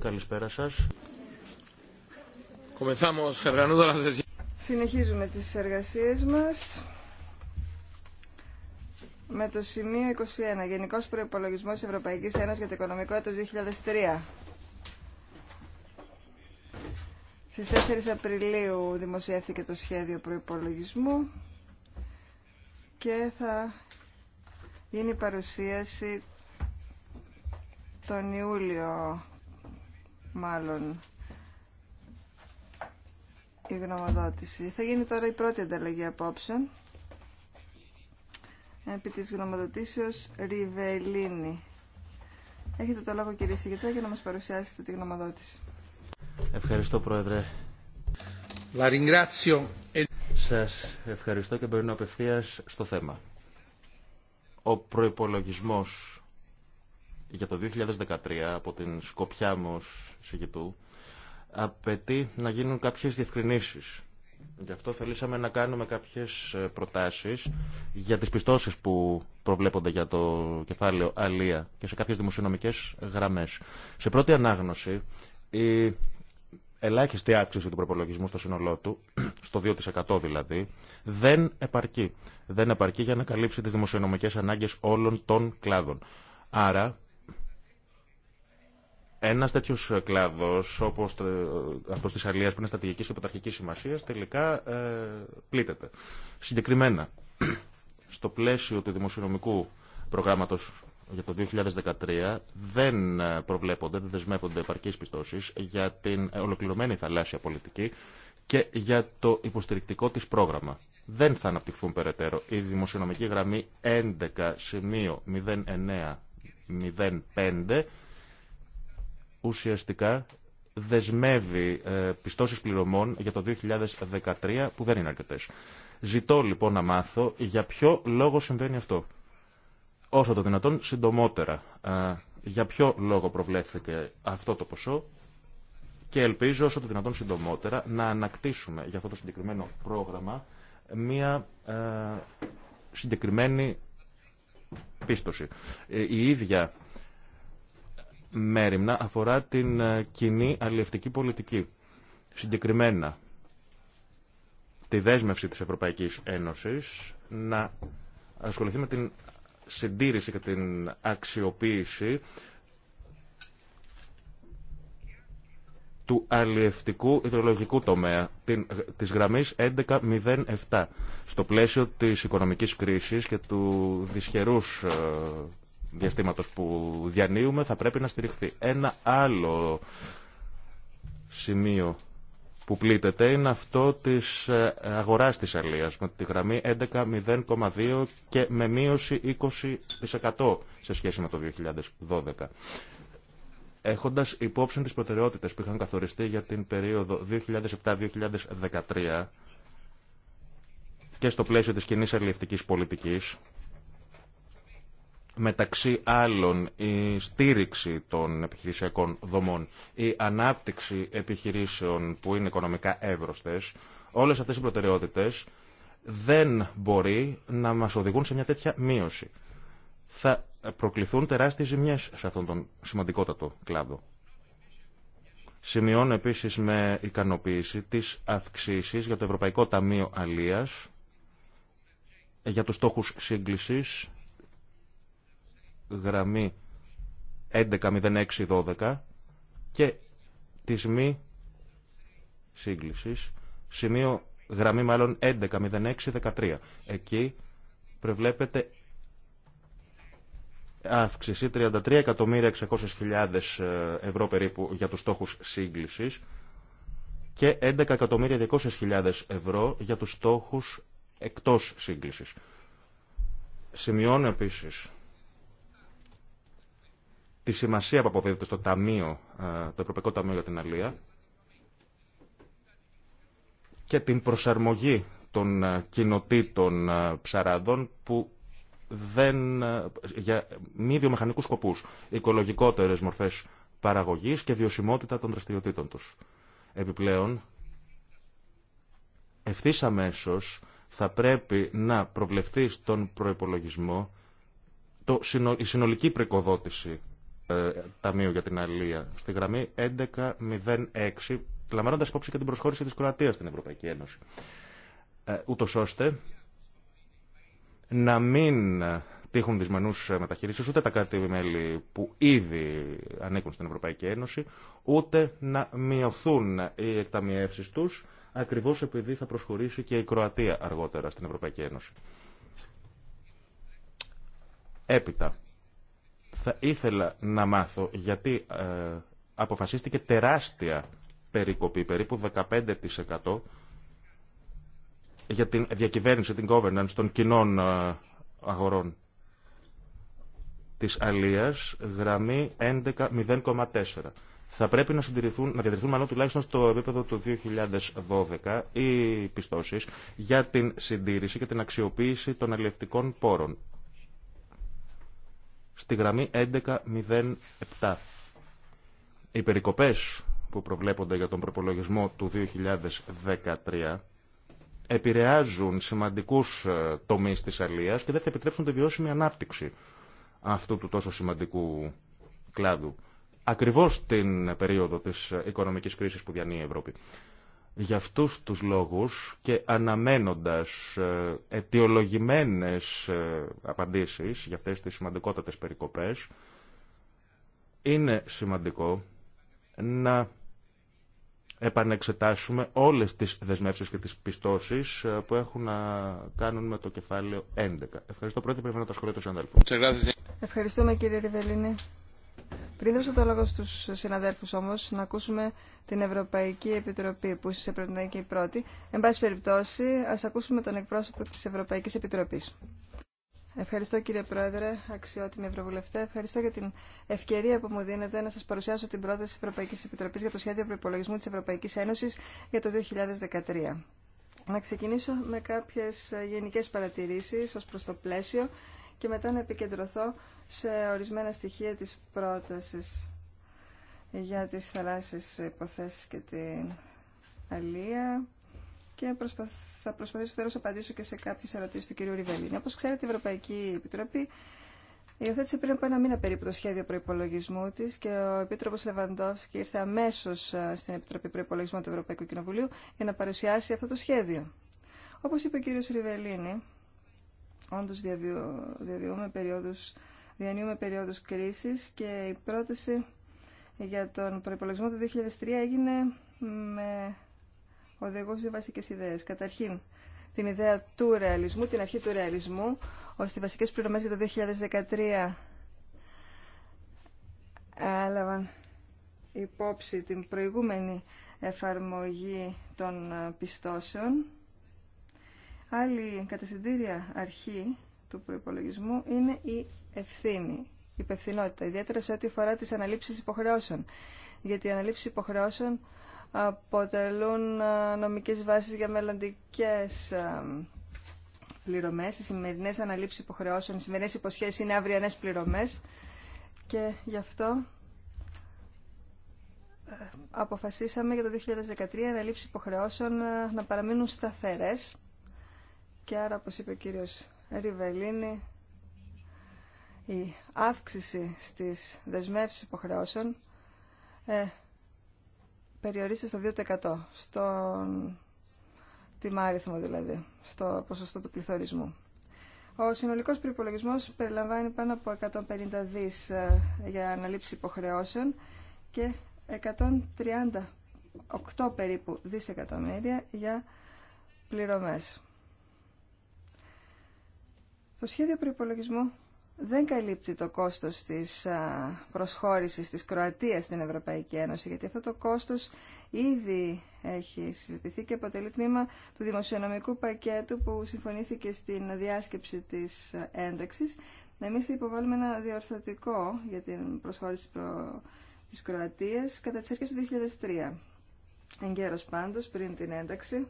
Καλησπέρα σας. Συνεχίζουμε τις εργασίες μας με το σημείο 21, Γενικός Προϋπολογισμός Ευρωπαϊκής Ένωσης για το Οικονομικό έτος 2003. Στις 4 Απριλίου δημοσιεύθηκε το σχέδιο προϋπολογισμού και θα γίνει η παρουσίαση τον Ιούλιο μάλλον η γνωμοδότηση. Θα γίνει τώρα η πρώτη ανταλλαγή απόψε. Επί της γνωμοδοτήσεως Ριβελίνη. Έχετε το λόγο κύριε Σιγητά για να μας παρουσιάσετε τη γνωμοδότηση. Ευχαριστώ Πρόεδρε. E- Σας ευχαριστώ και να απευθείας στο θέμα. Ο προϋπολογισμός για το 2013 από την Σκοπιά μου ως απαιτεί να γίνουν κάποιες διευκρινήσεις. Γι' αυτό θελήσαμε να κάνουμε κάποιες ε, προτάσεις για τις πιστώσεις που προβλέπονται για το κεφάλαιο Αλία και σε κάποιες δημοσιονομικές γραμμές. Σε πρώτη ανάγνωση, η ελάχιστη αύξηση του προπολογισμού στο σύνολό του, στο 2% δηλαδή, δεν επαρκεί. Δεν επαρκεί για να καλύψει τις δημοσιονομικές ανάγκες όλων των κλάδων. Άρα, ένα τέτοιο ε, κλάδο, όπω ε, αυτό τη Αλία που είναι στρατηγική και πρωταρχική σημασία, τελικά ε, πλήττεται. Συγκεκριμένα, στο πλαίσιο του δημοσιονομικού προγράμματο για το 2013 δεν ε, προβλέπονται, δεν δεσμεύονται επαρκεί πιστώσει για την ολοκληρωμένη θαλάσσια πολιτική και για το υποστηρικτικό τη πρόγραμμα. Δεν θα αναπτυχθούν περαιτέρω. Η δημοσιονομική γραμμή 11 σημείο ουσιαστικά δεσμεύει ε, πιστώσεις πληρωμών για το 2013 που δεν είναι αρκετές. Ζητώ λοιπόν να μάθω για ποιο λόγο συμβαίνει αυτό. Όσο το δυνατόν συντομότερα. Ε, για ποιο λόγο προβλέφθηκε αυτό το ποσό και ελπίζω όσο το δυνατόν συντομότερα να ανακτήσουμε για αυτό το συγκεκριμένο πρόγραμμα μία ε, συγκεκριμένη πίστοση. Η ίδια μέρημνα αφορά την ε, κοινή αλληλευτική πολιτική. Συγκεκριμένα, τη δέσμευση της Ευρωπαϊκής Ένωσης να ασχοληθεί με την συντήρηση και την αξιοποίηση του αλλιευτικού υδρολογικού τομέα την, της γραμμής 1107 στο πλαίσιο της οικονομικής κρίσης και του δυσχερούς ε, Διαστήματο που διανύουμε θα πρέπει να στηριχθεί. Ένα άλλο σημείο που πλήττεται είναι αυτό της ε, αγοράς της αλίας με τη γραμμή 11.0,2 και με μείωση 20% σε σχέση με το 2012. Έχοντας υπόψη τις προτεραιότητες που είχαν καθοριστεί για την περίοδο 2007-2013 και στο πλαίσιο της κοινή αλληλευτικής πολιτικής, μεταξύ άλλων η στήριξη των επιχειρησιακών δομών, η ανάπτυξη επιχειρήσεων που είναι οικονομικά εύρωστες, όλες αυτές οι προτεραιότητες δεν μπορεί να μας οδηγούν σε μια τέτοια μείωση. Θα προκληθούν τεράστιες ζημιές σε αυτόν τον σημαντικότατο κλάδο. Σημειώνω επίσης με ικανοποίηση τις αυξήσεις για το Ευρωπαϊκό Ταμείο Αλίας, για τους στόχους σύγκλησης γραμμή 110612 και τη μή σύγκλησης, σημείο γραμμή μάλλον 110613. Εκεί προβλέπεται αύξηση 33.600.000 ε, ευρώ περίπου για τους στόχους σύγκλησης και 11.200.000 ευρώ για τους στόχους εκτός σύγκλησης. Σημειώνω επίσης τη σημασία που αποδίδεται στο ταμείο, ε, το Ευρωπαϊκό Ταμείο για την Αλία και την προσαρμογή των ε, κοινοτήτων ε, ψαράδων που δεν, για μη βιομηχανικούς σκοπούς, οικολογικότερες μορφές παραγωγής και βιωσιμότητα των δραστηριοτήτων τους. Επιπλέον, ευθύ αμέσω θα πρέπει να προβλεφθεί στον προϋπολογισμό το, η συνολική πρικοδότηση ε, ταμείο Ταμείου για την Αλία, στη γραμμή 1106, λαμβάνοντα υπόψη και την προσχώρηση τη Κροατία στην Ευρωπαϊκή Ένωση. Ε, Ούτω ώστε να μην τύχουν δυσμενού μεταχειρήσει ούτε τα κράτη-μέλη που ήδη ανήκουν στην Ευρωπαϊκή Ένωση, ούτε να μειωθούν οι εκταμιεύσει του, ακριβώ επειδή θα προσχωρήσει και η Κροατία αργότερα στην Ευρωπαϊκή Ένωση. Έπειτα, θα ήθελα να μάθω γιατί ε, αποφασίστηκε τεράστια περικοπή, περίπου 15% για την διακυβέρνηση, την governance των κοινών ε, αγορών της Αλίας, γραμμή 11.0,4. Θα πρέπει να, συντηρηθούν, να διατηρηθούν μάλλον τουλάχιστον στο επίπεδο του 2012 οι πιστώσεις για την συντήρηση και την αξιοποίηση των αλληλευτικών πόρων στη γραμμή 1107. Οι περικοπές που προβλέπονται για τον προπολογισμό του 2013 επηρεάζουν σημαντικούς ε, τομείς της αλίας και δεν θα επιτρέψουν τη βιώσιμη ανάπτυξη αυτού του τόσο σημαντικού κλάδου. Ακριβώς την περίοδο της ε, οικονομικής κρίσης που διανύει η Ευρώπη. Για αυτούς τους λόγους και αναμένοντας ε, αιτιολογημένες ε, απαντήσεις για αυτές τις σημαντικότατες περικοπές, είναι σημαντικό να επανεξετάσουμε όλες τις δεσμεύσεις και τις πιστώσεις ε, που έχουν να κάνουν με το κεφάλαιο 11. Ευχαριστώ πρώτη. πρέπει να τα του συναδέλφου. Ευχαριστούμε κύριε Ριβελίνη. Πριν δώσω το λόγο στους συναδέλφους όμως, να ακούσουμε την Ευρωπαϊκή Επιτροπή, που ίσως έπρεπε να είναι και η πρώτη. Εν πάση περιπτώσει, ας ακούσουμε τον εκπρόσωπο της Ευρωπαϊκής Επιτροπής. Ευχαριστώ κύριε Πρόεδρε, αξιότιμη Ευρωβουλευτέ. Ευχαριστώ για την ευκαιρία που μου δίνετε να σα παρουσιάσω την πρόταση τη Ευρωπαϊκή Επιτροπή για το σχέδιο προπολογισμού τη Ευρωπαϊκή Ένωση για το 2013. Να ξεκινήσω με κάποιες γενικές παρατηρήσεις ως προς το πλαίσιο και μετά να επικεντρωθώ σε ορισμένα στοιχεία της πρότασης για τις θαλάσσιες υποθέσεις και την αλία και θα προσπαθήσω τέλος να απαντήσω και σε κάποιες ερωτήσεις του κ. Ριβελίνη. Όπως ξέρετε, η Ευρωπαϊκή Επιτροπή υιοθέτησε πριν από ένα μήνα περίπου το σχέδιο προπολογισμού τη και ο Επίτροπο Λεβαντόφσκι ήρθε αμέσω στην Επιτροπή Προπολογισμού του Ευρωπαϊκού Κοινοβουλίου για να παρουσιάσει αυτό το σχέδιο. Όπω είπε ο κ. Ριβελίνη, Όντως περίοδους, διανύουμε περίοδους κρίσης και η πρόταση για τον προϋπολογισμό του 2003 έγινε με οδηγούς δύο βασικές ιδέες. Καταρχήν, την ιδέα του ρεαλισμού, την αρχή του ρεαλισμού, ώστε οι βασικές πληρωμές για το 2013 έλαβαν υπόψη την προηγούμενη εφαρμογή των πιστώσεων Άλλη κατευθυντήρια αρχή του προπολογισμού είναι η ευθύνη, η υπευθυνότητα, ιδιαίτερα σε ό,τι αφορά τις αναλήψεις υποχρεώσεων. Γιατί οι αναλήψεις υποχρεώσεων αποτελούν νομικές βάσεις για μελλοντικές πληρωμές. Οι σημερινές αναλήψεις υποχρεώσεων, οι σημερινές υποσχέσεις είναι αυριανές πληρωμές και γι' αυτό ε, αποφασίσαμε για το 2013 αναλήψεις υποχρεώσεων ε, να παραμείνουν σταθερές και άρα, όπως είπε ο κύριος Ριβελίνη, η αύξηση στις δεσμεύσεις υποχρεώσεων ε, περιορίζεται στο 2%, στον τιμάριθμο δηλαδή, στο ποσοστό του πληθωρισμού. Ο συνολικός προϋπολογισμός περιλαμβάνει πάνω από 150 δις ε, για αναλήψη υποχρεώσεων και 138 περίπου δισεκατομμύρια για πληρωμές. Το σχέδιο προϋπολογισμού δεν καλύπτει το κόστος της προσχώρησης της Κροατίας στην Ευρωπαϊκή Ένωση, γιατί αυτό το κόστος ήδη έχει συζητηθεί και αποτελεί τμήμα του δημοσιονομικού πακέτου που συμφωνήθηκε στην διάσκεψη της ένταξης. Εμείς θα υποβάλουμε ένα διορθωτικό για την προσχώρηση της Κροατίας κατά τις αρχές του 2003. Εγκαίρως πάντως, πριν την ένταξη,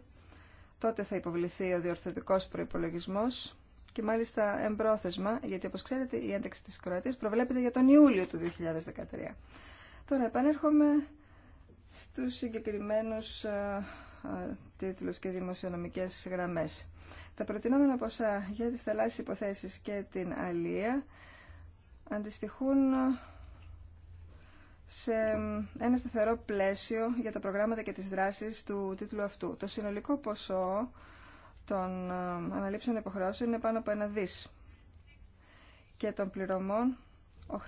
τότε θα υποβληθεί ο διορθωτικός προϋπολογισμός και μάλιστα εμπρόθεσμα, γιατί όπως ξέρετε η ένταξη της Κροατίας προβλέπεται για τον Ιούλιο του 2013. Τώρα επανέρχομαι στους συγκεκριμένους τίτλους και δημοσιονομικές γραμμές. Τα προτινόμενα ποσά για τις θελάσσιες υποθέσεις και την αλία αντιστοιχούν σε ένα σταθερό πλαίσιο για τα προγράμματα και τις δράσεις του τίτλου αυτού. Το συνολικό ποσό των ε, αναλήψεων υποχρεώσεων είναι πάνω από ένα δις και των πληρωμών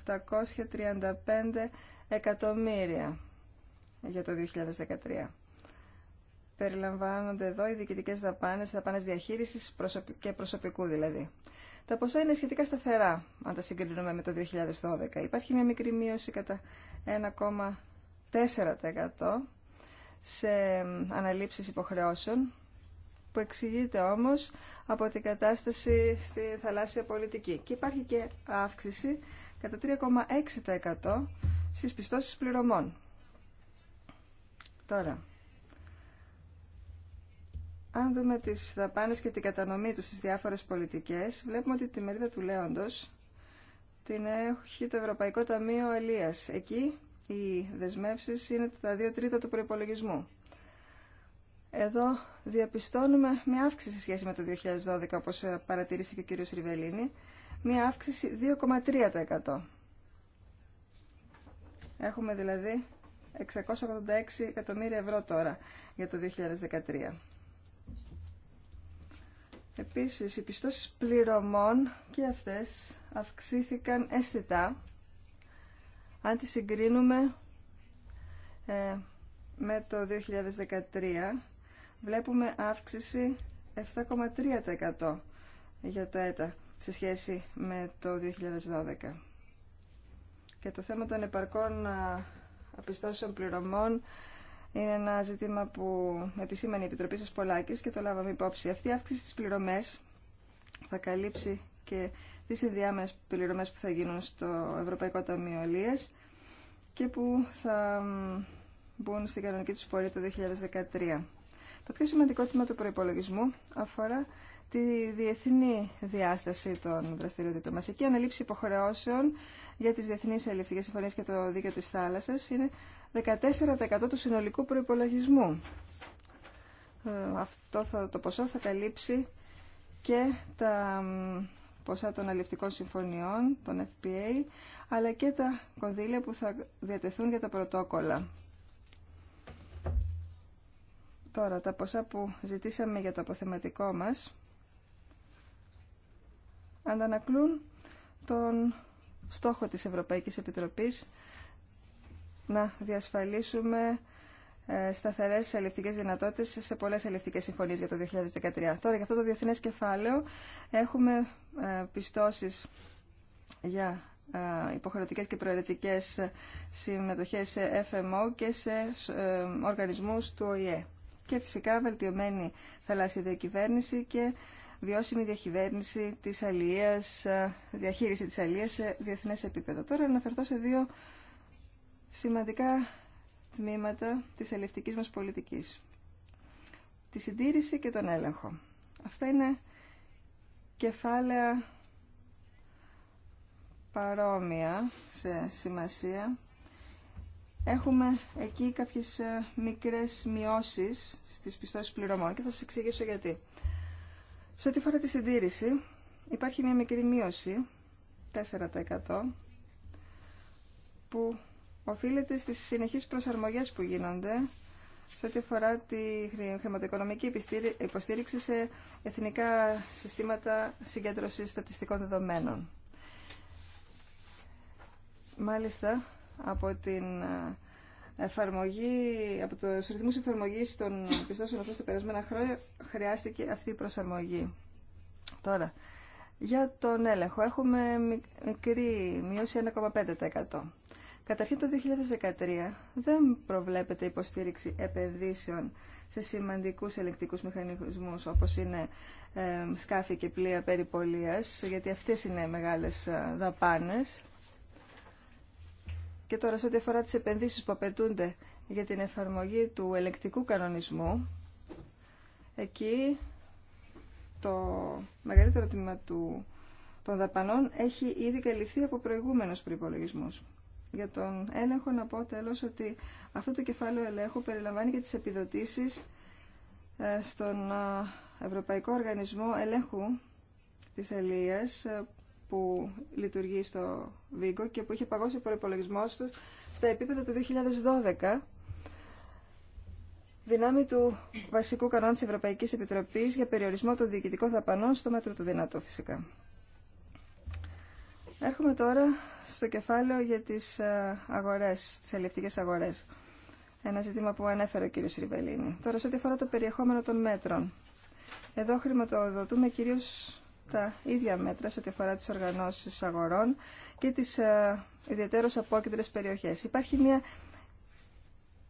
835 εκατομμύρια για το 2013. Περιλαμβάνονται εδώ οι διοικητικές δαπάνες, δαπάνες διαχείρισης και προσωπικού δηλαδή. Τα ποσά είναι σχετικά σταθερά, αν τα συγκρίνουμε με το 2012. Υπάρχει μια μικρή μείωση κατά 1,4% σε αναλήψεις υποχρεώσεων που εξηγείται όμως από την κατάσταση στη θαλάσσια πολιτική. Και υπάρχει και αύξηση κατά 3,6% στις πιστώσεις πληρωμών. Τώρα, αν δούμε τις δαπάνες και την κατανομή τους στις διάφορες πολιτικές, βλέπουμε ότι τη μερίδα του Λέοντος την έχει το Ευρωπαϊκό Ταμείο Ελίας. Εκεί οι δεσμεύσεις είναι τα 2 τρίτα του προϋπολογισμού. Εδώ διαπιστώνουμε μια αύξηση σε σχέση με το 2012, όπως ε, παρατηρήσε και ο κύριος Ριβελίνη, μια αύξηση 2,3%. Έχουμε δηλαδή 686 εκατομμύρια ευρώ τώρα για το 2013. Επίσης, οι πιστώσεις πληρωμών και αυτές αυξήθηκαν αισθητά, αν τις συγκρίνουμε ε, με το 2013 βλέπουμε αύξηση 7,3% για το ΕΤΑ σε σχέση με το 2012. Και το θέμα των επαρκών απιστώσεων πληρωμών είναι ένα ζήτημα που επισήμανε η Επιτροπή σας Πολάκης και το λάβαμε υπόψη. Αυτή η αύξηση στις πληρωμές θα καλύψει και τις ενδιάμενες πληρωμές που θα γίνουν στο Ευρωπαϊκό Ταμείο Ελίας και που θα μπουν στην κανονική τους πορεία το 2013. Το πιο σημαντικό τμήμα του προπολογισμού αφορά τη διεθνή διάσταση των δραστηριοτήτων μα Εκεί η αναλήψη υποχρεώσεων για τις διεθνείς αλληλευτικές συμφωνίες και το δίκαιο τη Θάλασσα είναι 14% του συνολικού προϋπολογισμού. Ε, αυτό θα, το ποσό θα καλύψει και τα ποσά των αλληλευτικών συμφωνιών, των FPA, αλλά και τα κονδύλια που θα διατεθούν για τα πρωτόκολλα Τώρα, τα ποσά που ζητήσαμε για το αποθεματικό μας αντανακλούν τον στόχο της Ευρωπαϊκής Επιτροπής να διασφαλίσουμε ε, σταθερές αλληλευτικέ δυνατότητες σε πολλές αλληλευτικέ συμφωνίες για το 2013. Τώρα, για αυτό το διεθνέ κεφάλαιο έχουμε ε, πιστώσεις για ε, υποχρεωτικές και προαιρετικές συμμετοχές σε FMO και σε οργανισμούς του ΟΗΕ και φυσικά βελτιωμένη θαλάσσια διακυβέρνηση και βιώσιμη ε, διαχείριση της αλίας, διαχείριση της αλίας σε διεθνές επίπεδο. Τώρα αναφερθώ σε δύο σημαντικά τμήματα της αλληλευτικής μας πολιτικής. Τη συντήρηση και τον έλεγχο. Αυτά είναι κεφάλαια παρόμοια σε σημασία Έχουμε εκεί κάποιες ε, μικρές μειώσεις στις πιστώσεις πληρωμών και θα σας εξηγήσω γιατί. Σε ό,τι φορά τη συντήρηση υπάρχει μια μικρή μείωση, 4% που οφείλεται στις συνεχείς προσαρμογές που γίνονται σε ό,τι φορά τη χρηματοοικονομική υποστήριξη σε εθνικά συστήματα συγκέντρωσης στατιστικών δεδομένων. Μάλιστα, από την ε, εφαρμογή, από τους ρυθμούς εφαρμογής των πιστώσεων αυτών στα περασμένα χρόνια χρειάστηκε αυτή η προσαρμογή. Τώρα, για τον έλεγχο έχουμε μικρή μείωση 1,5%. Καταρχήν το 2013 δεν προβλέπεται υποστήριξη επενδύσεων σε σημαντικούς ελεκτικούς μηχανισμούς όπως είναι ε, σκάφη και πλοία περιπολίας γιατί αυτές είναι μεγάλες ε, δαπάνες και τώρα σε ό,τι αφορά τις επενδύσεις που απαιτούνται για την εφαρμογή του ελεκτικού κανονισμού, εκεί το μεγαλύτερο τμήμα του, των δαπανών έχει ήδη καλυφθεί από προηγούμενους προϋπολογισμούς. Για τον έλεγχο να πω τέλος ότι αυτό το κεφάλαιο ελέγχου περιλαμβάνει και τις επιδοτήσεις ε, στον Ευρωπαϊκό Οργανισμό Ελέγχου της Ελίας ε, που λειτουργεί στο Βίγκο και που είχε παγώσει ο προπολογισμό του στα επίπεδα του 2012 δυνάμει του βασικού κανόνα τη Ευρωπαϊκής Επιτροπής για περιορισμό των διοικητικών δαπανών στο μέτρο του δυνατό φυσικά. Έρχομαι τώρα στο κεφάλαιο για τις ε, αγορές, τις ελευτικές αγορές. Ένα ζήτημα που ανέφερε ο κ. Ριβελίνη. Τώρα, σε ό,τι αφορά το περιεχόμενο των μέτρων. Εδώ χρηματοδοτούμε κυρίως τα ίδια μέτρα σε ό,τι αφορά τις οργανώσεις αγορών και τις ε, ιδιαίτερως απόκεντρες περιοχές. Υπάρχει μια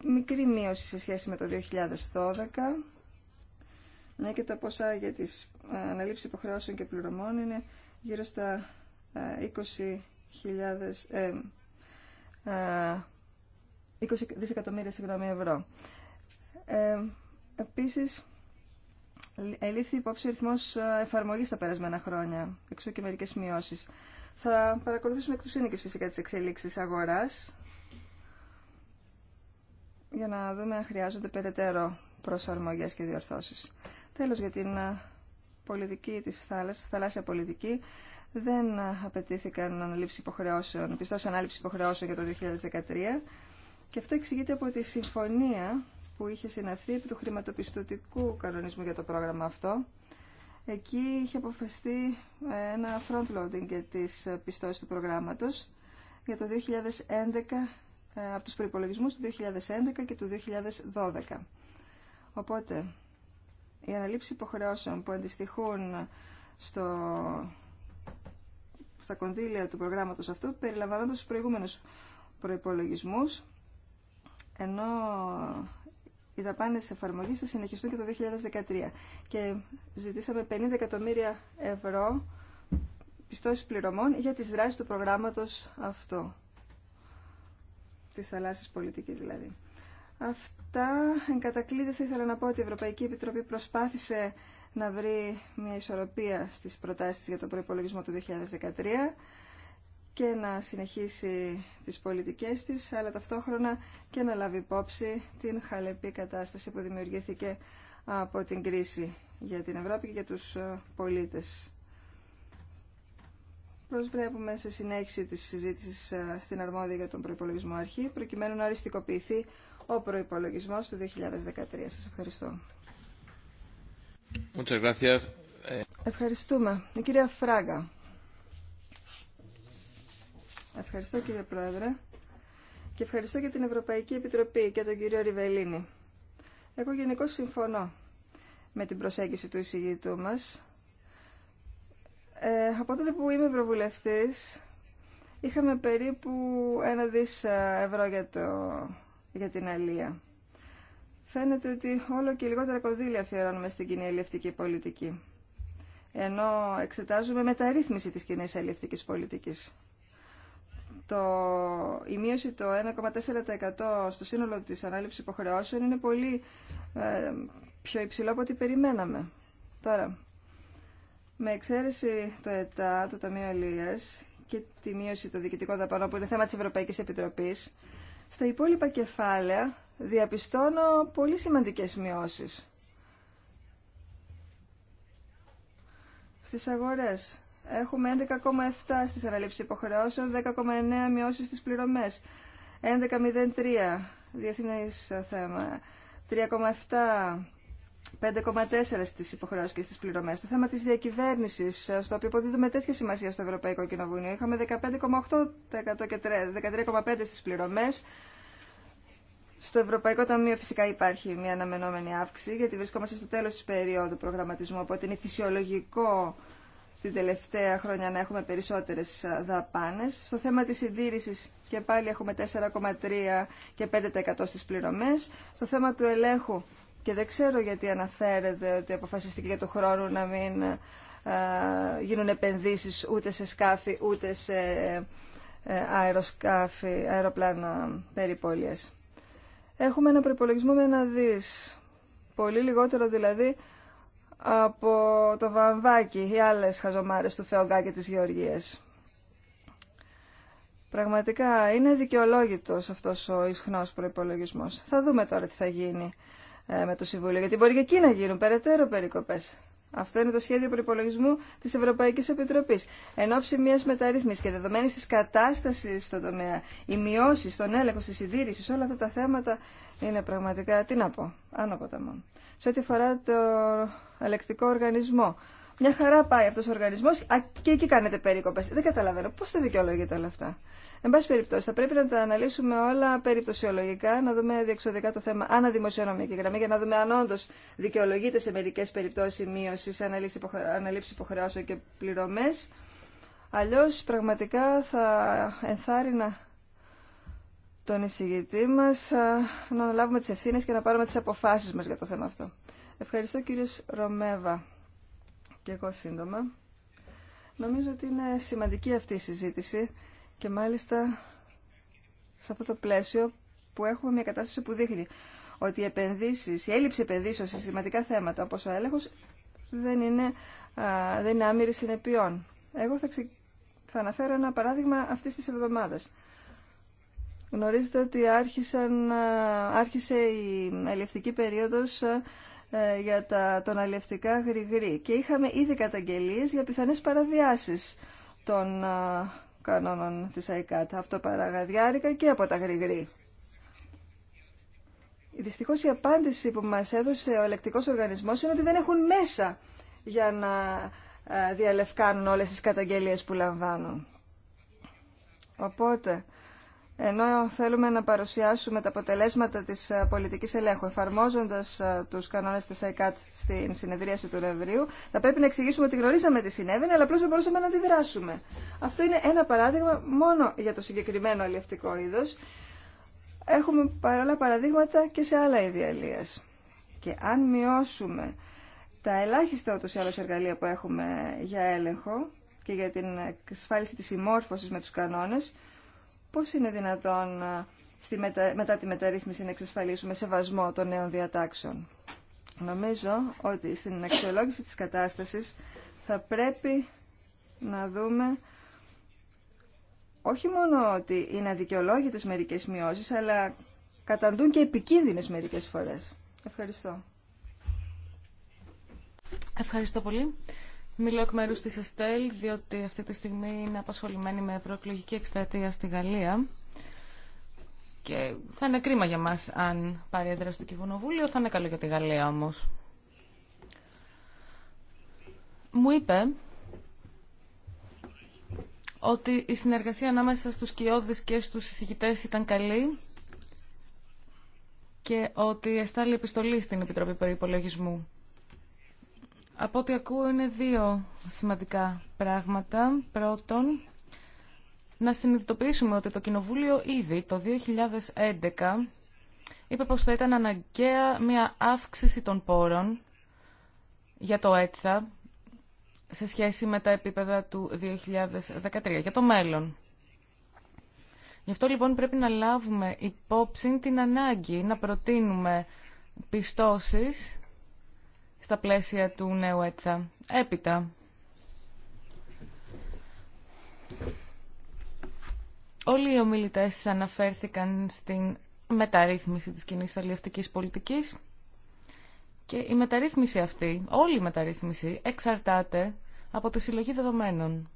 μικρή μείωση σε σχέση με το 2012, μια ναι, και τα ποσά για τις ε, αναλήψεις υποχρεώσεων και πληρωμών είναι γύρω στα 20, ε, ε δισεκατομμύρια ευρώ. Ε, επίσης, ελήφθη υπόψη ο ρυθμός ε, εφαρμογής τα περασμένα χρόνια, εξού και μερικές μειώσεις. Θα παρακολουθήσουμε εκ του σύνοικης φυσικά τις εξελίξεις αγοράς, για να δούμε αν χρειάζονται περαιτέρω προσαρμογές και διορθώσεις. Τέλος, για την ε, πολιτική της θάλασσας, θαλάσσια πολιτική, δεν ε, απαιτήθηκαν αναλήψη υποχρεώσεων, ανάληψη υποχρεώσεων για το 2013 και αυτό εξηγείται από τη συμφωνία που είχε συναθεί επί του χρηματοπιστωτικού κανονισμού για το πρόγραμμα αυτό. Εκεί είχε αποφασιστεί ε, ένα front-loading για τις ε, πιστώσεις του προγράμματος για το 2011, ε, από τους προϋπολογισμούς του 2011 και του 2012. Οπότε, η αναλήψη υποχρεώσεων που αντιστοιχούν στο, στα κονδύλια του προγράμματος αυτού περιλαμβάνονται στους προηγούμενους προϋπολογισμούς, ενώ οι δαπάνες εφαρμογής θα συνεχιστούν και το 2013. Και ζητήσαμε 50 εκατομμύρια ευρώ πιστώσεις πληρωμών για τις δράσεις του προγράμματος αυτό, Της θαλάσσης πολιτικής δηλαδή. Αυτά, εν κατακλείδη θα ήθελα να πω ότι η Ευρωπαϊκή Επιτροπή προσπάθησε να βρει μια ισορροπία στις προτάσεις για τον προϋπολογισμό του 2013 και να συνεχίσει τις πολιτικές της, αλλά ταυτόχρονα και να λάβει υπόψη την χαλεπή κατάσταση που δημιουργήθηκε από την κρίση για την Ευρώπη και για τους ε, πολίτες. Προσβλέπουμε σε συνέχιση της συζήτησης ε, στην αρμόδια για τον προϋπολογισμό αρχή, προκειμένου να οριστικοποιηθεί ο προϋπολογισμός του 2013. Σας ευχαριστώ. Ευχαριστούμε. Η κυρία Φράγκα. Ευχαριστώ κύριε Πρόεδρε και ευχαριστώ και την Ευρωπαϊκή Επιτροπή και τον κύριο Ριβελίνη. Εγώ γενικώ συμφωνώ με την προσέγγιση του εισηγητού μας. Ε, από τότε που είμαι ευρωβουλευτής είχαμε περίπου ένα δις ε, ευρώ για, το, για την αλία. Φαίνεται ότι όλο και λιγότερα κονδύλια αφιερώνουμε στην κοινή αλληλευτική πολιτική. Ενώ εξετάζουμε μεταρρύθμιση της κοινή αλληλευτικής πολιτικής το, η μείωση το 1,4% στο σύνολο της ανάληψης υποχρεώσεων είναι πολύ ε, πιο υψηλό από ό,τι περιμέναμε. Τώρα, με εξαίρεση το ΕΤΑ, το Ταμείο Αλληλείας και τη μείωση των διοικητικών δαπανών που είναι θέμα της Ευρωπαϊκής Επιτροπής, στα υπόλοιπα κεφάλαια διαπιστώνω πολύ σημαντικές μειώσεις. Στις αγορές έχουμε 11,7 στις αναλήψεις υποχρεώσεων, 10,9 μειώσεις στις πληρωμές, 11,03 διεθνές θέμα, 3,7 5,4 στις υποχρεώσεις και στις πληρωμές. Το θέμα της διακυβέρνησης, στο οποίο υποδίδουμε τέτοια σημασία στο Ευρωπαϊκό Κοινοβούλιο. Είχαμε 15,8% και 13,5% στις πληρωμές. Στο Ευρωπαϊκό Ταμείο φυσικά υπάρχει μια αναμενόμενη αύξηση, γιατί βρισκόμαστε στο τέλος τη περίοδου προγραμματισμού, οπότε είναι φυσιολογικό την τελευταία χρόνια να έχουμε περισσότερες δαπάνες. Στο θέμα της συντήρησης και πάλι έχουμε 4,3 και 5% στις πληρωμές. Στο θέμα του ελέγχου και δεν ξέρω γιατί αναφέρεται ότι αποφασιστήκε για το χρόνο να μην γίνουν επενδύσεις ούτε σε σκάφη ούτε σε ε, αεροσκάφη, αεροπλάνα περιπόλειες. Έχουμε ένα προπολογισμό με ένα δις. Πολύ λιγότερο δηλαδή από το Βαμβάκι ή άλλες χαζομάρες του Φεογκά και της Γεωργίας. Πραγματικά είναι δικαιολόγητος αυτός ο ισχνός προϋπολογισμός. Θα δούμε τώρα τι θα γίνει ε, με το Συμβούλιο, γιατί μπορεί και εκεί να γίνουν περαιτέρω περικοπές. Αυτό είναι το σχέδιο προπολογισμού τη Ευρωπαϊκή Επιτροπή. Εν ώψη μια μεταρρύθμιση και δεδομένη τη κατάσταση στον τομέα, οι μειώσει, τον έλεγχο, τη συντήρηση, όλα αυτά τα θέματα είναι πραγματικά, τι να πω, άνω Σε ό,τι αφορά το Αλεκτικό οργανισμό. Μια χαρά πάει αυτό ο οργανισμό και εκεί κάνετε περίκοπέ. Δεν καταλαβαίνω Πώ τα δικαιολογείτε όλα αυτά. Εν πάση περιπτώσει, θα πρέπει να τα αναλύσουμε όλα περιπτωσιολογικά, να δούμε διεξοδικά το θέμα αναδημοσιονομική γραμμή για να δούμε αν όντω δικαιολογείται σε μερικέ περιπτώσει μείωση, αναλήψη υποχρεώσεων και πληρωμέ. Αλλιώ πραγματικά θα ενθάρρυνα τον εισηγητή μα να αναλάβουμε τι ευθύνε και να πάρουμε τι αποφάσει μα για το θέμα αυτό. Ευχαριστώ κύριος Ρωμέβα και εγώ σύντομα. Νομίζω ότι είναι σημαντική αυτή η συζήτηση και μάλιστα σε αυτό το πλαίσιο που έχουμε μια κατάσταση που δείχνει ότι επενδύσεις, η έλλειψη επενδύσεων σε σημαντικά θέματα όπως ο έλεγχος δεν είναι, δεν είναι άμυρη συνεπειών. Εγώ θα, θα αναφέρω ένα παράδειγμα αυτής της εβδομάδας. Γνωρίζετε ότι άρχισαν, άρχισε η αλληλευτική περίοδος ε, για τα, τον αλλιευτικά γρηγρή και είχαμε ήδη καταγγελίες για πιθανές παραβιάσεις των ε, κανόνων της ΑΕΚΑΤ από το Παραγαδιάρικα και από τα γρηγρή. Δυστυχώς η απάντηση που μας έδωσε ο ελεκτικός οργανισμός είναι ότι δεν έχουν μέσα για να ε, διαλευκάνουν όλες τις καταγγελίες που λαμβάνουν. Οπότε, ενώ θέλουμε να παρουσιάσουμε τα αποτελέσματα της ε, πολιτικής ελέγχου εφαρμόζοντας ε, τους κανόνες της ΑΕΚΑΤ στην συνεδρίαση του Νοεμβρίου, θα πρέπει να εξηγήσουμε ότι γνωρίζαμε τι συνέβαινε, αλλά απλώς δεν μπορούσαμε να αντιδράσουμε. Αυτό είναι ένα παράδειγμα μόνο για το συγκεκριμένο αλλιευτικό είδος. Έχουμε παράλληλα παραδείγματα και σε άλλα είδη αλίας. Και αν μειώσουμε τα ελάχιστα ούτως ή εργαλεία που έχουμε για έλεγχο και για την εξασφάλιση της συμμόρφωσης με τους κανόνες, πώς είναι δυνατόν ε, στη μετα... μετά τη μεταρρύθμιση να εξασφαλίσουμε σεβασμό των νέων διατάξεων. Νομίζω ότι στην αξιολόγηση της κατάστασης θα πρέπει να δούμε όχι μόνο ότι είναι αδικαιολόγητες μερικές μειώσεις, αλλά καταντούν και επικίνδυνες μερικές φορές. Ευχαριστώ. Ευχαριστώ πολύ. Μιλώ εκ μέρου τη Εστέλ, διότι αυτή τη στιγμή είναι απασχολημένη με προεκλογική εκστρατεία στη Γαλλία. Και θα είναι κρίμα για μα αν πάρει έδρα στο Κοινοβούλιο, θα είναι καλό για τη Γαλλία όμω. Μου είπε ότι η συνεργασία ανάμεσα στους κοιόδες και στους συζητητέ ήταν καλή και ότι εστάλει επιστολή στην Επιτροπή Περιπολογισμού. Από ό,τι ακούω είναι δύο σημαντικά πράγματα. Πρώτον, να συνειδητοποιήσουμε ότι το Κοινοβούλιο ήδη το 2011 είπε πως θα ήταν αναγκαία μια αύξηση των πόρων για το ΕΤΘΑ σε σχέση με τα επίπεδα του 2013, για το μέλλον. Γι' αυτό λοιπόν πρέπει να λάβουμε υπόψη την ανάγκη να προτείνουμε πιστώσεις στα πλαίσια του νέου έτθα. Έπειτα, όλοι οι ομιλητές αναφέρθηκαν στην μεταρρύθμιση της κοινή αλληλευτικής πολιτικής και η μεταρρύθμιση αυτή, όλη η μεταρρύθμιση, εξαρτάται από τη συλλογή δεδομένων.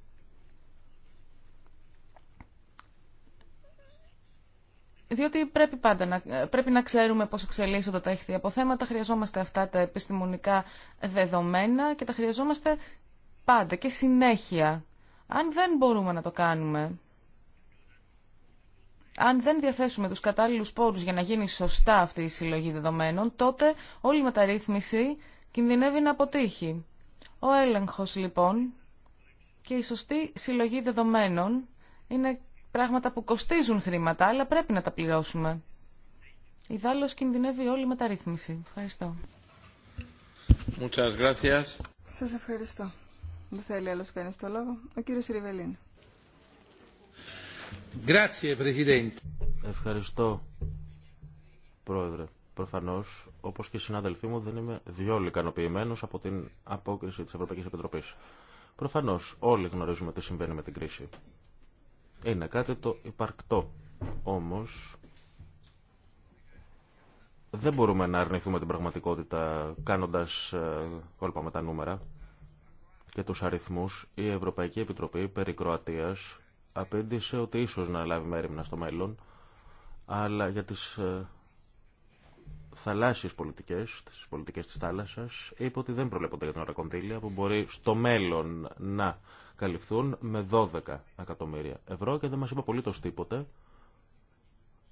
διότι πρέπει πάντα να, πρέπει να ξέρουμε πώς εξελίσσονται τα Από αποθέματα, χρειαζόμαστε αυτά τα επιστημονικά δεδομένα και τα χρειαζόμαστε πάντα και συνέχεια. Αν δεν μπορούμε να το κάνουμε, αν δεν διαθέσουμε τους κατάλληλους πόρους για να γίνει σωστά αυτή η συλλογή δεδομένων, τότε όλη η μεταρρύθμιση κινδυνεύει να αποτύχει. Ο έλεγχος λοιπόν και η σωστή συλλογή δεδομένων είναι πράγματα που κοστίζουν χρήματα, αλλά πρέπει να τα πληρώσουμε. Δάλλος κινδυνεύει όλη η μεταρρύθμιση. Ευχαριστώ. Muchas gracias. Σας ευχαριστώ. Δεν θέλει άλλος κανείς το λόγο. Ο κύριος Ριβελίν. Grazie, Presidente. Ευχαριστώ, Πρόεδρε. Προφανώς, όπως και οι συνάδελφοί μου, δεν είμαι διόλου ικανοποιημένος από την απόκριση της Ευρωπαϊκής Επιτροπής. Προφανώ. όλοι γνωρίζουμε τι συμβαίνει με την κρίση. Είναι κάτι το υπαρκτό. Όμως δεν μπορούμε να αρνηθούμε την πραγματικότητα κάνοντας κόλπα ε, με τα νούμερα και τους αριθμούς. Η Ευρωπαϊκή Επιτροπή περί Κροατίας απέντησε ότι ίσως να λάβει μέρημνα στο μέλλον, αλλά για τις ε, θαλάσσιες πολιτικές, τις πολιτικές της θάλασσας, είπε ότι δεν προβλέπονται για την ώρα κονδύλια που μπορεί στο μέλλον να καλυφθούν με 12 εκατομμύρια ευρώ και δεν μας είπε πολύ τίποτε.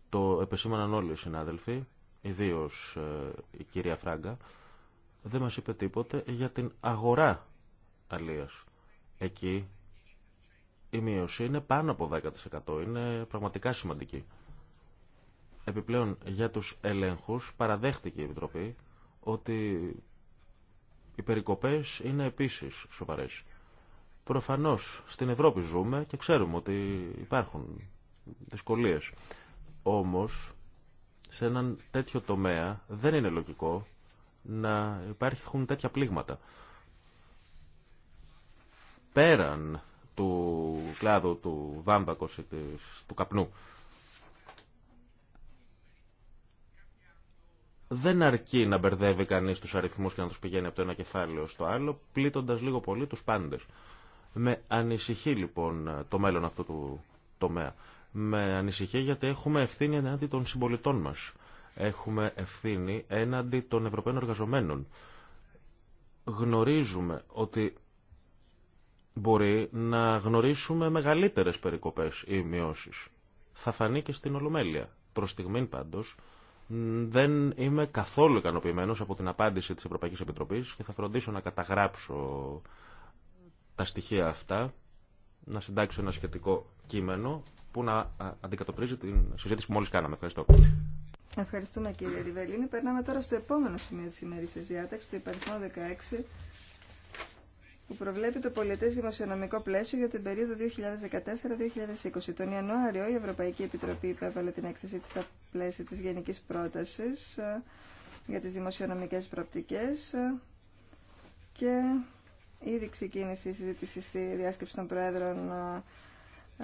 Το επεσήμαναν όλοι οι συνάδελφοι, ιδίω ε, η κυρία Φράγκα, δεν μας είπε τίποτε για την αγορά αλίας. Εκεί η μείωση είναι πάνω από 10%. Είναι πραγματικά σημαντική. Επιπλέον, για τους ελέγχους παραδέχτηκε η Επιτροπή ότι οι περικοπές είναι επίσης σοβαρές. Προφανώς στην Ευρώπη ζούμε και ξέρουμε ότι υπάρχουν δυσκολίες. Όμως σε έναν τέτοιο τομέα δεν είναι λογικό να υπάρχουν τέτοια πλήγματα. Πέραν του κλάδου του βάμβακος ή του καπνού. Δεν αρκεί να μπερδεύει κανείς τους αριθμούς και να τους πηγαίνει από το ένα κεφάλαιο στο άλλο, πλήττοντας λίγο πολύ τους πάντες. Με ανησυχεί λοιπόν το μέλλον αυτού του τομέα. Με ανησυχεί γιατί έχουμε ευθύνη εναντί των συμπολιτών μας. Έχουμε ευθύνη εναντί των Ευρωπαίων εργαζομένων. Γνωρίζουμε ότι μπορεί να γνωρίσουμε μεγαλύτερες περικοπές ή μειώσεις. Θα φανεί και στην Ολομέλεια. Προς στιγμήν πάντως δεν είμαι καθόλου ικανοποιημένος από την απάντηση της Ευρωπαϊκής Επιτροπής και θα φροντίσω να καταγράψω τα στοιχεία αυτά, να συντάξω ένα σχετικό κείμενο που να αντικατοπτρίζει την συζήτηση που μόλις κάναμε. Ευχαριστώ. Ευχαριστούμε κύριε Ριβελίνη. Περνάμε τώρα στο επόμενο σημείο της ημερήσιας διάταξη το υπαριθμό 16, που προβλέπει το πολιτές δημοσιονομικό πλαίσιο για την περίοδο 2014-2020. Τον Ιανουάριο η Ευρωπαϊκή Επιτροπή υπέβαλε την έκθεσή της στα πλαίσια της Γενικής Πρότασης ε, για τις δημοσιονομικές προπτικές ε, και Ήδη ξεκίνησε η συζήτηση στη διάσκεψη των Προέδρων ε,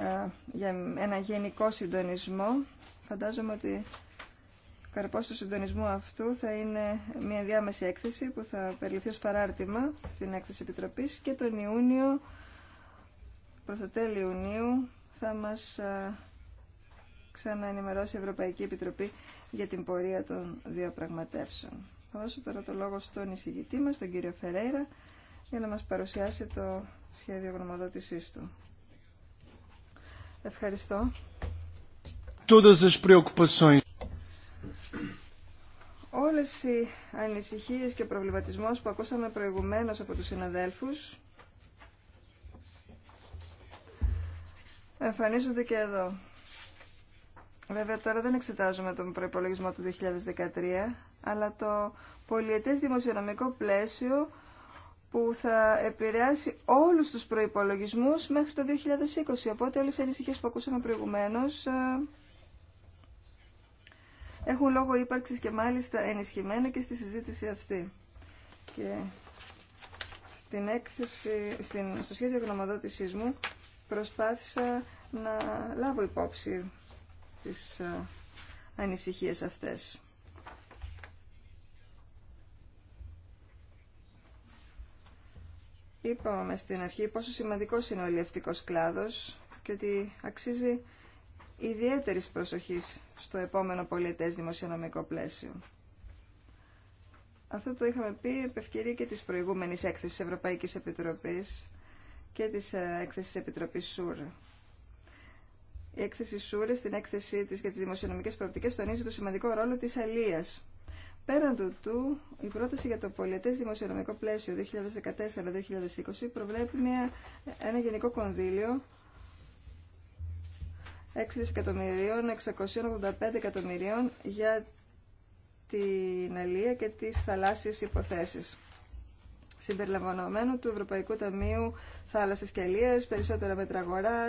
ε, για ένα γενικό συντονισμό. Φαντάζομαι ότι καρπός του συντονισμού αυτού θα είναι μια διάμεση έκθεση που θα περιληφθεί ως παράρτημα στην έκθεση Επιτροπής και τον Ιούνιο, προς τα τέλη Ιουνίου, θα μας ε, ξαναενημερώσει η Ευρωπαϊκή Επιτροπή για την πορεία των διαπραγματεύσεων. Θα δώσω τώρα το λόγο στον εισηγητή μας, τον κύριο Φερέιρα, για να μας παρουσιάσει το σχέδιο γνωμοδότησής του. Ευχαριστώ. Όλες οι ανησυχίες και προβληματισμός που ακούσαμε προηγουμένως από τους συναδέλφους εμφανίζονται και εδώ. Βέβαια τώρα δεν εξετάζουμε τον προϋπολογισμό του 2013, αλλά το πολιετές δημοσιονομικό πλαίσιο που θα επηρεάσει όλους τους προϋπολογισμούς μέχρι το 2020. Οπότε όλες οι ανησυχίες που ακούσαμε προηγουμένως ε, έχουν λόγο ύπαρξης και μάλιστα ενισχυμένα και στη συζήτηση αυτή. Και στην έκθεση, στην, στο σχέδιο γνωμοδότησής μου προσπάθησα να λάβω υπόψη τις ε, ανησυχίες αυτές. Είπαμε στην αρχή πόσο σημαντικός είναι ο ελευτικός κλάδος και ότι αξίζει ιδιαίτερης προσοχής στο επόμενο πολιτές δημοσιονομικό πλαίσιο. Αυτό το είχαμε πει επ' ευκαιρία και της προηγούμενης έκθεσης Ευρωπαϊκής Επιτροπής και της ε, έκθεσης Επιτροπής ΣΟΥΡ. Η έκθεση ΣΟΥΡ στην έκθεσή της για τις δημοσιονομικές προοπτικές τονίζει το σημαντικό ρόλο της αλίας Πέραν του, η πρόταση για το πολιετές δημοσιονομικό πλαίσιο 2014-2020 προβλέπει μια, ένα γενικό κονδύλιο 6 δισεκατομμυρίων, 685 εκατομμυρίων για την αλία και τις θαλάσσιες υποθέσεις συμπεριλαμβανομένου του Ευρωπαϊκού Ταμείου Θάλασσης και Αλίας, περισσότερα μετραγορά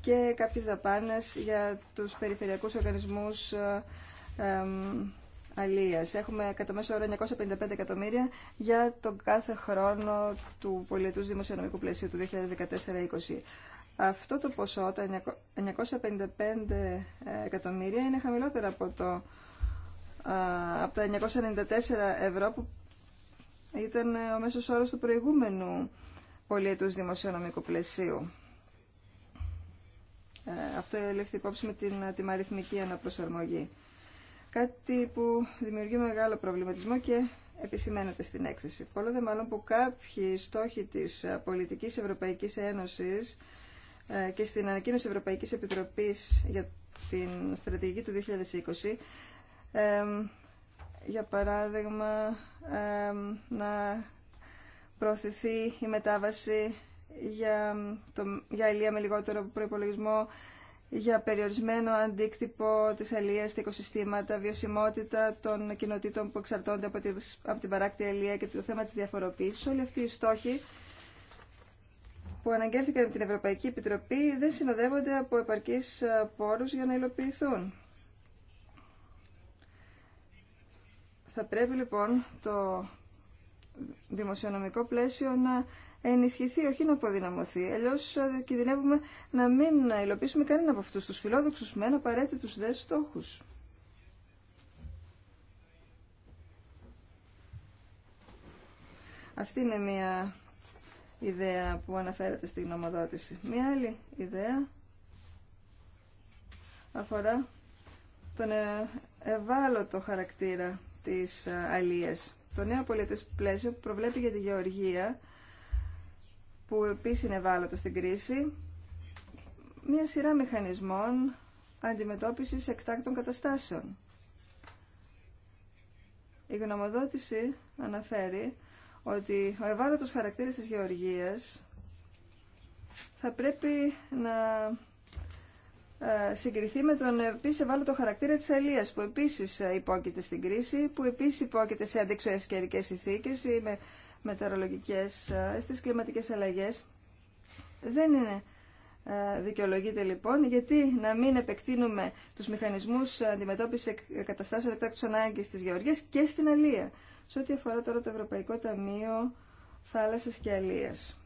και κάποιες δαπάνες για τους περιφερειακούς οργανισμούς Έχουμε κατά μέσο όρο 955 εκατομμύρια για τον κάθε χρόνο του πολιετούς δημοσιονομικού πλαισίου του 2014-2020. Αυτό το ποσό, τα 955 ε, εκατομμύρια, είναι χαμηλότερα από, το, από τα 994 ευρώ που ήταν ε, ο μέσος όρος του προηγούμενου πολιετούς δημοσιονομικού πλαισίου. Ε, αυτό ελέγχθη υπόψη με την αριθμική αναπροσαρμογή. Κάτι που δημιουργεί μεγάλο προβληματισμό και επισημαίνεται στην έκθεση. Πόλο δε μάλλον που κάποιοι στόχοι της ε, πολιτικής Ευρωπαϊκής Ένωσης ε, και στην ανακοίνωση Ευρωπαϊκής Επιτροπής για την στρατηγική του 2020 για παράδειγμα να προωθηθεί η μετάβαση για, το, για ηλία με λιγότερο προϋπολογισμό για περιορισμένο αντίκτυπο της αλίας στα οικοσυστήματα, βιωσιμότητα των κοινοτήτων που εξαρτώνται από, από την παράκτη αλία και το θέμα της διαφοροποίησης. Όλοι αυτοί οι στόχοι που αναγκαίρθηκαν από την Ευρωπαϊκή Επιτροπή δεν συνοδεύονται από επαρκείς ε, πόρους για να υλοποιηθούν. Θα πρέπει λοιπόν το δημοσιονομικό πλαίσιο να ενισχυθεί, όχι να αποδυναμωθεί. Αλλιώ ε, κινδυνεύουμε να μην υλοποιήσουμε κανένα από αυτού του φιλόδοξου μεν απαραίτητου δε στόχου. Αυτή είναι μια ιδέα που αναφέρεται στη γνωμοδότηση. Μια άλλη ιδέα αφορά τον ε, ευάλωτο χαρακτήρα της ε, αλίας. Το νέο πολιτικό πλαίσιο προβλέπει για τη γεωργία που επίσης είναι ευάλωτο στην κρίση, μία σειρά μηχανισμών αντιμετώπισης εκτάκτων καταστάσεων. Η γνωμοδότηση αναφέρει ότι ο ευάλωτος χαρακτήρας της γεωργίας θα πρέπει να ε, συγκριθεί με τον επίσης ευάλωτο χαρακτήρα της αλίας που επίσης υπόκειται στην κρίση, που επίσης υπόκειται σε αντίξωες καιρικές ηθίκες ή με μετεωρολογικές, ε, στις κλιματικές αλλαγές. Δεν είναι ε, δικαιολογείται λοιπόν γιατί να μην επεκτείνουμε τους μηχανισμούς αντιμετώπισης καταστάσεων εκτάκτους ανάγκης της Γεωργίας και στην Αλία. Σε ό,τι αφορά τώρα το Ευρωπαϊκό Ταμείο Θάλασσας και Αλίας.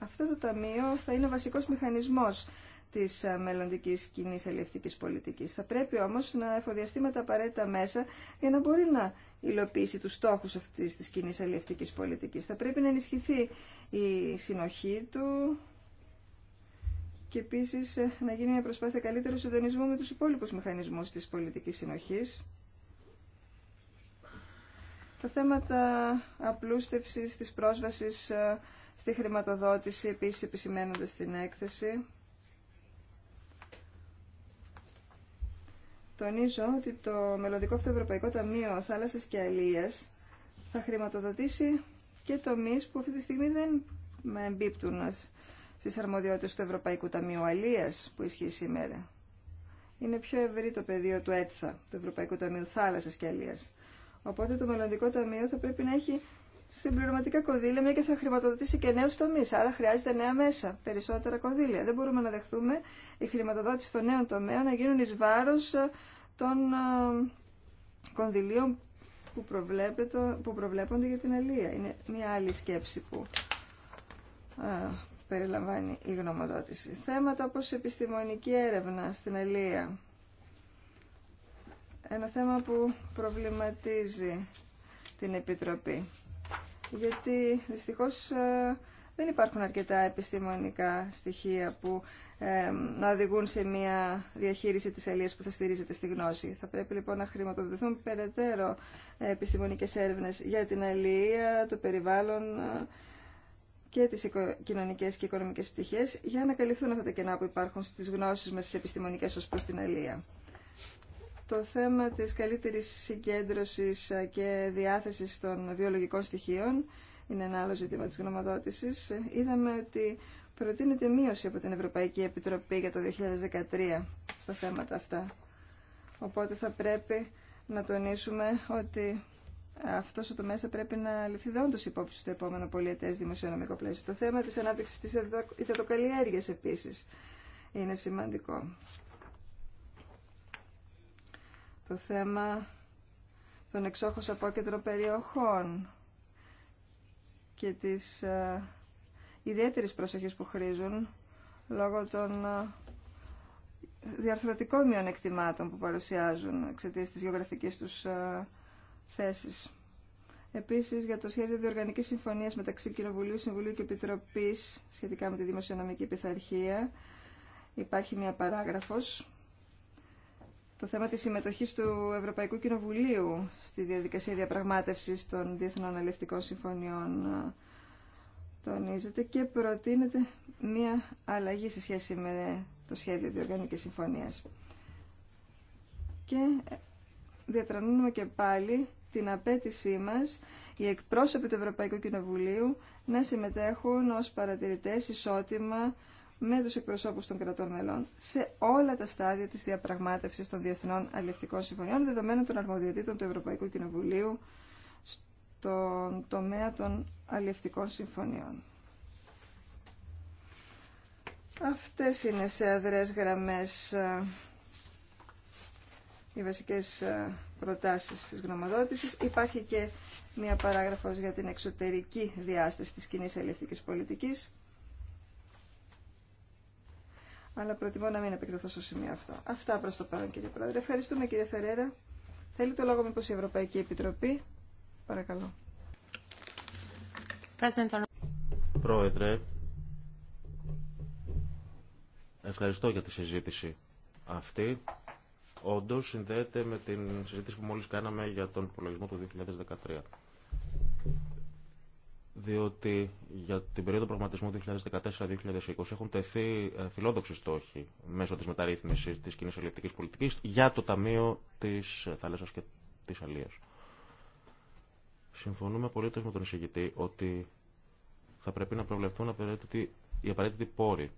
Αυτό το ταμείο θα είναι ο βασικός μηχανισμός της ε, μελλοντική κοινή αλληλευτικής πολιτικής. Θα πρέπει όμως να εφοδιαστεί με τα απαραίτητα μέσα για να μπορεί να υλοποίηση του στόχου αυτής της κοινή αλληλευτική πολιτικής. Θα πρέπει να ενισχυθεί η συνοχή του και επίση να γίνει μια προσπάθεια καλύτερου συντονισμού με του υπόλοιπου μηχανισμού της πολιτικής συνοχής. Τα θέματα απλούστευσης της πρόσβασης ε, στη χρηματοδότηση επίσης επισημένονται στην έκθεση. τονίζω ότι το μελλοντικό Ευρωπαϊκό Ταμείο Θάλασσας και Αλία θα χρηματοδοτήσει και τομεί που αυτή τη στιγμή δεν με εμπίπτουν στις αρμοδιότητες του Ευρωπαϊκού Ταμείου Αλίας που ισχύει σήμερα. Είναι πιο ευρύ το πεδίο του ΕΤΘΑ, του Ευρωπαϊκού Ταμείου Θάλασσας και Αλίας. Οπότε το μελλοντικό ταμείο θα πρέπει να έχει συμπληρωματικά κονδύλια, μια και θα χρηματοδοτήσει και νέου τομεί. Άρα χρειάζεται νέα μέσα, περισσότερα κονδύλια. Δεν μπορούμε να δεχθούμε η χρηματοδότηση των νέων τομέων να γίνουν ει βάρο ε, των ε, κονδυλίων που, που προβλέπονται για την αλία. Είναι μια άλλη σκέψη που α, ε, περιλαμβάνει η γνωμοδότηση. Θέματα όπως επιστημονική έρευνα στην αλία. Ένα θέμα που προβληματίζει την Επιτροπή γιατί δυστυχώς ε, δεν υπάρχουν αρκετά επιστημονικά στοιχεία που ε, να οδηγούν σε μια διαχείριση της αλίας που θα στηρίζεται στη γνώση. Θα πρέπει λοιπόν να χρηματοδοτηθούν περαιτέρω ε, επιστημονικές έρευνες για την αλία, το περιβάλλον και τις κοινωνικές και οικονομικές πτυχές για να καλυφθούν αυτά τα κενά που υπάρχουν στις γνώσεις μας στις επιστημονικές ως προς την αλία το θέμα της καλύτερης συγκέντρωσης ε, και διάθεσης των βιολογικών στοιχείων είναι ένα άλλο ζήτημα της γνωμοδότησης. Είδαμε ότι προτείνεται μείωση από την Ευρωπαϊκή Επιτροπή για το 2013 στα θέματα αυτά. Οπότε θα πρέπει να τονίσουμε ότι αυτό ο τομέας θα πρέπει να ληφθεί δόντω υπόψη στο επόμενο πολιετέ δημοσιονομικό πλαίσιο. Το θέμα τη ανάπτυξη τη υδατοκαλλιέργειας επίση είναι σημαντικό το θέμα των εξόχως απόκεντρων περιοχών και της ε, ιδιαίτερης προσοχής που χρήζουν λόγω των ε, διαρθρωτικών μειονεκτημάτων που παρουσιάζουν εξαιτία της γεωγραφικής τους θέσεις. θέσης. Επίσης, για το σχέδιο διοργανικής συμφωνίας μεταξύ Κοινοβουλίου, Συμβουλίου και Επιτροπής σχετικά με τη δημοσιονομική πειθαρχία υπάρχει μια παράγραφος το θέμα της συμμετοχής του Ευρωπαϊκού Κοινοβουλίου στη διαδικασία διαπραγμάτευσης των Διεθνών Αλληλευτικών Συμφωνιών ε, τονίζεται και προτείνεται μία αλλαγή σε σχέση με το σχέδιο διοργανικής συμφωνίας. Και ε, διατρανούμε και πάλι την απέτησή μας οι εκπρόσωποι του Ευρωπαϊκού Κοινοβουλίου να συμμετέχουν ως παρατηρητές ισότιμα με τους εκπροσώπους των κρατών μελών σε όλα τα στάδια της διαπραγμάτευσης των διεθνών αλληλευτικών συμφωνιών δεδομένων των αρμοδιοτήτων του Ευρωπαϊκού Κοινοβουλίου στον τομέα των αλληλευτικών συμφωνιών. Αυτές είναι σε αδρές γραμμές ε, οι βασικές ε, προτάσεις της γνωμοδότησης. Υπάρχει και μία παράγραφος για την εξωτερική διάσταση της κοινή αλληλευτικής πολιτικής αλλά προτιμώ να μην επεκταθώ στο σημείο αυτό. Αυτά προς το παρόν κύριε Πρόεδρε. Ευχαριστούμε κύριε Φεραίρα. Θέλει το λόγο μήπως η Ευρωπαϊκή Επιτροπή. Παρακαλώ. Πρόεδρε, ευχαριστώ για τη συζήτηση αυτή. Όντω συνδέεται με την συζήτηση που μόλις κάναμε για τον υπολογισμό του 2013 διότι για την περίοδο προγραμματισμού 2014-2020 έχουν τεθεί ε, φιλόδοξοι στόχοι μέσω της μεταρρύθμισης της κοινής ελληνικής πολιτικής για το Ταμείο της Θάλασσας και της Αλίας. Συμφωνούμε απολύτως με τον εισηγητή ότι θα πρέπει να προβλεφθούν οι απαραίτητοι πόροι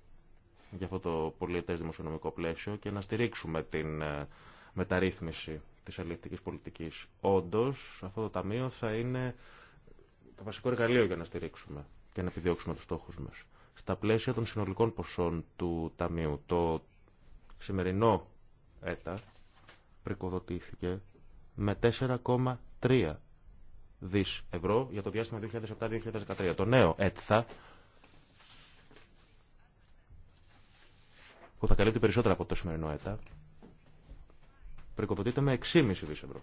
για αυτό το πολιετές δημοσιονομικό πλαίσιο και να στηρίξουμε την ε, μεταρρύθμιση της αλληλευτικής πολιτικής. Όντως, αυτό το ταμείο θα είναι βασικό εργαλείο για να στηρίξουμε και να επιδιώξουμε τους στόχους μας. Στα πλαίσια των συνολικών ποσών του Ταμείου, το σημερινό έτα πρικοδοτήθηκε με 4,3 δις ευρώ για το διάστημα 2007-2013. Το νέο ΕΤΘΑ που θα καλύπτει περισσότερα από το σημερινό ΕΤΑ πρικοδοτείται με 6,5 δις ευρώ.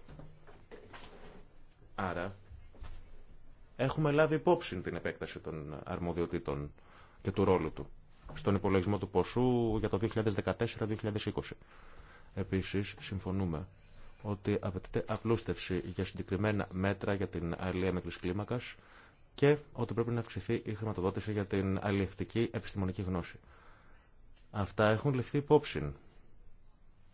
Άρα έχουμε λάβει υπόψη την επέκταση των αρμοδιοτήτων και του ρόλου του στον υπολογισμό του ποσού για το 2014-2020. Επίσης, συμφωνούμε ότι απαιτείται απλούστευση για συγκεκριμένα μέτρα για την αλληλεία μέχρι κλίμακας και ότι πρέπει να αυξηθεί η χρηματοδότηση για την αλληλευτική επιστημονική γνώση. Αυτά έχουν ληφθεί υπόψη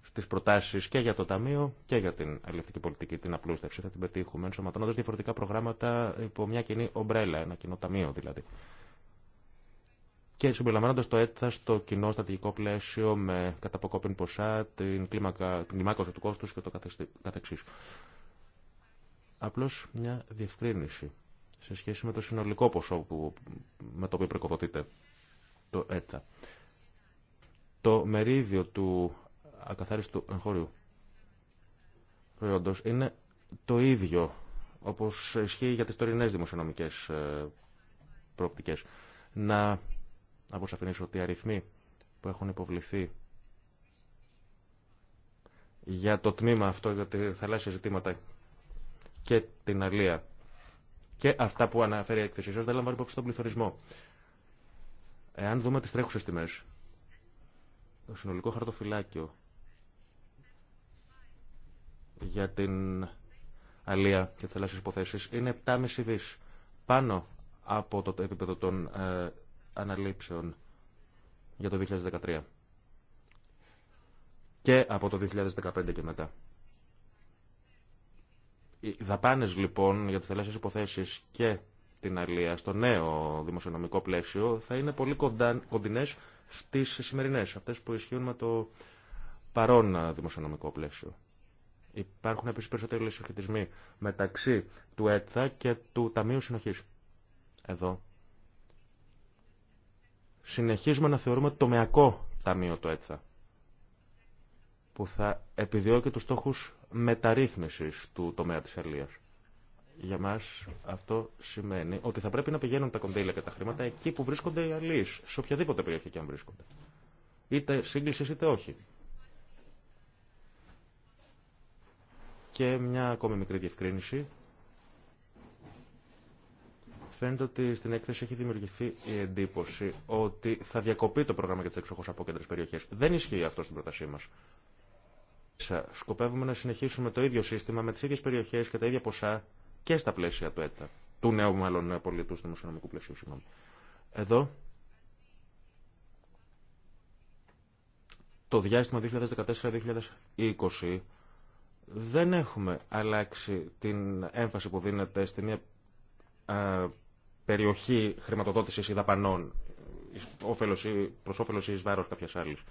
Στι προτάσει και για το Ταμείο και για την αλληλευτική πολιτική, την απλούστευση. Θα την πετύχουμε ενσωματώνοντα διαφορετικά προγράμματα υπό μια κοινή ομπρέλα, ένα κοινό ταμείο δηλαδή. Και συμπεριλαμβάνοντα το ΕΤΘΑ στο κοινό στατηγικό πλαίσιο με καταποκόπιν ποσά, την, κλίμακα, κλιμάκωση του κόστου και το καθεξή. Απλώ μια διευκρίνηση σε σχέση με το συνολικό ποσό που, με το οποίο προκοδοτείται το ΕΤΑ. Το μερίδιο του ακαθάριστου εγχώριου προϊόντος είναι το ίδιο όπως ισχύει για τις τωρινές δημοσιονομικές ε, προοπτικές. Να αποσαφηνήσω ότι οι αριθμοί που έχουν υποβληθεί για το τμήμα αυτό, για τα θαλάσσια ζητήματα και την αλία και αυτά που αναφέρει η έκθεσή σας δεν λαμβάνει υπόψη τον πληθωρισμό. Εάν δούμε τις τρέχουσες τιμές, το συνολικό χαρτοφυλάκιο για την αλία και τις υποθέσεις είναι 7,5 δις πάνω από το επίπεδο των ε, αναλήψεων για το 2013 και από το 2015 και μετά. Οι δαπάνες λοιπόν για τις θελασσίες υποθέσεις και την αλία στο νέο δημοσιονομικό πλαίσιο θα είναι πολύ κοντινέ κοντινές στις σημερινές, αυτές που ισχύουν με το παρόν δημοσιονομικό πλαίσιο. Υπάρχουν επίσης περισσότεροι συσχετισμοί μεταξύ του ΕΤΘΑ και του Ταμείου Συνοχής. Εδώ. Συνεχίζουμε να θεωρούμε το μεακό Ταμείο του ΕΤΘΑ που θα επιδιώκει τους στόχους μεταρρύθμισης του τομέα της αλίας. Για μας αυτό σημαίνει ότι θα πρέπει να πηγαίνουν τα κοντέιλα και τα χρήματα εκεί που βρίσκονται οι αλείς, σε οποιαδήποτε περιοχή και αν βρίσκονται. Είτε σύγκληση είτε όχι. Και μια ακόμη μικρή διευκρίνηση. Φαίνεται ότι στην έκθεση έχει δημιουργηθεί η εντύπωση ότι θα διακοπεί το πρόγραμμα για τι από κέντρε περιοχέ. Δεν ισχύει αυτό στην πρότασή μα. Σκοπεύουμε να συνεχίσουμε το ίδιο σύστημα με τι ίδιε περιοχέ και τα ίδια ποσά και στα πλαίσια του ΕΤΑ, του νέου μάλλον πολιτού δημοσιονομικού πλαισίου. Συγγνώμη. Εδώ το διάστημα 2014-2020 δεν έχουμε αλλάξει την έμφαση που δίνεται στην μια περιοχή χρηματοδότησης ή δαπανών προς όφελος ή εις βάρος κάποιας άλλης.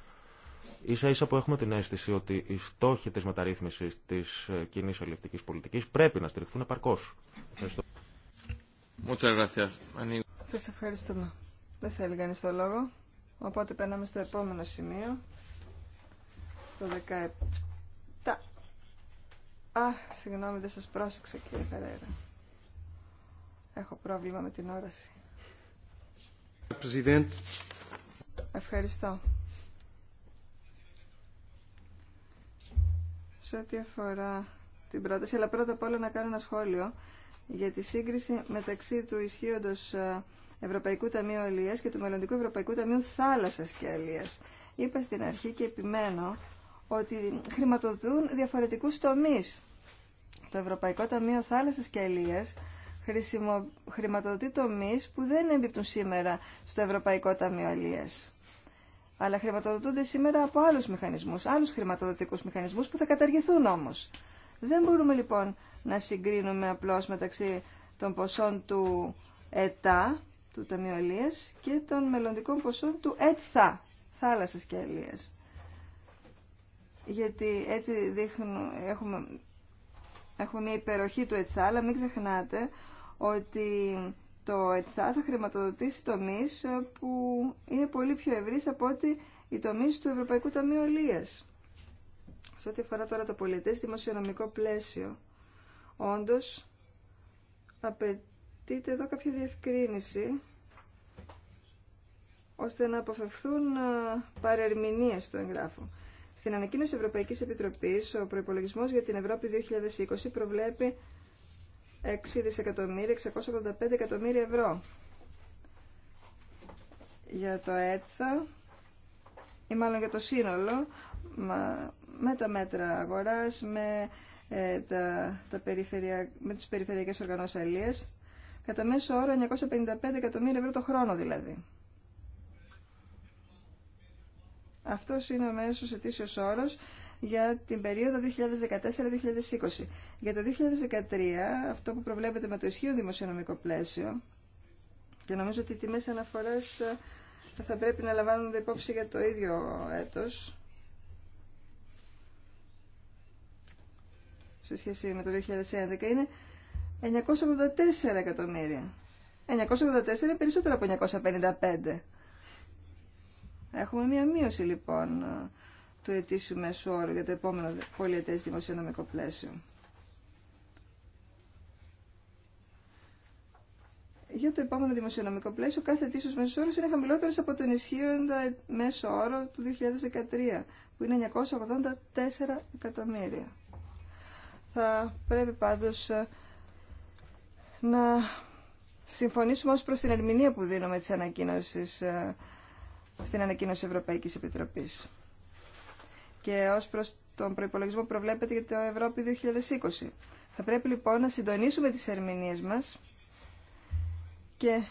Ίσα ίσα που έχουμε την αίσθηση ότι οι στόχοι της μεταρρύθμισης της ε, κοινή αλληλευτικής πολιτικής πρέπει να στηριχθούν επαρκώς. Ευχαριστώ. Σας ευχαριστούμε. Δεν θέλει κανείς το λόγο. Οπότε περνάμε στο επόμενο σημείο, το Α, συγγνώμη, δεν σας πρόσεξα κύριε Φεραίρα. Έχω πρόβλημα με την όραση. President. Ευχαριστώ. Σε ό,τι αφορά την πρόταση, αλλά πρώτα απ' όλα να κάνω ένα σχόλιο για τη σύγκριση μεταξύ του ισχύοντος ε, Ευρωπαϊκού Ταμείου Αλίας και του Μελλοντικού Ευρωπαϊκού Ταμείου Θάλασσας και Αλίας. Είπα στην αρχή και επιμένω ότι χρηματοδοτούν διαφορετικού τομεί Το Ευρωπαϊκό Ταμείο Θάλασσα και χρησιμο... χρηματοδοτεί τομεί που δεν εμπίπτουν σήμερα στο Ευρωπαϊκό Ταμείο Ελεία, αλλά χρηματοδοτούνται σήμερα από άλλου μηχανισμού, άλλου χρηματοδοτικού μηχανισμού που θα καταργηθούν όμω. Δεν μπορούμε λοιπόν να συγκρίνουμε απλώ μεταξύ των ποσών του ΕΤΑ, του Ταμείου Αλίας, και των μελλοντικών ποσών του ΕΤΘΑ, θάλασσας και αλίας γιατί έτσι δείχνουν, έχουμε, έχουμε μια υπεροχή του ΕΤΣΑ, αλλά μην ξεχνάτε ότι το ΕΤΣΑ θα χρηματοδοτήσει τομείς ε, που είναι πολύ πιο ευρύς από ότι οι τομείς του Ευρωπαϊκού Ταμείου ελίας, Σε ό,τι αφορά τώρα το πολιτές δημοσιονομικό πλαίσιο, όντως απαιτείται εδώ κάποια διευκρίνηση ώστε να αποφευθούν ε, παρερμηνίες στο εγγράφο. Στην ανακοίνωση Ευρωπαϊκής Επιτροπής, ο προϋπολογισμός για την Ευρώπη 2020 προβλέπει 6 δισεκατομμύρια 685 εκατομμύρια ευρώ. Για το ΕΤΘΑ, ή μάλλον για το σύνολο, με τα μέτρα αγοράς, με, ε, τα, τα περιφερεια, τις περιφερειακές οργανώσεις αλλιές, κατά μέσο όρο 955 εκατομμύρια ευρώ το χρόνο δηλαδή. Αυτό είναι ο μέσος ετήσιος όρος για την περίοδο 2014-2020. Για το 2013, αυτό που προβλέπεται με το ισχύον δημοσιονομικό πλαίσιο, και νομίζω ότι οι τιμές αναφοράς ε, θα πρέπει να λαμβάνονται υπόψη για το ίδιο έτος, σε σχέση με το 2011, είναι 984 εκατομμύρια. 984 είναι περισσότερο από 955. Έχουμε μία μείωση λοιπόν ε, του ετήσιου μέσου όρου για το επόμενο πολυετές δημοσιονομικό πλαίσιο. Για το επόμενο δημοσιονομικό πλαίσιο, κάθε ετήσιο μέσο όρο είναι χαμηλότερο από τον ισχύοντα μέσο όρο του 2013, που είναι 984 εκατομμύρια. Θα πρέπει πάντως ε, να συμφωνήσουμε ως προς την ερμηνεία που δίνουμε της ανακοίνωσης ε, στην ανακοίνωση Ευρωπαϊκής Επιτροπής. Και ως προς τον προϋπολογισμό προβλέπεται για το Ευρώπη 2020. Θα πρέπει λοιπόν να συντονίσουμε τις ερμηνείες μας και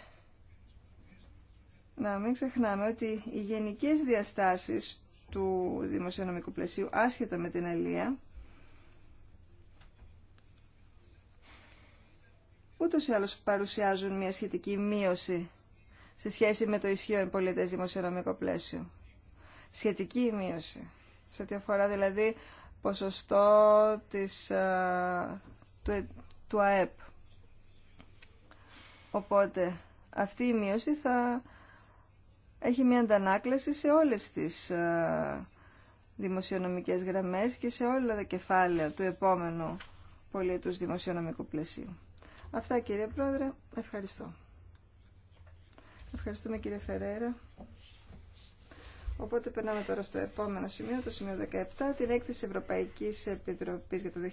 να μην ξεχνάμε ότι οι γενικές διαστάσεις του δημοσιονομικού πλαισίου, άσχετα με την αλία, ούτως ή άλλως παρουσιάζουν μια σχετική μείωση σε σχέση με το ισχύον πολιτές δημοσιονομικό πλαίσιο. Σχετική μείωση, σε ό,τι αφορά δηλαδή ποσοστό της, ε, του, ε, του ΑΕΠ. Οπότε αυτή η μείωση θα έχει μια αντανάκλαση σε όλες τις ε, δημοσιονομικές γραμμές και σε όλα τα κεφάλαια του επόμενου πολιτούς δημοσιονομικού πλαισίου. Αυτά κύριε Πρόεδρε, ευχαριστώ. Ευχαριστούμε κύριε Φερέρα. Οπότε περνάμε τώρα στο επόμενο σημείο, το σημείο 17, την έκθεση Ευρωπαϊκής Επιτροπής για το 2011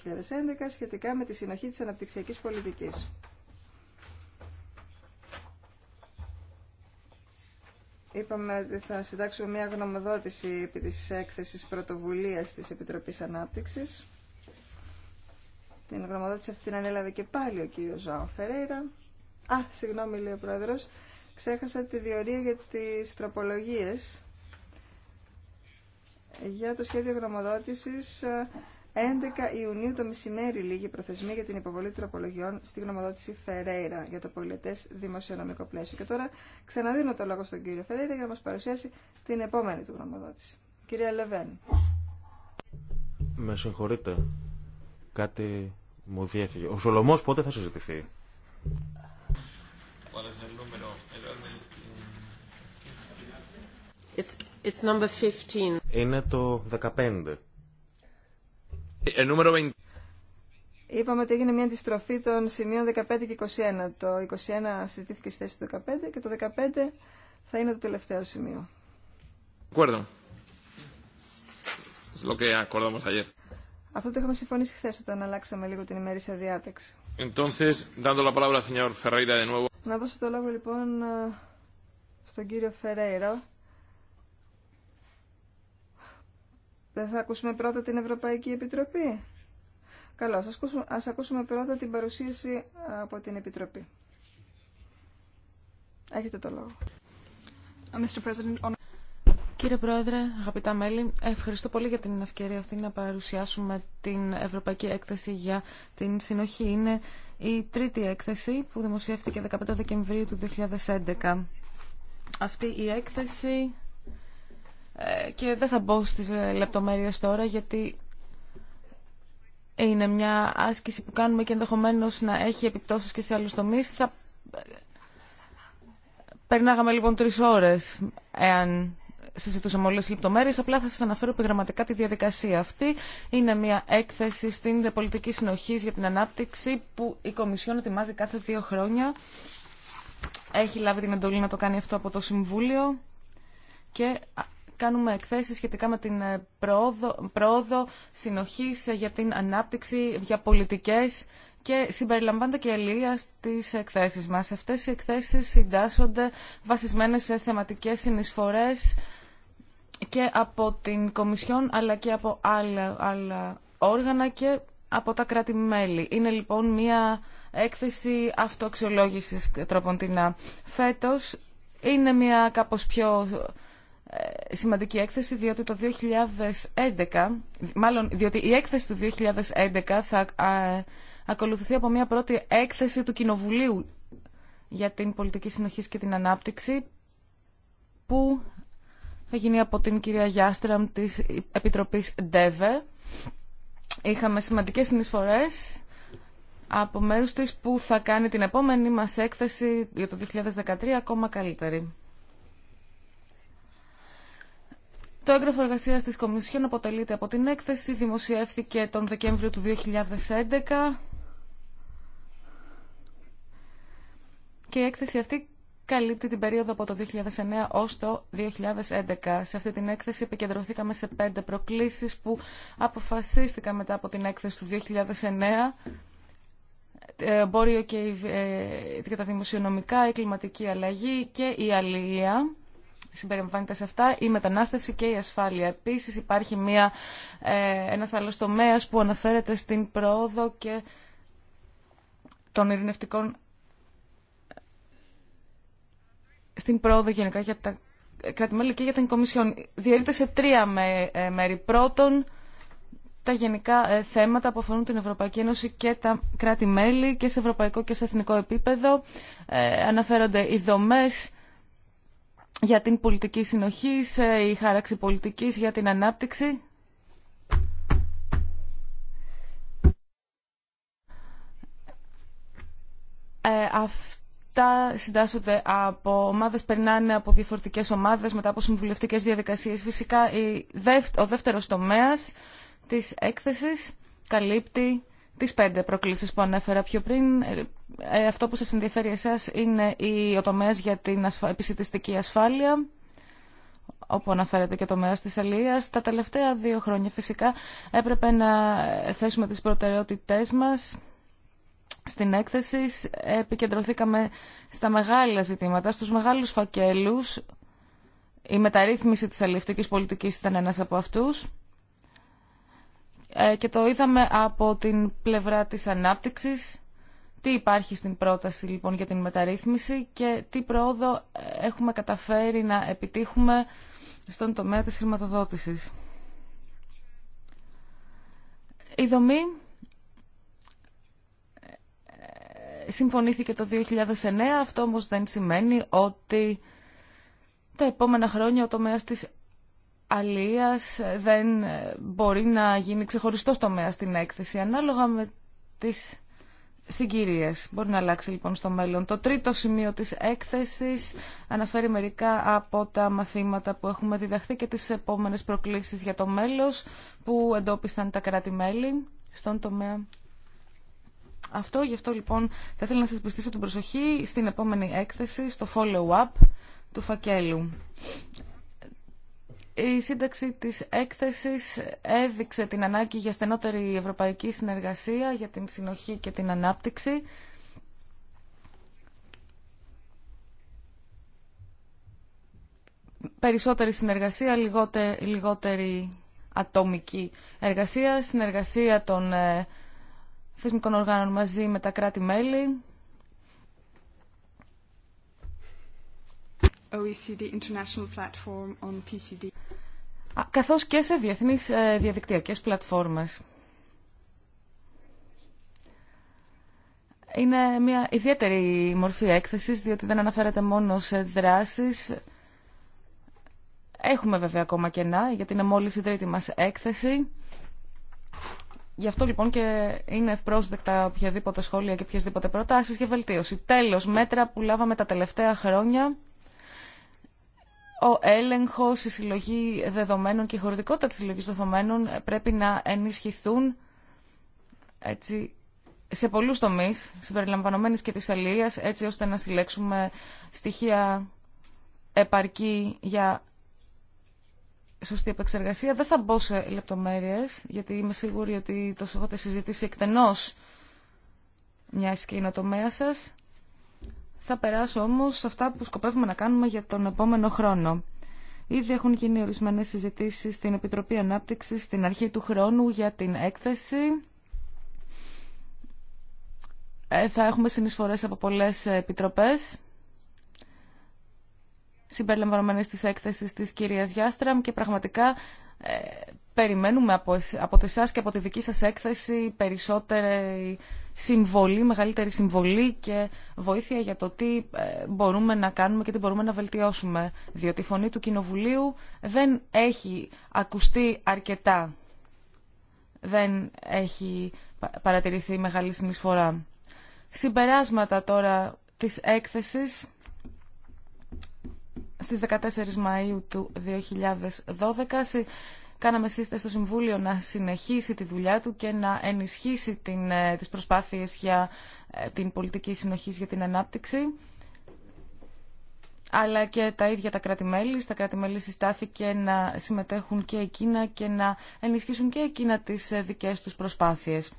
σχετικά με τη συνοχή της αναπτυξιακής πολιτικής. Είπαμε ότι θα συντάξουμε μια γνωμοδότηση επί της έκθεσης πρωτοβουλίας της Επιτροπής Ανάπτυξης. Την γνωμοδότηση αυτή την ανέλαβε και πάλι ο κύριος Ζωάν Φερέιρα. Α, συγγνώμη λέει ο Πρόεδρος, ξέχασα τη διορία για τις τροπολογίες για το σχέδιο γραμμοδότησης 11 Ιουνίου το μεσημέρι λίγη προθεσμία για την υποβολή τροπολογιών στη γνωμοδότηση Φερέιρα για το πολιτέ δημοσιονομικό πλαίσιο. Και τώρα ξαναδίνω το λόγο στον κύριο Φερέιρα για να μα παρουσιάσει την επόμενη του γνωμοδότηση. Κύριε Λεβέν. Με συγχωρείτε. Κάτι μου διέφυγε. Ο Σολομό πότε θα συζητηθεί. Είναι το 15. Ε, Είπαμε ότι έγινε μια αντιστροφή των σημείων 15 και 21. Το 21 συζητήθηκε στη θέση του 15 και το 15 θα είναι το τελευταίο σημείο. Αυτό το είχαμε συμφωνήσει χθε όταν αλλάξαμε λίγο την ημερήσια διάταξη. Να δώσω το λόγο λοιπόν ε, στον κύριο Φερέιρα Δεν θα ακούσουμε πρώτα την Ευρωπαϊκή Επιτροπή. Καλώ ας ακούσουμε, ακούσουμε πρώτα την παρουσίαση από την Επιτροπή. Έχετε το λόγο. Uh, Κύριε Πρόεδρε, αγαπητά μέλη, ευχαριστώ πολύ για την ευκαιρία αυτή να παρουσιάσουμε την Ευρωπαϊκή Έκθεση για την Συνοχή. Είναι η τρίτη έκθεση που δημοσιεύτηκε 15 Δεκεμβρίου του 2011. Αυτή η έκθεση ε, και δεν θα μπω στις ε, λεπτομέρειες τώρα γιατί είναι μια άσκηση που κάνουμε και ενδεχομένω να έχει επιπτώσεις και σε άλλους τομείς. Θα... Ε, περνάγαμε λοιπόν τρεις ώρες εάν συζητούσαμε όλες τις λεπτομέρειες. Απλά θα σας αναφέρω επιγραμματικά τη διαδικασία αυτή. Είναι μια έκθεση στην πολιτική συνοχή για την ανάπτυξη που η Κομισιόν ετοιμάζει κάθε δύο χρόνια. Έχει λάβει την εντολή να το κάνει αυτό από το Συμβούλιο και κάνουμε εκθέσεις σχετικά με την ε, πρόοδο, πρόοδο συνοχής ε, για την ανάπτυξη, για πολιτικές και συμπεριλαμβάνεται και η Ελία στις εκθέσεις μας. Αυτές οι εκθέσεις συντάσσονται βασισμένες σε θεματικές συνεισφορές και από την Κομισιόν αλλά και από άλλα, άλλα όργανα και από τα κράτη-μέλη. Είναι λοιπόν μια έκθεση αυτοαξιολόγησης τρόπον την Φέτος είναι μια κάπως πιο ε, σημαντική έκθεση διότι το 2011, μάλλον διότι η έκθεση του 2011 θα ακολουθηθεί από μια πρώτη έκθεση του Κοινοβουλίου για την πολιτική συνοχή και την ανάπτυξη που θα γίνει από την κυρία Γιάστραμ της Επιτροπής ΔΕΒΕ. Είχαμε σημαντικές συνεισφορές από μέρους της που θα κάνει την επόμενη μας έκθεση για το 2013 ακόμα καλύτερη. Το έγγραφο εργασία τη Κομισιόν αποτελείται από την έκθεση, δημοσιεύθηκε τον Δεκέμβριο του 2011 και η έκθεση αυτή καλύπτει την περίοδο από το 2009 ως το 2011. Σε αυτή την έκθεση επικεντρωθήκαμε σε πέντε προκλήσεις που αποφασίστηκαν μετά από την έκθεση του 2009 ε, μπορεί και τα δημοσιονομικά, η κλιματική αλλαγή και η αλληλεία συμπεριλαμβάνεται σε αυτά η μετανάστευση και η ασφάλεια. Επίση υπάρχει μια, ε, ένας άλλος τομέας που αναφέρεται στην πρόοδο και των ειρηνευτικών στην πρόοδο γενικά για τα κρατη και για την Κομισιόν. Διαιρείται σε τρία ε, μέρη. Πρώτον, τα γενικά ε, θέματα που αφορούν την Ευρωπαϊκή Ένωση και τα κράτη-μέλη και σε ευρωπαϊκό και σε εθνικό επίπεδο. Ε, αναφέρονται οι δομές, για την πολιτική συνοχή, η χάραξη πολιτικής για την ανάπτυξη. Ε, αυτά συντάσσονται από ομάδες, περνάνε από διαφορετικές ομάδες, μετά από συμβουλευτικές διαδικασίες. Φυσικά η, ο δεύτερος τομέας της έκθεσης καλύπτει τις πέντε προκλήσεις που ανέφερα πιο πριν. Ε, ε, αυτό που σα ενδιαφέρει εσά είναι οι, ο για την ασφα... ασφάλεια, όπου αναφέρεται και το τομέα της αλληλεία. Τα τελευταία δύο χρόνια φυσικά έπρεπε να θέσουμε τις προτεραιότητές μας στην έκθεση. Επικεντρωθήκαμε στα μεγάλα ζητήματα, στους μεγάλους φακέλους. Η μεταρρύθμιση της αλληλευτικής πολιτικής ήταν ένας από αυτούς. Ε, και το είδαμε από την πλευρά της ανάπτυξης. Τι υπάρχει στην πρόταση λοιπόν για την μεταρρύθμιση και τι πρόοδο έχουμε καταφέρει να επιτύχουμε στον τομέα της χρηματοδότησης. Η δομή ε, συμφωνήθηκε το 2009, αυτό όμως δεν σημαίνει ότι τα επόμενα χρόνια ο τομέας της αλίας δεν μπορεί να γίνει ξεχωριστό τομέα στην έκθεση ανάλογα με τις συγκυρίες. Μπορεί να αλλάξει λοιπόν στο μέλλον. Το τρίτο σημείο της έκθεσης αναφέρει μερικά από τα μαθήματα που έχουμε διδαχθεί και τις επόμενες προκλήσεις για το μέλος που εντόπισαν τα κράτη-μέλη στον τομέα αυτό. Γι' αυτό λοιπόν θα ήθελα να σας πιστήσω την προσοχή στην επόμενη έκθεση, στο follow-up του φακέλου. Η σύνταξη της έκθεσης έδειξε την ανάγκη για στενότερη ευρωπαϊκή συνεργασία, για την συνοχή και την ανάπτυξη. Περισσότερη συνεργασία, λιγότερη, λιγότερη ατομική εργασία, συνεργασία των ε, θεσμικών οργάνων μαζί με τα κράτη-μέλη, OECD Καθώς και σε διεθνείς ε, διαδικτυακές πλατφόρμες. Είναι μια ιδιαίτερη μορφή έκθεσης, διότι δεν αναφέρεται μόνο σε δράσεις. Έχουμε βέβαια ακόμα κενά, γιατί είναι μόλις η τρίτη μας έκθεση. Γι' αυτό λοιπόν και είναι ευπρόσδεκτα οποιαδήποτε σχόλια και οποιασδήποτε προτάσεις για βελτίωση. Τέλος, μέτρα που λάβαμε τα τελευταία χρόνια ο έλεγχο, η συλλογή δεδομένων και η χωρητικότητα της συλλογής δεδομένων πρέπει να ενισχυθούν έτσι, σε πολλούς τομεί, συμπεριλαμβανομένης και τη αλληλεία, έτσι ώστε να συλλέξουμε στοιχεία επαρκή για σωστή επεξεργασία. Δεν θα μπω σε λεπτομέρειες, γιατί είμαι σίγουρη ότι το έχετε συζητήσει εκτενώς μια και είναι ο τομέα σας. Θα περάσω όμως σε αυτά που σκοπεύουμε να κάνουμε για τον επόμενο χρόνο. Ήδη έχουν γίνει ορισμένε συζητήσει στην Επιτροπή ανάπτυξη στην αρχή του χρόνου για την έκθεση. Ε, θα έχουμε συνεισφορέ από πολλές επιτροπές Συμπεριλαμβανομένε τη έκθεση της κυρίας Γιάστραμ και πραγματικά ε, περιμένουμε από, από εσά και από τη δική σας έκθεση περισσότερη συμβολή, μεγαλύτερη συμβολή και βοήθεια για το τι ε, μπορούμε να κάνουμε και τι μπορούμε να βελτιώσουμε. Διότι η φωνή του Κοινοβουλίου δεν έχει ακουστεί αρκετά. Δεν έχει παρατηρηθεί μεγάλη συνεισφορά. Συμπεράσματα τώρα της έκθεσης στις 14 Μαΐου του 2012 κάναμε σύσταση στο Συμβούλιο να συνεχίσει τη δουλειά του και να ενισχύσει την, ε, τις προσπάθειες για ε, την πολιτική συνοχής για την ανάπτυξη αλλά και τα ίδια τα κράτη-μέλη. Στα κράτη-μέλη συστάθηκε να συμμετέχουν και εκείνα και να ενισχύσουν και εκείνα τις ε, δικές τους προσπάθειες.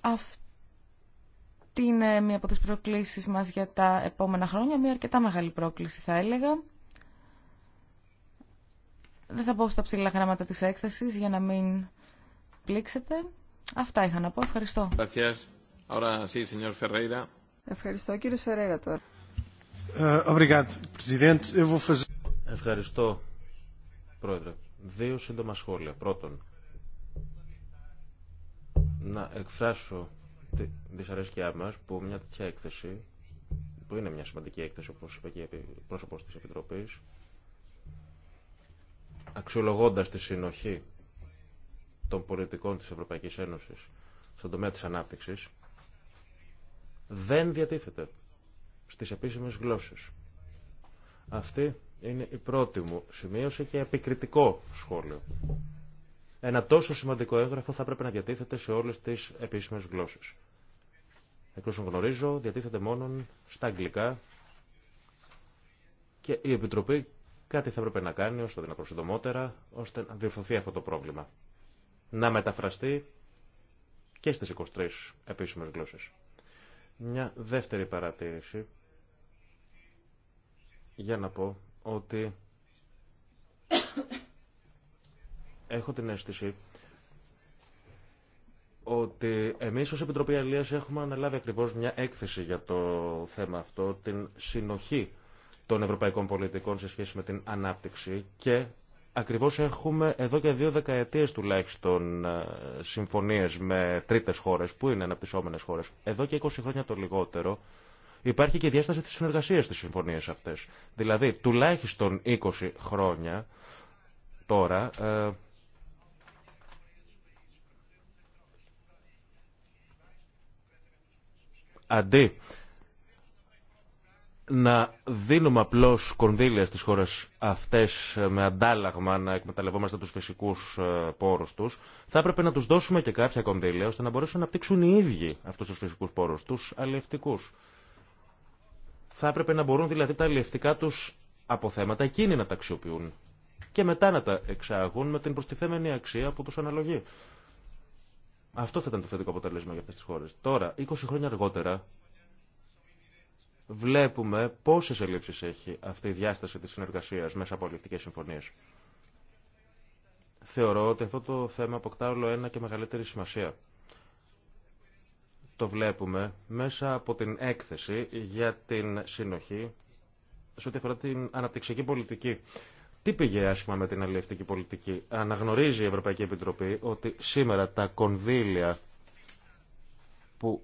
Αυτή είναι μία από τις προκλήσεις μας για τα επόμενα χρόνια, μία αρκετά μεγάλη πρόκληση θα έλεγα. Δεν θα πω στα ψηλά γράμματα της έκθεσης για να μην πλήξετε. Αυτά είχα να πω. Ευχαριστώ. Ευχαριστώ κύριε Φερέρα τώρα. Ε, Ευχαριστώ πρόεδρε. Δύο σύντομα σχόλια. Πρώτον, να εκφράσω τη δυσαρέσκειά μα που μια τέτοια έκθεση, που είναι μια σημαντική έκθεση όπω είπε και η πρόσωπο τη Επιτροπή, αξιολογώντας τη συνοχή των πολιτικών της Ευρωπαϊκής Ένωσης στον τομέα της ανάπτυξης, δεν διατίθεται στις επίσημες γλώσσες. Αυτή είναι η πρώτη μου σημείωση και επικριτικό σχόλιο. Ένα τόσο σημαντικό έγγραφο θα πρέπει να διατίθεται σε όλες τις επίσημες γλώσσες. Εκ όσων γνωρίζω, διατίθεται μόνο στα αγγλικά και η Επιτροπή Κάτι θα έπρεπε να κάνει ώστε να προσυντομότερα, ώστε να διορθωθεί αυτό το πρόβλημα. Να μεταφραστεί και στις 23 επίσημες γλώσσες. Μια δεύτερη παρατήρηση για να πω ότι έχω την αίσθηση ότι εμείς ως Επιτροπή Αλίας έχουμε αναλάβει ακριβώς μια έκθεση για το θέμα αυτό, την συνοχή των ευρωπαϊκών πολιτικών σε σχέση με την ανάπτυξη και ακριβώς έχουμε εδώ και δύο δεκαετίες τουλάχιστον ε, συμφωνίες με τρίτες χώρες που είναι αναπτυσσόμενες χώρες. Εδώ και 20 χρόνια το λιγότερο υπάρχει και διάσταση της συνεργασίας στις συμφωνίες αυτές. Δηλαδή τουλάχιστον 20 χρόνια τώρα ε, αντί να δίνουμε απλώ κονδύλια στι χώρε αυτέ ε, με αντάλλαγμα να εκμεταλλευόμαστε του φυσικού ε, πόρου του, θα έπρεπε να του δώσουμε και κάποια κονδύλια ώστε να μπορέσουν να απτύξουν οι ίδιοι αυτού του φυσικού πόρου, του αλληλευτικού. Θα έπρεπε να μπορούν δηλαδή τα αλληλευτικά του αποθέματα εκείνοι να τα αξιοποιούν και μετά να τα εξάγουν με την προστιθέμενη αξία που του αναλογεί. Αυτό θα ήταν το θετικό αποτέλεσμα για αυτέ τι χώρε. Τώρα, 20 χρόνια αργότερα, βλέπουμε πόσες ελλείψεις έχει αυτή η διάσταση της συνεργασίας μέσα από αλληλευτικές συμφωνίες. Θεωρώ ότι αυτό το θέμα αποκτά όλο ένα και μεγαλύτερη σημασία. Το βλέπουμε μέσα από την έκθεση για την συνοχή σε ό,τι αφορά την αναπτυξιακή πολιτική. Τι πήγε άσχημα με την αλληλευτική πολιτική. Αναγνωρίζει η Ευρωπαϊκή Επιτροπή ότι σήμερα τα κονδύλια που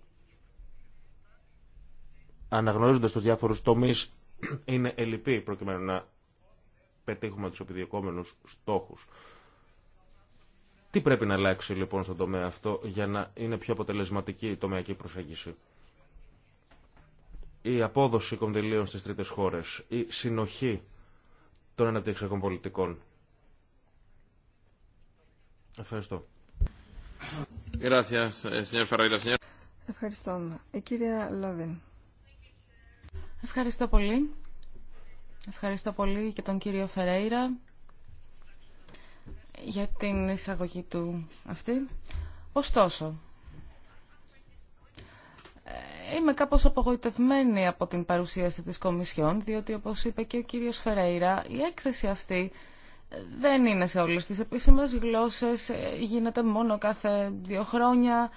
αναγνωρίζοντας τους διάφορους τομείς είναι ελλειπή προκειμένου να πετύχουμε τους επιδιωκόμενους στόχους. Τι πρέπει να αλλάξει λοιπόν στον τομέα αυτό για να είναι πιο αποτελεσματική η τομεακή προσέγγιση. Η απόδοση κονδυλίων στις τρίτες χώρες, η συνοχή των αναπτυξιακών πολιτικών. Ευχαριστώ. Ευχαριστώ. Η κυρία Ευχαριστώ πολύ. Ευχαριστώ πολύ και τον κύριο Φερέιρα για την εισαγωγή του αυτή. Ωστόσο, ε, είμαι κάπως απογοητευμένη από την παρουσίαση της Κομισιόν, διότι όπως είπε και ο κύριος Φερέιρα, η έκθεση αυτή ε, δεν είναι σε όλες τις επίσημες γλώσσες, ε, γίνεται μόνο κάθε δύο χρόνια,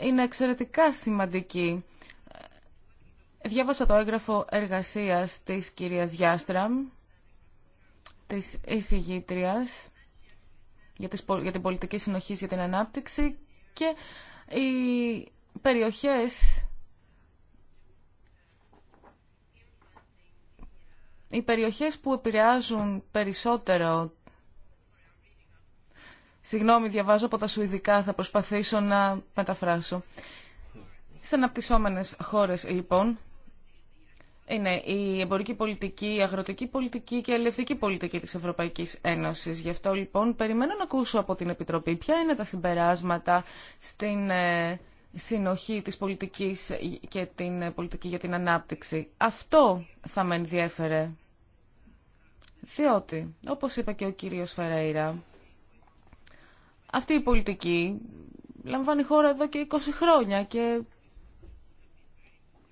είναι εξαιρετικά σημαντική Διάβασα το έγγραφο εργασίας της κυρίας Γιάστραμ, της εισηγήτριας για, για την πολιτική συνοχή για την ανάπτυξη και οι περιοχές οι περιοχές που επηρεάζουν περισσότερο Συγγνώμη, διαβάζω από τα Σουηδικά, θα προσπαθήσω να μεταφράσω. στι αναπτυσσόμενες χώρες, λοιπόν, είναι η εμπορική πολιτική, η αγροτική πολιτική και η ελευθερική πολιτική της Ευρωπαϊκής Ένωσης. Γι' αυτό λοιπόν περιμένω να ακούσω από την Επιτροπή ποια είναι τα συμπεράσματα στην ε, συνοχή της πολιτικής και την ε, πολιτική για την ανάπτυξη. Αυτό θα με ενδιέφερε. Διότι, όπως είπα και ο κύριος Φεραίρα, αυτή η πολιτική λαμβάνει χώρα εδώ και 20 χρόνια και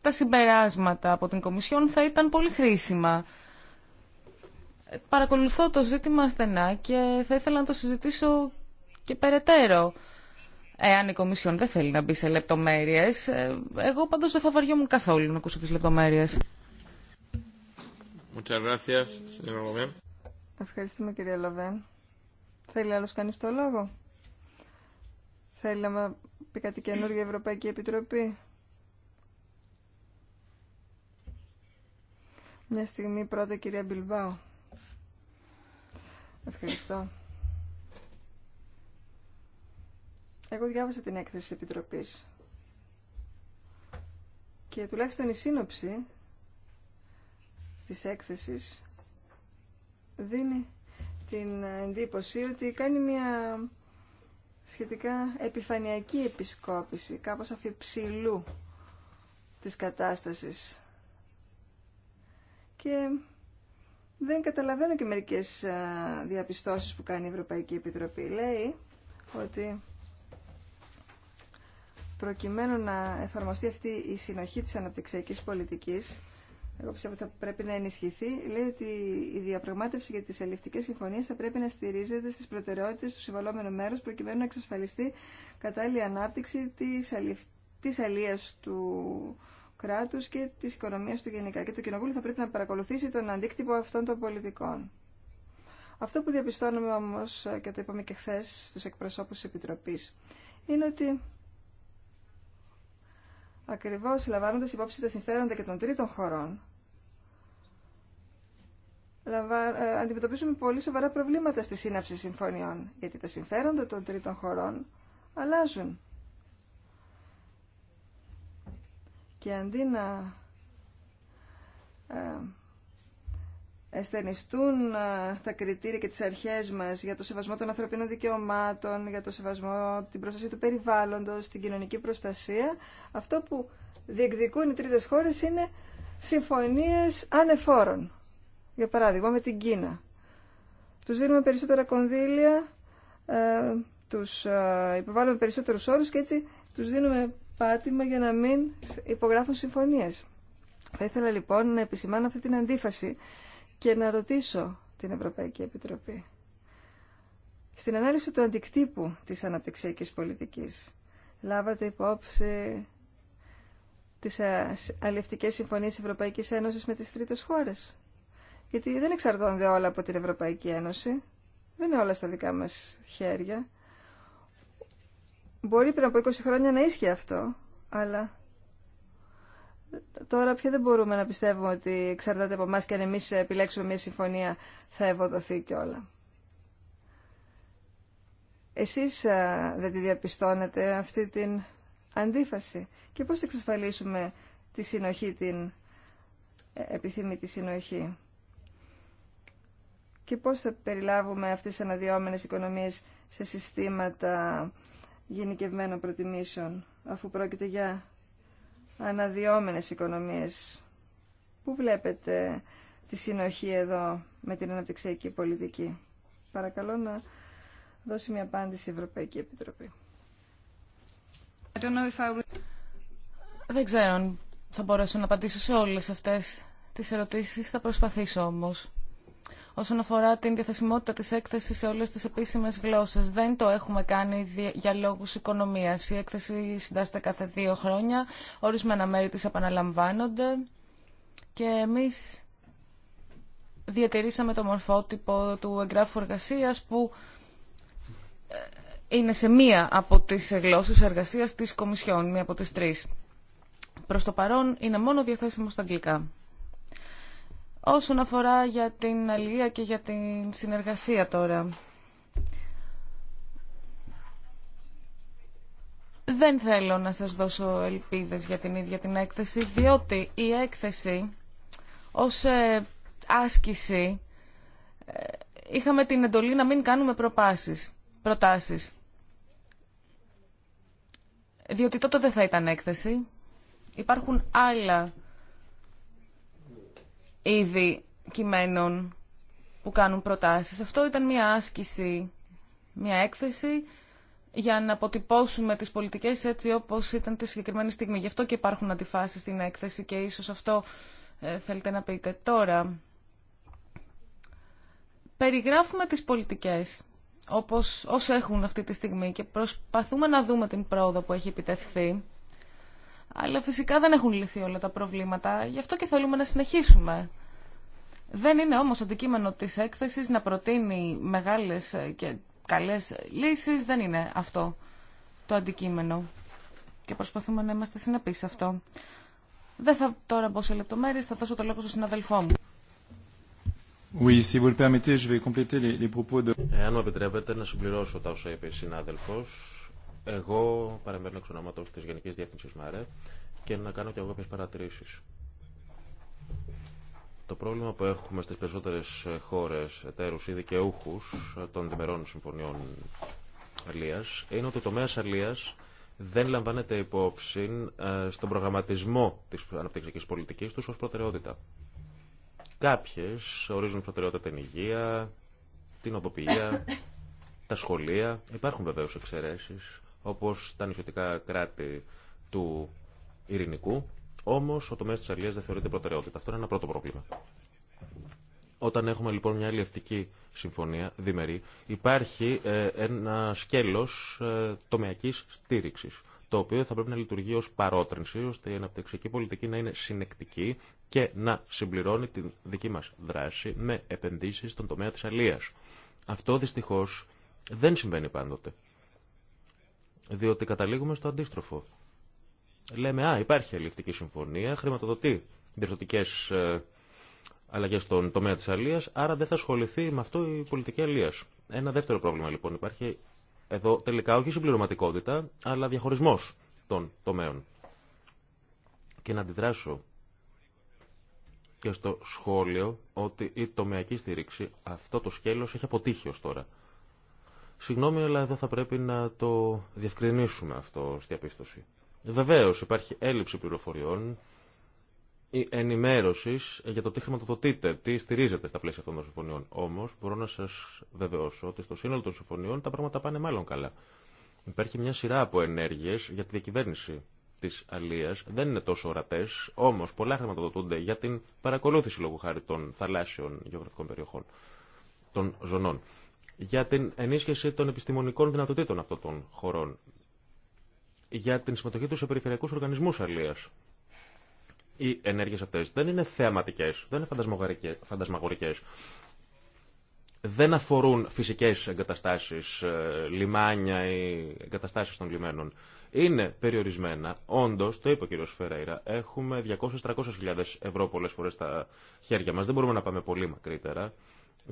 τα συμπεράσματα από την Κομισιόν θα ήταν πολύ χρήσιμα. Παρακολουθώ το ζήτημα στενά και θα ήθελα να το συζητήσω και περαιτέρω. Εάν η Κομισιόν δεν θέλει να μπει σε λεπτομέρειες, ε, εγώ πάντως δεν θα βαριόμουν καθόλου να ακούσω τις λεπτομέρειες. Ευχαριστούμε κύριε Λοβέν. Θέλει άλλος κανείς το λόγο. Θέλει να πει κάτι καινούργια Ευρωπαϊκή Επιτροπή. Μια στιγμή πρώτα κυρία Μπιλμπάου. Ευχαριστώ. Εγώ διάβασα την έκθεση της Επιτροπής και τουλάχιστον η σύνοψη της έκθεσης δίνει την εντύπωση ότι κάνει μια σχετικά επιφανειακή επισκόπηση, κάπως αφιψηλού της κατάστασης και δεν καταλαβαίνω και μερικές διαπιστώσεις που κάνει η Ευρωπαϊκή Επιτροπή. Λέει ότι προκειμένου να εφαρμοστεί αυτή η συνοχή της αναπτυξιακής πολιτικής, εγώ πιστεύω ότι θα πρέπει να ενισχυθεί, λέει ότι η διαπραγμάτευση για τις ελληνικές συμφωνίες θα πρέπει να στηρίζεται στις προτεραιότητες του συμβαλόμενου μέρους προκειμένου να εξασφαλιστεί κατάλληλη ανάπτυξη της, αληφ... του κράτους και της οικονομίας του γενικά. Και το Κοινοβούλιο θα πρέπει να παρακολουθήσει τον αντίκτυπο αυτών των πολιτικών. Αυτό που διαπιστώνουμε όμως, και το είπαμε και χθε στους εκπροσώπους της Επιτροπής, είναι ότι ακριβώς λαμβάνοντας υπόψη τα συμφέροντα και των τρίτων χωρών, ε, αντιμετωπίζουμε πολύ σοβαρά προβλήματα στη σύναψη συμφωνιών, γιατί τα συμφέροντα των τρίτων χωρών αλλάζουν Και αντί να εστερνιστούν ε, τα κριτήρια και τις αρχές μας για το σεβασμό των ανθρωπίνων δικαιωμάτων, για το σεβασμό, την προστασία του περιβάλλοντος, την κοινωνική προστασία, αυτό που διεκδικούν οι τρίτες χώρες είναι συμφωνίες ανεφόρων. Για παράδειγμα με την Κίνα. Τους δίνουμε περισσότερα κονδύλια, ε, τους ε, υποβάλλουμε περισσότερους όρους και έτσι τους δίνουμε πάτημα για να μην υπογράφουν συμφωνίες. Θα ήθελα λοιπόν να επισημάνω αυτή την αντίφαση και να ρωτήσω την Ευρωπαϊκή Επιτροπή. Στην ανάλυση του αντικτύπου της αναπτυξιακής πολιτικής, λάβατε υπόψη τις αλληλευτικές συμφωνίες Ευρωπαϊκής Ένωσης με τις τρίτες χώρες. Γιατί δεν εξαρτώνται όλα από την Ευρωπαϊκή Ένωση. Δεν είναι όλα στα δικά μας χέρια. Μπορεί πριν από 20 χρόνια να ίσχυε αυτό, αλλά τώρα πια δεν μπορούμε να πιστεύουμε ότι εξαρτάται από εμά και αν εμείς επιλέξουμε μια συμφωνία θα ευοδοθεί και όλα. Εσείς ε, δεν τη διαπιστώνετε αυτή την αντίφαση και πώς θα εξασφαλίσουμε τη συνοχή, την ε, επιθυμητή συνοχή και πώς θα περιλάβουμε αυτές τις αναδυόμενες οικονομίες σε συστήματα γενικευμένων προτιμήσεων, αφού πρόκειται για αναδυόμενες οικονομίες. Πού βλέπετε τη συνοχή εδώ με την αναπτυξιακή πολιτική. Παρακαλώ να δώσει μια απάντηση η Ευρωπαϊκή Επιτροπή. Δεν ξέρω αν θα μπορέσω να απαντήσω σε όλες αυτές τις ερωτήσεις. Θα προσπαθήσω όμως όσον αφορά την διαθεσιμότητα της έκθεσης σε όλες τις επίσημες γλώσσες. Δεν το έχουμε κάνει για λόγους οικονομίας. Η έκθεση συντάσσεται κάθε δύο χρόνια, ορισμένα μέρη της επαναλαμβάνονται και εμείς διατηρήσαμε το μορφότυπο του εγγράφου εργασίας που ε, είναι σε μία από τις γλώσσες εργασίας της Κομισιόν, μία από τις τρεις. Προς το παρόν είναι μόνο διαθέσιμο στα αγγλικά. Όσον αφορά για την αλληλεία και για την συνεργασία τώρα. Δεν θέλω να σας δώσω ελπίδες για την ίδια την έκθεση, διότι η έκθεση ως ε, άσκηση ε, είχαμε την εντολή να μην κάνουμε προπάσεις, προτάσεις. Διότι τότε δεν θα ήταν έκθεση. Υπάρχουν άλλα είδη κειμένων που κάνουν προτάσεις. Αυτό ήταν μια άσκηση, μια έκθεση για να αποτυπώσουμε τις πολιτικές έτσι όπως ήταν τη συγκεκριμένη στιγμή. Γι' αυτό και υπάρχουν αντιφάσεις στην έκθεση και ίσως αυτό ε, θέλετε να πείτε τώρα. Περιγράφουμε τις πολιτικές όπως, έχουν αυτή τη στιγμή και προσπαθούμε να δούμε την πρόοδο που έχει επιτευχθεί αλλά φυσικά δεν έχουν λυθεί όλα τα προβλήματα, γι' αυτό και θέλουμε να συνεχίσουμε. Δεν είναι όμως αντικείμενο της έκθεσης να προτείνει μεγάλες και καλές λύσεις, δεν είναι αυτό το αντικείμενο. Και προσπαθούμε να είμαστε συνεπείς σε αυτό. Δεν θα τώρα μπω σε λεπτομέρειες, θα δώσω το λόγο στον συναδελφό μου. Oui, si vous le permettez, je vais compléter les, les propos de... Εάν μου επιτρέπετε να συμπληρώσω τα όσα είπε η συνάδελφος, εγώ παραμένω εξ ονόματο τη Γενική Διεύθυνση ΜΑΡΕ και να κάνω και εγώ κάποιε παρατηρήσει. Το πρόβλημα που έχουμε στι περισσότερε χώρε εταίρου ή δικαιούχου των διμερών συμφωνιών αλεία είναι ότι το τομέα αλεία δεν λαμβάνεται υπόψη ε, στον προγραμματισμό τη αναπτυξιακή πολιτική του ω προτεραιότητα. Κάποιε ορίζουν προτεραιότητα την υγεία, την οδοποιία, τα σχολεία. Υπάρχουν βεβαίω εξαιρέσει όπως τα νησιωτικά κράτη του Ειρηνικού. Όμως ο τομέας της αλληλείας δεν θεωρείται προτεραιότητα. Αυτό είναι ένα πρώτο πρόβλημα. Όταν έχουμε λοιπόν μια αλληλευτική συμφωνία, διμερή, υπάρχει ε, ένα σκέλος ε, τομεακής στήριξης το οποίο θα πρέπει να λειτουργεί ως παρότρινση, ώστε η αναπτυξιακή πολιτική να είναι συνεκτική και να συμπληρώνει τη δική μας δράση με επενδύσεις στον τομέα της αλίας. Αυτό δυστυχώς δεν συμβαίνει πάντοτε. Διότι καταλήγουμε στο αντίστροφο. Λέμε, α, υπάρχει αλληλευτική συμφωνία, χρηματοδοτεί διευθυντικέ ε, αλλαγέ στον τομέα τη αλεία, άρα δεν θα ασχοληθεί με αυτό η πολιτική αλεία. Ένα δεύτερο πρόβλημα λοιπόν υπάρχει εδώ τελικά όχι συμπληρωματικότητα, αλλά διαχωρισμό των τομέων. Και να αντιδράσω και στο σχόλιο ότι η τομεακή στήριξη αυτό το σκέλος έχει αποτύχει ως τώρα. Συγγνώμη, αλλά εδώ θα πρέπει να το διευκρινίσουμε αυτό στη διαπίστωση. Βεβαίως υπάρχει έλλειψη πληροφοριών ή ενημέρωση για το τι χρηματοδοτείτε, τι στηρίζετε στα πλαίσια αυτών των συμφωνιών. Όμω μπορώ να σα βεβαιώσω ότι στο σύνολο των συμφωνιών τα πράγματα πάνε μάλλον καλά. Υπάρχει μια σειρά από ενέργειε για τη διακυβέρνηση τη Αλία. Δεν είναι τόσο ορατέ, όμω πολλά χρηματοδοτούνται για την παρακολούθηση λόγω χάρη των θαλάσσιων γεωγραφικών περιοχών των ζωνών για την ενίσχυση των επιστημονικών δυνατοτήτων αυτών των χωρών, για την συμμετοχή του σε περιφερειακούς οργανισμούς αλίας. Οι ενέργειε αυτέ δεν είναι θεαματικέ, δεν είναι φαντασμαγωρικέ. Δεν αφορούν φυσικέ εγκαταστάσει, ε, λιμάνια ή εγκαταστάσει των λιμένων. Είναι περιορισμένα. Όντω, το είπε ο κ. φεραιρα Φεραίρα, έχουμε 200-300 ευρώ πολλέ φορέ στα χέρια μα. Δεν μπορούμε να πάμε πολύ μακρύτερα.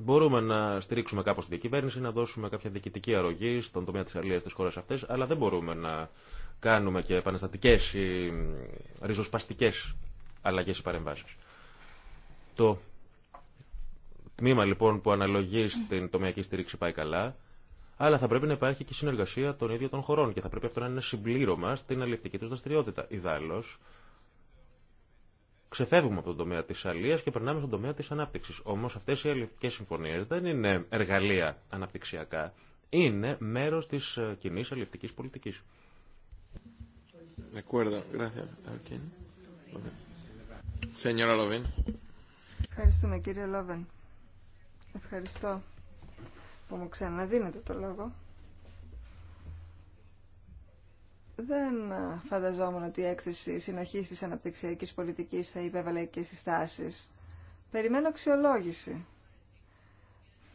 Μπορούμε να στηρίξουμε κάπως την διακυβέρνηση, να δώσουμε κάποια διοικητική αρρωγή στον τομέα της αλληλεία της χώρας αυτές, αλλά δεν μπορούμε να κάνουμε και επαναστατικέ ή ριζοσπαστικέ αλλαγές ή παρεμβάσεις. Το τμήμα λοιπόν που αναλογεί στην τομεακή στήριξη πάει καλά, αλλά θα πρέπει να υπάρχει και συνεργασία των ίδιων των χωρών και θα πρέπει αυτό να είναι συμπλήρωμα στην αλληλευτική του δραστηριότητα. Ιδάλω, ξεφεύγουμε από τον τομέα της αλίας και περνάμε στον τομέα της ανάπτυξης. Όμως αυτές οι αλληλευτικές συμφωνίες δεν είναι εργαλεία αναπτυξιακά, είναι μέρος της ε, κοινή αλληλευτικής πολιτικής. Ευχαριστούμε κύριε Λόβεν. Ευχαριστώ που μου ξαναδίνετε το λόγο. δεν φανταζόμουν ότι η έκθεση συνοχής της αναπτυξιακής πολιτικής θα υπέβαλε και συστάσεις. Περιμένω αξιολόγηση.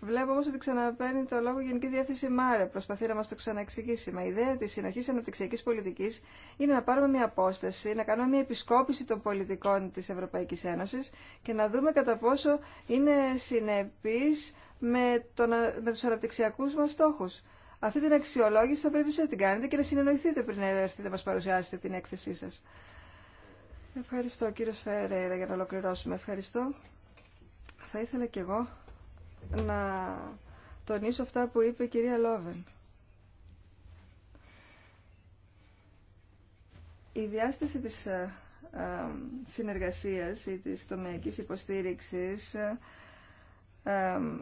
Βλέπω όμω ότι ξαναπαίρνει το λόγο Γενική Διεύθυνση ΜΑΡΕ. Προσπαθεί να μα το ξαναεξηγήσει. Μα η ιδέα τη συνοχή αναπτυξιακή πολιτική είναι να πάρουμε μια απόσταση, να κάνουμε μια επισκόπηση των πολιτικών τη Ευρωπαϊκή Ένωση και να δούμε κατά πόσο είναι συνεπεί με, με του αναπτυξιακού μα στόχου. Αυτή την αξιολόγηση θα πρέπει να την κάνετε και να συνεννοηθείτε πριν έρθετε να μας παρουσιάσετε την έκθεσή σας. Ευχαριστώ κύριο Φεραίρα για να ολοκληρώσουμε. Ευχαριστώ. Θα ήθελα κι εγώ να τονίσω αυτά που είπε η κυρία Λόβεν. Η διάσταση της ε, ε, συνεργασίας ή της τομεακής υποστήριξης ε,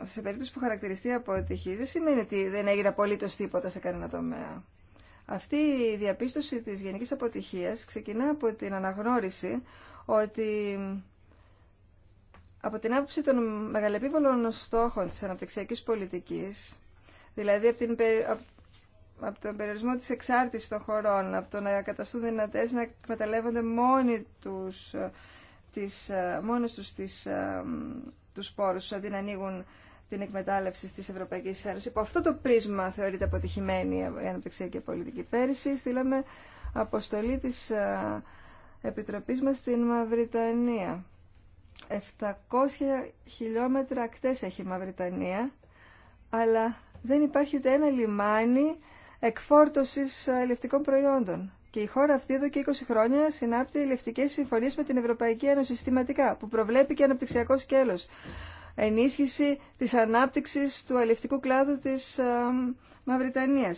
σε περίπτωση που χαρακτηριστεί από δεν σημαίνει ότι δεν έγινε απολύτω τίποτα σε κανένα τομέα. Αυτή η διαπίστωση της γενικής αποτυχίας ξεκινά από την αναγνώριση ότι από την άποψη των μεγαλεπίβολων στόχων της αναπτυξιακής πολιτικής, δηλαδή από, την, τον περιορισμό της εξάρτησης των χωρών, από το να καταστούν δυνατές να εκμεταλλεύονται μόνοι τους, ε, τις, ε, τους τις ε, τους πόρους, αντί να ανοίγουν την εκμετάλλευση της Ευρωπαϊκής Ένωση. Υπό αυτό το πρίσμα θεωρείται αποτυχημένη η αναπτυξιακή πολιτική. Πέρυσι στείλαμε αποστολή της ε, Επιτροπής μας στην Μαυριτανία. 700 χιλιόμετρα ακτές έχει η Μαυριτανία, αλλά δεν υπάρχει ούτε ένα λιμάνι εκφόρτωσης ελευτικών προϊόντων. Και η χώρα αυτή εδώ και 20 χρόνια συνάπτει ελευτικές συμφωνίες με την Ευρωπαϊκή Ένωση συστηματικά, που προβλέπει και αναπτυξιακό σκέλος. Ενίσχυση τη ανάπτυξη του αλληλευτικού κλάδου της ε,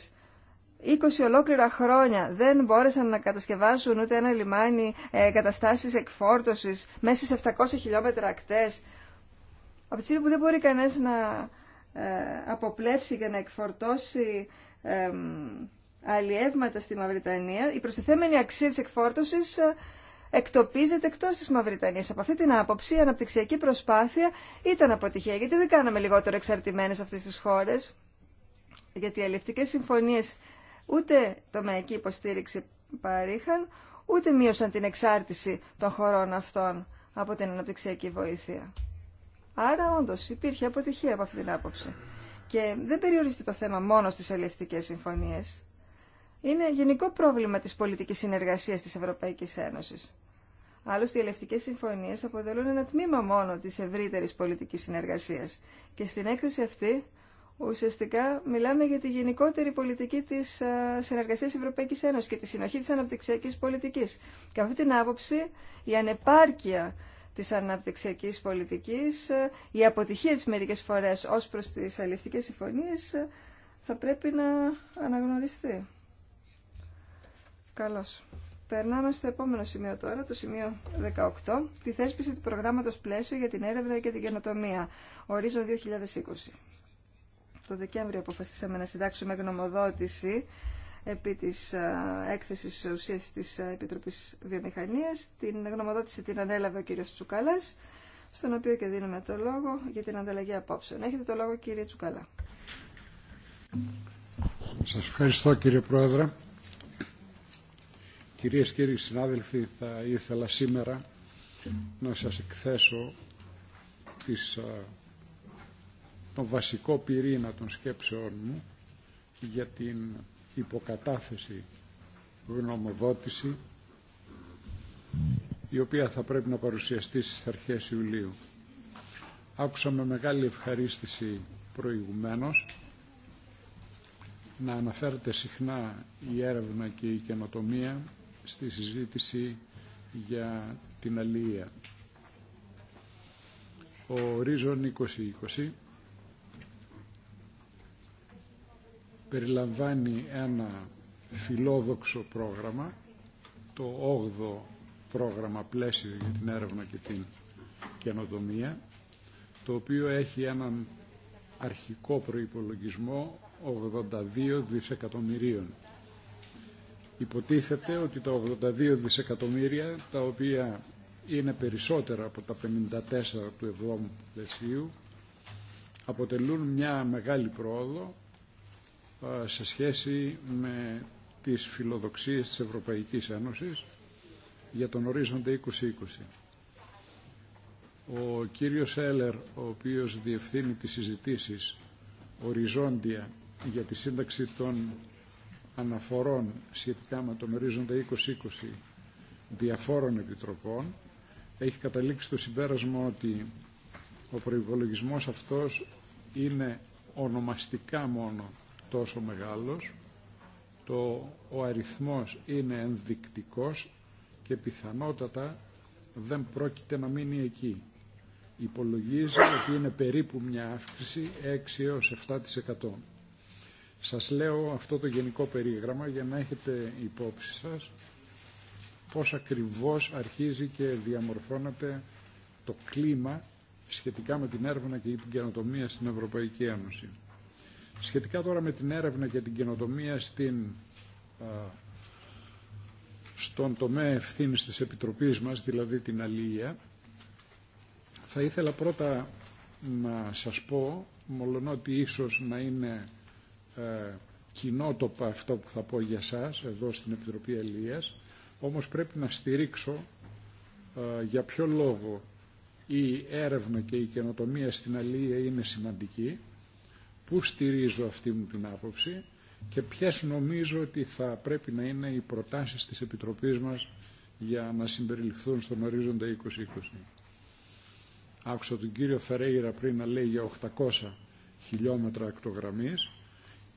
20 ολόκληρα χρόνια δεν μπόρεσαν να κατασκευάσουν ούτε ένα λιμάνι ε, καταστάσεις εκφόρτωσης μέσα σε 700 χιλιόμετρα ακτέ, Από τη στιγμή που δεν μπορεί κανένα να ε, αποπλέψει και να εκφορτώσει ε, αλλιεύματα στη Μαυριτανία, η προστιθέμενη αξία της εκφόρτωσης ε, εκτοπίζεται εκτός της Μαυριτανίας Από αυτή την άποψη, η αναπτυξιακή προσπάθεια ήταν αποτυχία. Γιατί δεν κάναμε λιγότερο εξαρτημένε αυτές τις χώρες Γιατί οι αλληλευτικές συμφωνίε ούτε τομεακή υποστήριξη παρήχαν, ούτε μείωσαν την εξάρτηση των χωρών αυτών από την αναπτυξιακή βοήθεια. Άρα, όντω, υπήρχε αποτυχία από αυτή την άποψη. Και δεν περιορίζεται το θέμα μόνο στι αλληλευτικές συμφωνίες είναι γενικό πρόβλημα της πολιτικής συνεργασίας της Ευρωπαϊκής Ένωσης. Άλλωστε, οι ελευτικές συμφωνίες αποτελούν ένα τμήμα μόνο της ευρύτερης πολιτικής συνεργασίας και στην έκθεση αυτή ουσιαστικά μιλάμε για τη γενικότερη πολιτική της ε, συνεργασίας Ευρωπαϊκής Ένωσης και τη συνοχή της αναπτυξιακής πολιτικής. Και αυτή την άποψη η ανεπάρκεια της αναπτυξιακής πολιτικής, ε, η αποτυχία της μερικές φορές ως προς τις αλληλευτικές συμφωνίες ε, θα πρέπει να αναγνωριστεί. Καλώς. Περνάμε στο επόμενο σημείο τώρα, το σημείο 18, τη θέσπιση του προγράμματος πλαίσιο για την έρευνα και την καινοτομία, Ορίζω 2020. Το Δεκέμβριο αποφασίσαμε να συντάξουμε γνωμοδότηση επί της έκθεσης ουσίας της Επιτροπής Βιομηχανίας. Την γνωμοδότηση την ανέλαβε ο κύριος Τσουκαλάς, στον οποίο και δίνουμε το λόγο για την ανταλλαγή απόψεων. Έχετε το λόγο κύριε Τσουκαλά. Σας ευχαριστώ κύριε Πρόεδρε. Κυρίες και κύριοι συνάδελφοι, θα ήθελα σήμερα να σας εκθέσω τις, τον βασικό πυρήνα των σκέψεών μου για την υποκατάθεση γνωμοδότηση η οποία θα πρέπει να παρουσιαστεί στις αρχές Ιουλίου. Άκουσα με μεγάλη ευχαρίστηση προηγουμένως να αναφέρεται συχνά η έρευνα και η καινοτομία στη συζήτηση για την αλληλεία. Ο Ρίζων 2020 περιλαμβάνει ένα φιλόδοξο πρόγραμμα, το 8ο πρόγραμμα πλαίσιο για την έρευνα και την καινοτομία, το οποίο έχει έναν αρχικό προϋπολογισμό 82 δισεκατομμυρίων Υποτίθεται ότι τα 82 δισεκατομμύρια, τα οποία είναι περισσότερα από τα 54 του 7 πλαισίου, αποτελούν μια μεγάλη πρόοδο σε σχέση με τις φιλοδοξίες της Ευρωπαϊκής Ένωσης για τον ορίζοντα 2020. Ο κύριος Έλερ, ο οποίος διευθύνει τις συζητήσεις οριζόντια για τη σύνταξη των αναφορών σχετικά με τον ορίζοντα 2020 διαφόρων επιτροπών έχει καταλήξει το συμπέρασμα ότι ο προϋπολογισμός αυτός είναι ονομαστικά μόνο τόσο μεγάλος το, ο αριθμός είναι ενδεικτικός και πιθανότατα δεν πρόκειται να μείνει εκεί. Υπολογίζει ότι είναι περίπου μια αύξηση 6 έως 7%. Σας λέω αυτό το γενικό περίγραμμα για να έχετε υπόψη σας πώς ακριβώς αρχίζει και διαμορφώνεται το κλίμα σχετικά με την έρευνα και την καινοτομία στην Ευρωπαϊκή Ένωση. Σχετικά τώρα με την έρευνα και την καινοτομία στην, στον τομέα ευθύνης της Επιτροπής μας, δηλαδή την Αλία, θα ήθελα πρώτα να σας πω, μολονότι ίσως να είναι ε, κοινότοπα το, αυτό που θα πω για σας εδώ στην Επιτροπή Ελίας, όμως πρέπει να στηρίξω ε, για ποιο λόγο η έρευνα και η καινοτομία στην Αλία είναι σημαντική, πού στηρίζω αυτή μου την άποψη και ποιες νομίζω ότι θα πρέπει να είναι οι προτάσεις της Επιτροπής μας για να συμπεριληφθούν στον ορίζοντα 2020. Άκουσα τον κύριο Φερέιρα πριν να λέει για 800 χιλιόμετρα ακτογραμμής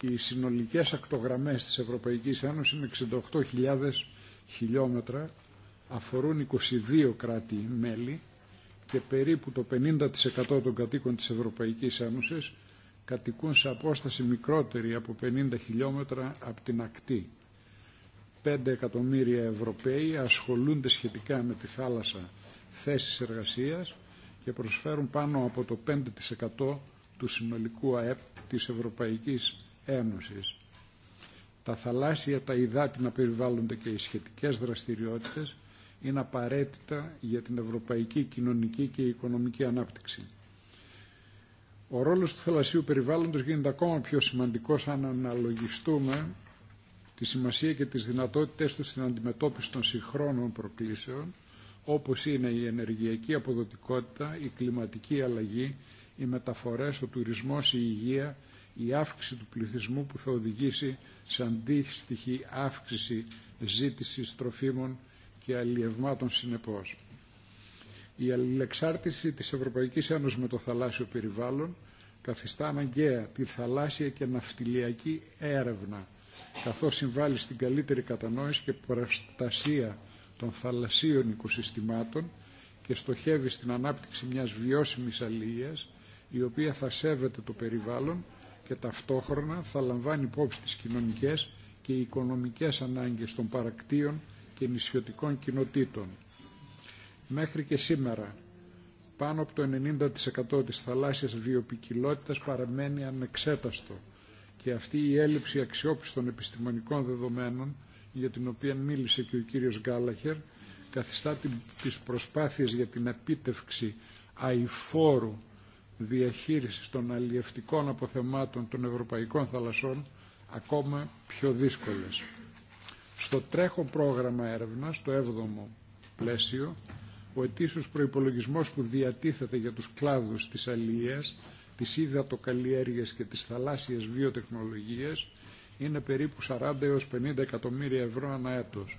οι συνολικές ακτογραμμές της Ευρωπαϊκής Ένωσης είναι 68.000 χιλιόμετρα, αφορούν 22 κράτη-μέλη και περίπου το 50% των κατοίκων της Ευρωπαϊκής Ένωσης κατοικούν σε απόσταση μικρότερη από 50 χιλιόμετρα από την ακτή. 5 εκατομμύρια Ευρωπαίοι ασχολούνται σχετικά με τη θάλασσα θέσεις εργασίας και προσφέρουν πάνω από το 5% του συνολικού ΑΕΠ της Ευρωπαϊκής Ένωσης. Τα θαλάσσια, τα υδάτινα περιβάλλοντα και οι σχετικές δραστηριότητες είναι απαραίτητα για την ευρωπαϊκή κοινωνική και οικονομική ανάπτυξη. Ο ρόλος του θαλασσίου περιβάλλοντος γίνεται ακόμα πιο σημαντικός αν αναλογιστούμε τη σημασία και τις δυνατότητες του στην αντιμετώπιση των συγχρόνων προκλήσεων, όπως είναι η ενεργειακή αποδοτικότητα, η κλιματική αλλαγή, οι μεταφορές, ο τουρισμός, η υγεία, η αύξηση του πληθυσμού που θα οδηγήσει σε αντίστοιχη αύξηση ζήτησης τροφίμων και αλλιευμάτων συνεπώς. Η αλληλεξάρτηση της Ευρωπαϊκής Ένωσης με το θαλάσσιο περιβάλλον καθιστά αναγκαία τη θαλάσσια και ναυτιλιακή έρευνα, καθώς συμβάλλει στην καλύτερη κατανόηση και προστασία των θαλασσίων οικοσυστημάτων και στοχεύει στην ανάπτυξη μιας βιώσιμης αλληλείας, η οποία θα σέβεται το περιβάλλον και ταυτόχρονα θα λαμβάνει υπόψη τις κοινωνικές και οι οικονομικές ανάγκες των παρακτήων και νησιωτικών κοινοτήτων. Μέχρι και σήμερα, πάνω από το 90% της θαλάσσιας βιοπικιλότητας παραμένει ανεξέταστο και αυτή η έλλειψη αξιόπιστων επιστημονικών δεδομένων για την οποία μίλησε και ο κύριος Γκάλαχερ καθιστά τις προσπάθειες για την επίτευξη αηφόρου διαχείρισης των αλλιευτικών αποθεμάτων των ευρωπαϊκών θαλασσών ακόμα πιο δύσκολες. Στο τρέχο πρόγραμμα έρευνα, το 7ο πλαίσιο, ο ετήσιος προϋπολογισμός που διατίθεται για τους κλάδους της αλληλείας, τη υδατοκαλλιέργειας και της θαλάσσιας βιοτεχνολογίας είναι περίπου 40 έως 50 εκατομμύρια ευρώ ανά έτος.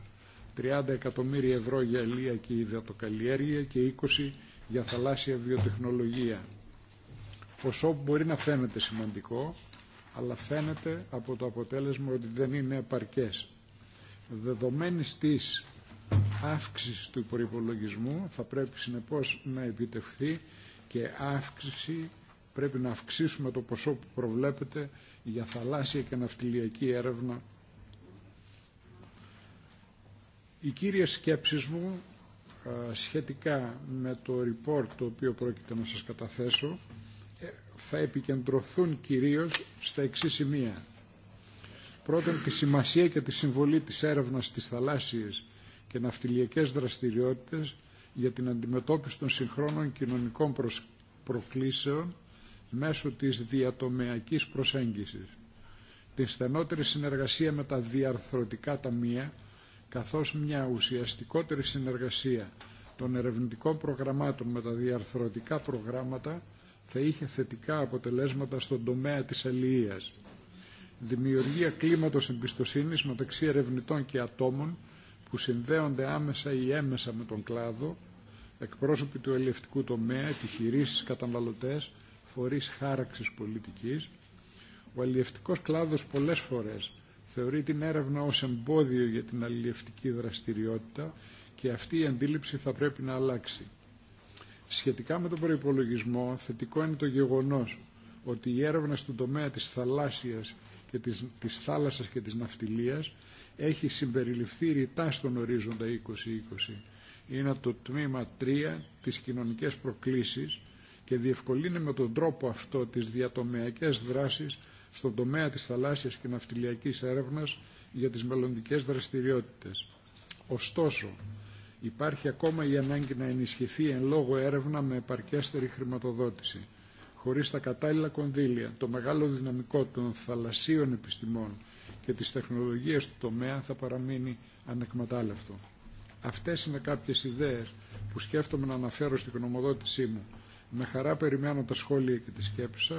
30 εκατομμύρια ευρώ για αλληλεία και υδατοκαλλιέργεια και 20 για θαλάσσια βιοτεχνολογία ποσό που μπορεί να φαίνεται σημαντικό, αλλά φαίνεται από το αποτέλεσμα ότι δεν είναι επαρκές. Δεδομένης της αύξηση του προϋπολογισμού θα πρέπει συνεπώς να επιτευχθεί και αύξηση πρέπει να αυξήσουμε το ποσό που προβλέπεται για θαλάσσια και ναυτιλιακή έρευνα. Οι κύριε σκέψεις μου σχετικά με το report το οποίο πρόκειται να σας καταθέσω θα επικεντρωθούν κυρίως στα εξής σημεία. Πρώτον, τη σημασία και τη συμβολή της έρευνας στις θαλάσσιες και ναυτιλιακές δραστηριότητες για την αντιμετώπιση των συγχρόνων κοινωνικών προκλήσεων μέσω της διατομεακής προσέγγισης. Την στενότερη συνεργασία με τα διαρθρωτικά ταμεία, καθώς μια ουσιαστικότερη συνεργασία των ερευνητικών προγραμμάτων με τα διαρθρωτικά προγράμματα θα είχε θετικά αποτελέσματα στον τομέα της αλληλείας. Δημιουργία κλίματος εμπιστοσύνης μεταξύ ερευνητών και ατόμων που συνδέονται άμεσα ή έμεσα με τον κλάδο, εκπρόσωποι του ελευτικού τομέα, επιχειρήσεις, καταναλωτές, φορείς χάραξης πολιτικής. Ο αλληλευτικός κλάδος πολλές φορές θεωρεί την έρευνα ως εμπόδιο για την αλληλευτική δραστηριότητα και αυτή η αντίληψη θα πρέπει να αλλάξει. Σχετικά με τον προϋπολογισμό, θετικό είναι το γεγονός ότι η έρευνα στον τομέα της θαλάσσιας και της, της θάλασσας και της ναυτιλίας έχει συμπεριληφθεί ρητά στον ορίζοντα 2020. Είναι το τμήμα 3 της κοινωνικές προκλήσεις και διευκολύνει με τον τρόπο αυτό τις διατομεακές δράσεις στον τομέα της θαλάσσιας και ναυτιλιακής έρευνας για τις μελλοντικές δραστηριότητες. Ωστόσο, Υπάρχει ακόμα η ανάγκη να ενισχυθεί εν λόγω έρευνα με επαρκέστερη χρηματοδότηση. Χωρί τα κατάλληλα κονδύλια, το μεγάλο δυναμικό των θαλασσίων επιστημών και τη τεχνολογία του τομέα θα παραμείνει ανεκμετάλλευτο. Αυτέ είναι κάποιε ιδέε που σκέφτομαι να αναφέρω στην γνωμοδότησή μου. Με χαρά περιμένω τα σχόλια και τι σκέψει σα,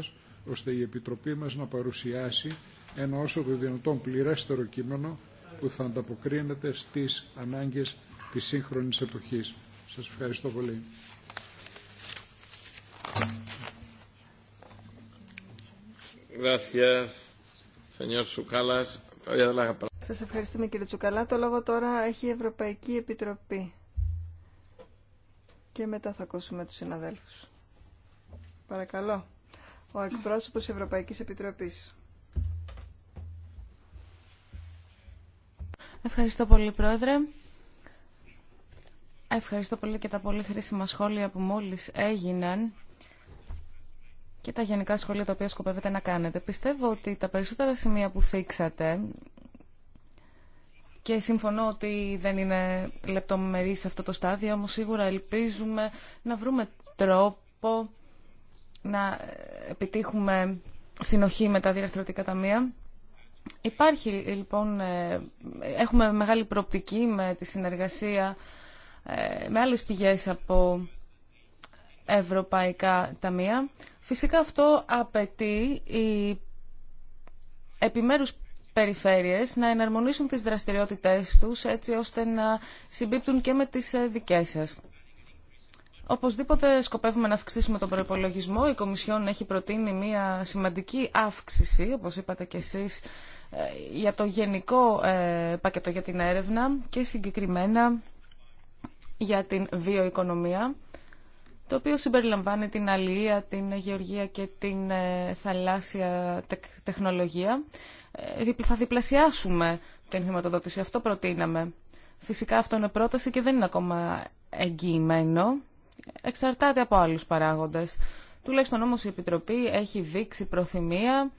ώστε η Επιτροπή μα να παρουσιάσει ένα όσο το δυνατόν πληρέστερο κείμενο που θα ανταποκρίνεται στι ανάγκε της σύγχρονης εποχής. Σας ευχαριστώ πολύ. Σας ευχαριστούμε κύριε Τσουκαλά. Το λόγο τώρα έχει η Ευρωπαϊκή Επιτροπή. Και μετά θα ακούσουμε τους συναδέλφους. Παρακαλώ. Ο εκπρόσωπος Ευρωπαϊκής Επιτροπής. Ευχαριστώ πολύ, Πρόεδρε. Ευχαριστώ πολύ και τα πολύ χρήσιμα σχόλια που μόλις έγιναν και τα γενικά σχόλια τα οποία σκοπεύετε να κάνετε. Πιστεύω ότι τα περισσότερα σημεία που θίξατε και συμφωνώ ότι δεν είναι λεπτομερή σε αυτό το στάδιο, όμως σίγουρα ελπίζουμε να βρούμε τρόπο να επιτύχουμε συνοχή με τα διαρθρωτικά ταμεία. Υπάρχει λοιπόν, ε, έχουμε μεγάλη προοπτική με τη συνεργασία ε, με άλλες πηγές από ευρωπαϊκά ταμεία. Φυσικά αυτό απαιτεί οι επιμέρους περιφέρειες να εναρμονίσουν τις δραστηριότητές τους έτσι ώστε να συμπίπτουν και με τις ε, δικές σας. Οπωσδήποτε σκοπεύουμε να αυξήσουμε τον προπολογισμό. Η Κομισιόν έχει προτείνει μια σημαντική αύξηση, όπως είπατε και εσείς, ε, για το γενικό πακέτο για την έρευνα και συγκεκριμένα για την βιοοικονομία, το οποίο συμπεριλαμβάνει την αλληλεία, την γεωργία και την ε, θαλάσσια τεχνολογία. Ε, θα διπλασιάσουμε την χρηματοδότηση. Αυτό προτείναμε. Φυσικά αυτό είναι πρόταση και δεν είναι ακόμα εγγυημένο. Εξαρτάται από άλλους παράγοντες. Τουλάχιστον όμως η Επιτροπή έχει δείξει προθυμία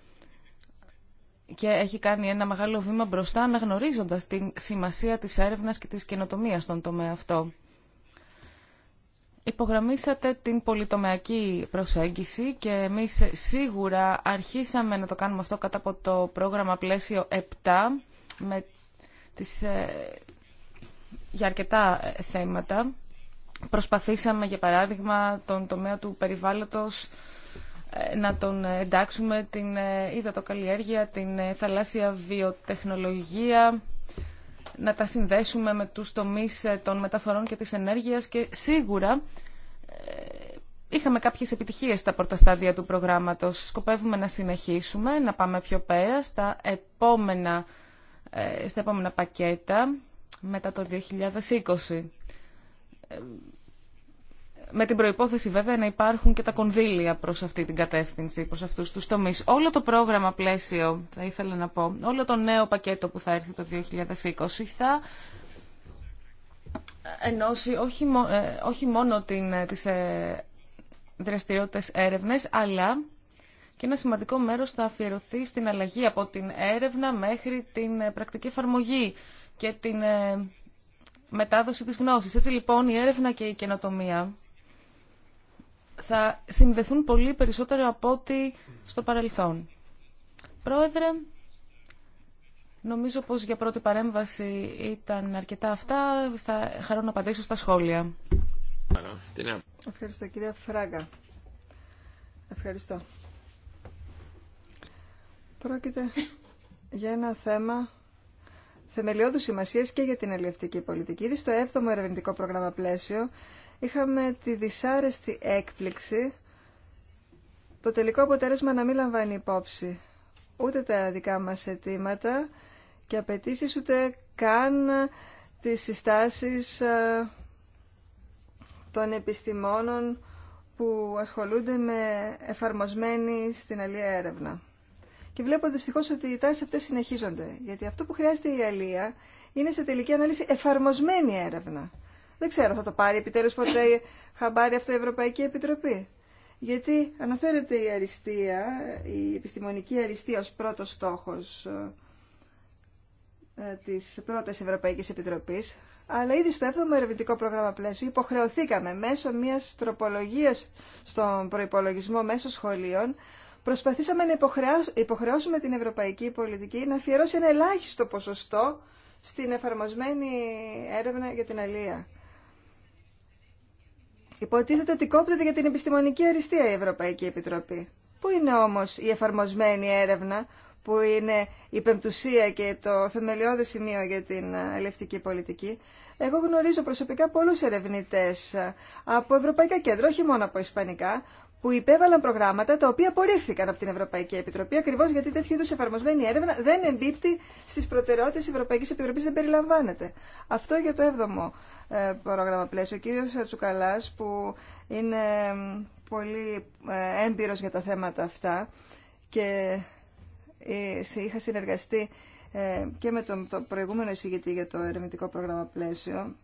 και έχει κάνει ένα μεγάλο βήμα μπροστά αναγνωρίζοντας την σημασία της έρευνας και της καινοτομίας στον τομέα αυτό. Υπογραμμίσατε την πολυτομεακή προσέγγιση και εμείς σίγουρα αρχίσαμε να το κάνουμε αυτό κατά από το πρόγραμμα πλαίσιο 7 με τις, ε, για αρκετά ε, θέματα. Προσπαθήσαμε, για παράδειγμα, τον τομέα του περιβάλλοντος ε, να τον εντάξουμε την υδατοκαλλιέργεια, την θαλάσσια βιοτεχνολογία, να τα συνδέσουμε με τους τομείς ε, των μεταφορών και της ενέργειας και σίγουρα ε, είχαμε κάποιες επιτυχίες στα πρώτα στάδια του προγράμματος. Σκοπεύουμε να συνεχίσουμε, να πάμε πιο πέρα στα επόμενα, ε, στα επόμενα πακέτα μετά το 2020 με την προϋπόθεση βέβαια να υπάρχουν και τα κονδύλια προς αυτή την κατεύθυνση, προς αυτούς τους τομείς. Όλο το πρόγραμμα πλαίσιο, θα ήθελα να πω, όλο το νέο πακέτο που θα έρθει το 2020 θα ενώσει όχι, ε, όχι μόνο την, ε, τις ε, δραστηριότητες έρευνες, αλλά και ένα σημαντικό μέρος θα αφιερωθεί στην αλλαγή από την έρευνα μέχρι την ε, πρακτική εφαρμογή και την ε, μετάδοση της γνώσης. Έτσι λοιπόν η έρευνα και η καινοτομία θα συνδεθούν πολύ περισσότερο από ό,τι στο παρελθόν. Πρόεδρε, νομίζω πως για πρώτη παρέμβαση ήταν αρκετά αυτά. Θα χαρώ να απαντήσω στα σχόλια. Ευχαριστώ κυρία Φράγκα. Ευχαριστώ. Πρόκειται για ένα θέμα θεμελιώδου σημασίας και για την αλληλευτική πολιτική. Ήδη στο 7ο ερευνητικό πρόγραμμα πλαίσιο είχαμε τη δυσάρεστη έκπληξη το τελικό αποτέλεσμα να μην λαμβάνει υπόψη ούτε τα δικά μας αιτήματα και απαιτήσει ούτε καν τις συστάσεις ε, των επιστημόνων που ασχολούνται με εφαρμοσμένη στην αλία έρευνα. Και βλέπω δυστυχώς ότι οι τάσεις αυτές συνεχίζονται, γιατί αυτό που χρειάζεται η αλία είναι σε τελική ανάλυση εφαρμοσμένη έρευνα. Δεν ξέρω, θα το πάρει επιτέλους ποτέ χαμπάρι αυτό η Ευρωπαϊκή Επιτροπή. Γιατί αναφέρεται η αριστεία, η επιστημονική αριστεία ως πρώτος στόχος ε, της πρώτης Ευρωπαϊκής Επιτροπής, αλλά ήδη στο 7ο ερευνητικό πρόγραμμα πλαίσιο υποχρεωθήκαμε μέσω μιας τροπολογίας στον προϋπολογισμό μέσω σχολείων προσπαθήσαμε να υποχρεώσουμε την ευρωπαϊκή πολιτική να αφιερώσει ένα ελάχιστο ποσοστό στην εφαρμοσμένη έρευνα για την αλία. Υποτίθεται ότι κόπτεται για την επιστημονική αριστεία η Ευρωπαϊκή Επιτροπή. Πού είναι όμως η εφαρμοσμένη έρευνα που είναι η πεμπτουσία και το θεμελιώδη σημείο για την ελευτική πολιτική. Εγώ γνωρίζω προσωπικά πολλούς ερευνητές από ευρωπαϊκά κέντρα, όχι μόνο από ισπανικά, που υπέβαλαν προγράμματα τα οποία απορρίφθηκαν από την Ευρωπαϊκή Επιτροπή ακριβώ γιατί τέτοιου είδου εφαρμοσμένη έρευνα δεν εμπίπτει στι προτεραιότητε τη Ευρωπαϊκή Επιτροπή, δεν περιλαμβάνεται. Αυτό για το 7ο ε, πρόγραμμα πλαίσιο. Ο κύριο Τσουκαλά, που είναι πολύ ε, έμπειρο για τα θέματα αυτά και ε, είχα συνεργαστεί και με τον προηγούμενο εισηγητή για το ερευνητικό πρόγραμμα πλαίσιο.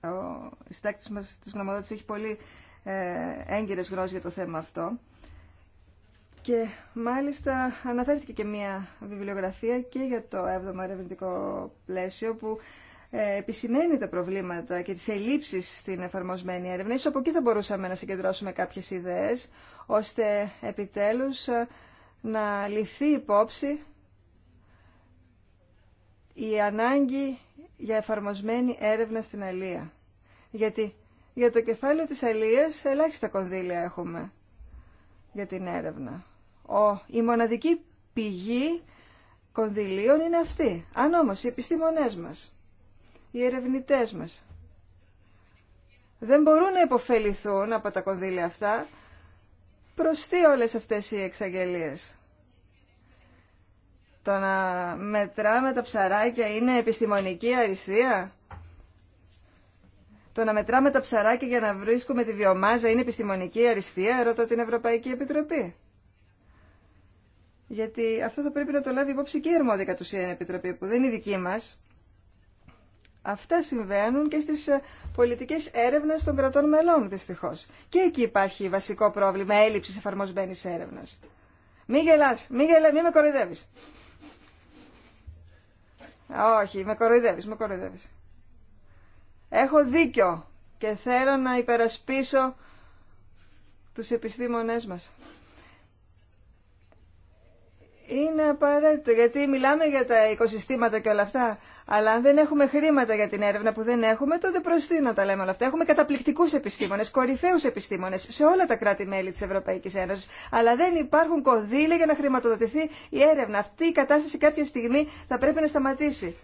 Ο συντάκτη μα τη γνωμοδότηση έχει πολύ ε, έγκυρες γνώσεις για το θέμα αυτό. Και μάλιστα αναφέρθηκε και μία βιβλιογραφία και για το 7ο ερευνητικό πλαίσιο που ε, επισημαίνει τα προβλήματα και τις ελλείψεις στην εφαρμοσμένη έρευνα. Ίσως από εκεί θα μπορούσαμε να συγκεντρώσουμε κάποιες ιδέες, ώστε επιτέλους ε, να ληφθεί υπόψη η ανάγκη για εφαρμοσμένη έρευνα στην Αλία. Γιατί για το κεφάλαιο της αλίας ελάχιστα κονδύλια έχουμε για την έρευνα. Ο, η μοναδική πηγή κονδυλίων είναι αυτή. Αν όμως οι επιστήμονές μας, οι ερευνητές μας δεν μπορούν να υποφεληθούν από τα κονδύλια αυτά, προς τι όλες αυτές οι εξαγγελίες. Το να μετράμε τα ψαράκια είναι επιστημονική αριστεία. Το να μετράμε τα ψαράκια για να βρίσκουμε τη βιομάζα είναι επιστημονική αριστεία, ρωτώ την Ευρωπαϊκή Επιτροπή. Γιατί αυτό θα πρέπει να το λάβει υπόψη και η αρμόδια κατ' ουσίαν Επιτροπή, που δεν είναι δική μας. Αυτά συμβαίνουν και στις ε, πολιτικές έρευνες των κρατών μελών, δυστυχώ. Και εκεί υπάρχει βασικό πρόβλημα έλλειψη εφαρμοσμένη έρευνα. Μην γελά, μην γέλα, μην με κοροϊδεύει. Όχι, με κοροϊδεύει, με κοροϊδεύει. Έχω δίκιο και θέλω να υπερασπίσω τους επιστήμονές μας. Είναι απαραίτητο, γιατί μιλάμε για τα οικοσυστήματα και όλα αυτά, αλλά αν δεν έχουμε χρήματα για την έρευνα που δεν έχουμε, τότε προς τι να τα λέμε όλα αυτά. Έχουμε καταπληκτικούς επιστήμονες, κορυφαίους επιστήμονες σε όλα τα κράτη-μέλη της Ευρωπαϊκής Ένωσης, αλλά δεν υπάρχουν κονδύλια για να χρηματοδοτηθεί η έρευνα. Αυτή η κατάσταση κάποια στιγμή θα πρέπει να σταματήσει.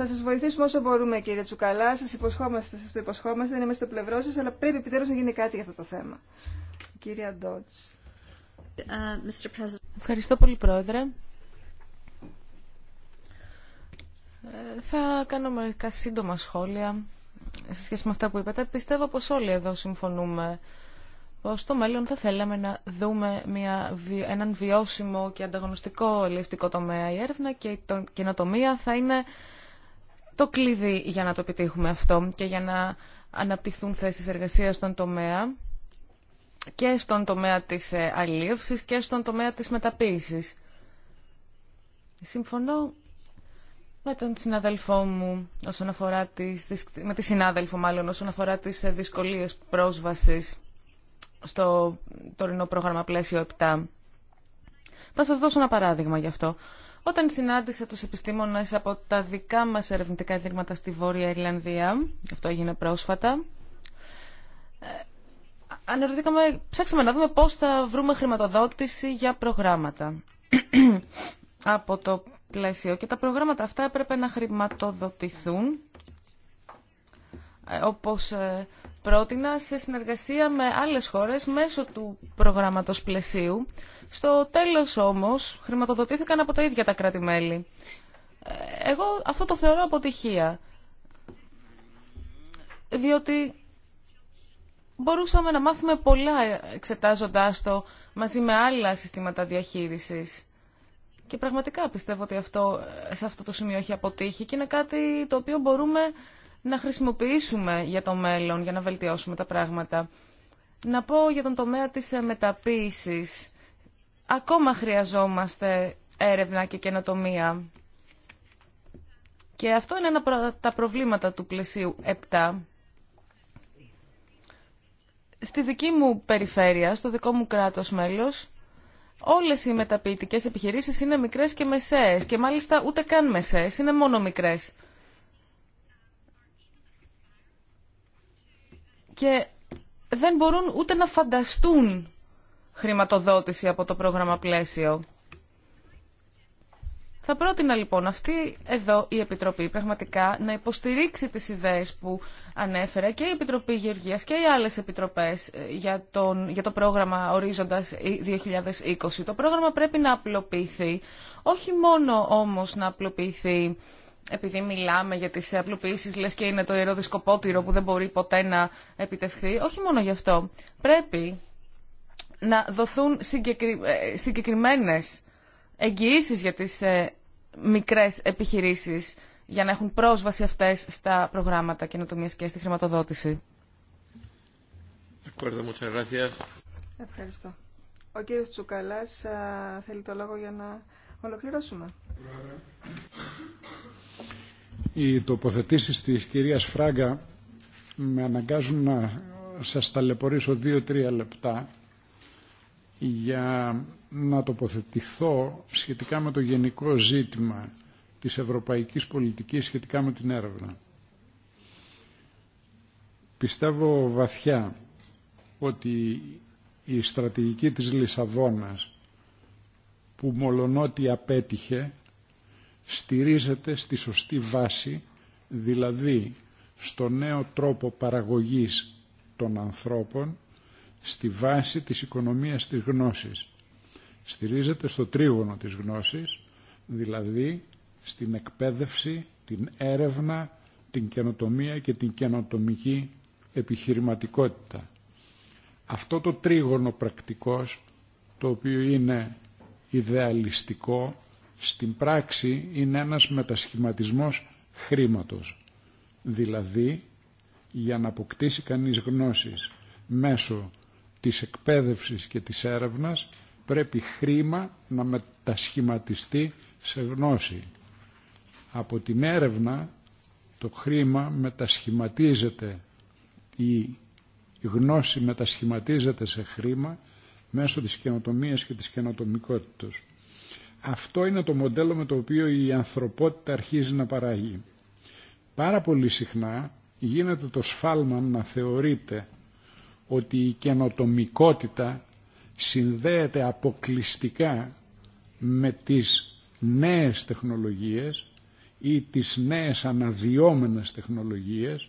Θα σα βοηθήσουμε όσο μπορούμε κύριε Τσουκαλά, Σα υποσχόμαστε, σα το υποσχόμαστε, δεν είμαστε πλευρό σα, αλλά πρέπει επιτέλους να γίνει κάτι για αυτό το θέμα. Κύριε Ντότζ. Ε, Ευχαριστώ πολύ Πρόεδρε. Ε, θα κάνω μερικά σύντομα σχόλια σε σχέση με αυτά που είπατε. Πιστεύω πως όλοι εδώ συμφωνούμε πως στο μέλλον θα θέλαμε να δούμε μια, έναν βιώσιμο και ανταγωνιστικό ελευθερικό τομέα. Η έρευνα και η καινοτομία θα είναι το κλειδί για να το επιτύχουμε αυτό και για να αναπτυχθούν θέσεις εργασίας στον τομέα και στον τομέα της ε, αλλιεύσης και στον τομέα της μεταποίησης. Συμφωνώ με τον συναδελφό μου όσον αφορά τις, με τη συνάδελφο μάλλον όσον αφορά τις ε, δυσκολίες πρόσβασης στο τωρινό πρόγραμμα πλαίσιο 7. Θα σας δώσω ένα παράδειγμα γι' αυτό. Όταν συνάντησε τους επιστήμονες από τα δικά μας ερευνητικά ιδρύματα στη Βόρεια Ιρλανδία, αυτό έγινε πρόσφατα, ε, αναρωτήκαμε, ψάξαμε να δούμε πώς θα βρούμε χρηματοδότηση για προγράμματα από το πλαίσιο. Και τα προγράμματα αυτά έπρεπε να χρηματοδοτηθούν ε, όπως ε, πρότεινα σε συνεργασία με άλλες χώρες μέσω του προγράμματος πλαισίου. Στο τέλος όμως χρηματοδοτήθηκαν από τα ίδια τα κράτη-μέλη. Ε, εγώ αυτό το θεωρώ αποτυχία. Διότι μπορούσαμε να μάθουμε πολλά εξετάζοντάς το μαζί με άλλα συστήματα διαχείρισης. Και πραγματικά πιστεύω ότι αυτό, σε αυτό το σημείο έχει αποτύχει και είναι κάτι το οποίο μπορούμε να χρησιμοποιήσουμε για το μέλλον, για να βελτιώσουμε τα πράγματα. Να πω για τον τομέα της ε, μεταποίησης. Ακόμα χρειαζόμαστε έρευνα και καινοτομία. Και αυτό είναι ένα από τα προβλήματα του πλαισίου 7. Στη δική μου περιφέρεια, στο δικό μου κράτος μέλος, όλες οι μεταποιητικές επιχειρήσεις είναι μικρές και μεσαίες. Και μάλιστα ούτε καν μεσαίες, είναι μόνο μικρές. και δεν μπορούν ούτε να φανταστούν χρηματοδότηση από το πρόγραμμα πλαίσιο. Θα πρότεινα λοιπόν αυτή εδώ η Επιτροπή πραγματικά να υποστηρίξει τις ιδέες που ανέφερα και η Επιτροπή Γεωργίας και οι άλλες επιτροπές ε, για, τον, για το πρόγραμμα Ορίζοντας 2020. Ε, το πρόγραμμα πρέπει να απλοποιηθεί, όχι μόνο όμως να απλοποιηθεί επειδή μιλάμε για τις απλοποιήσεις, λες και είναι το ιερό δισκοπότηρο που δεν μπορεί ποτέ να επιτευχθεί. Όχι μόνο γι' αυτό. Πρέπει να δοθούν συγκεκρι... Ε, συγκεκριμένες εγγυήσεις για τις ε, μικρές επιχειρήσεις για να έχουν πρόσβαση αυτές στα προγράμματα καινοτομίας και στη χρηματοδότηση. Ευχαριστώ. Ο κύριος Τσουκαλάς θέλει το λόγο για να ολοκληρώσουμε. Οι τοποθετήσεις της κυρίας Φράγκα με αναγκάζουν να σας ταλαιπωρήσω δύο-τρία λεπτά για να τοποθετηθώ σχετικά με το γενικό ζήτημα της ευρωπαϊκής πολιτικής σχετικά με την έρευνα. Πιστεύω βαθιά ότι η στρατηγική της Λισαβόνας που μολονότι απέτυχε στηρίζεται στη σωστή βάση, δηλαδή στο νέο τρόπο παραγωγής των ανθρώπων, στη βάση της οικονομίας της γνώσης. Στηρίζεται στο τρίγωνο της γνώσης, δηλαδή στην εκπαίδευση, την έρευνα, την καινοτομία και την καινοτομική επιχειρηματικότητα. Αυτό το τρίγωνο πρακτικός, το οποίο είναι ιδεαλιστικό, στην πράξη είναι ένας μετασχηματισμός χρήματος. Δηλαδή, για να αποκτήσει κανείς γνώσεις μέσω της εκπαίδευσης και της έρευνας, πρέπει χρήμα να μετασχηματιστεί σε γνώση. Από την έρευνα το χρήμα μετασχηματίζεται, η γνώση μετασχηματίζεται σε χρήμα μέσω της καινοτομίας και της καινοτομικότητας. Αυτό είναι το μοντέλο με το οποίο η ανθρωπότητα αρχίζει να παράγει. Πάρα πολύ συχνά γίνεται το σφάλμα να θεωρείτε ότι η καινοτομικότητα συνδέεται αποκλειστικά με τις νέες τεχνολογίες ή τις νέες αναδυόμενες τεχνολογίες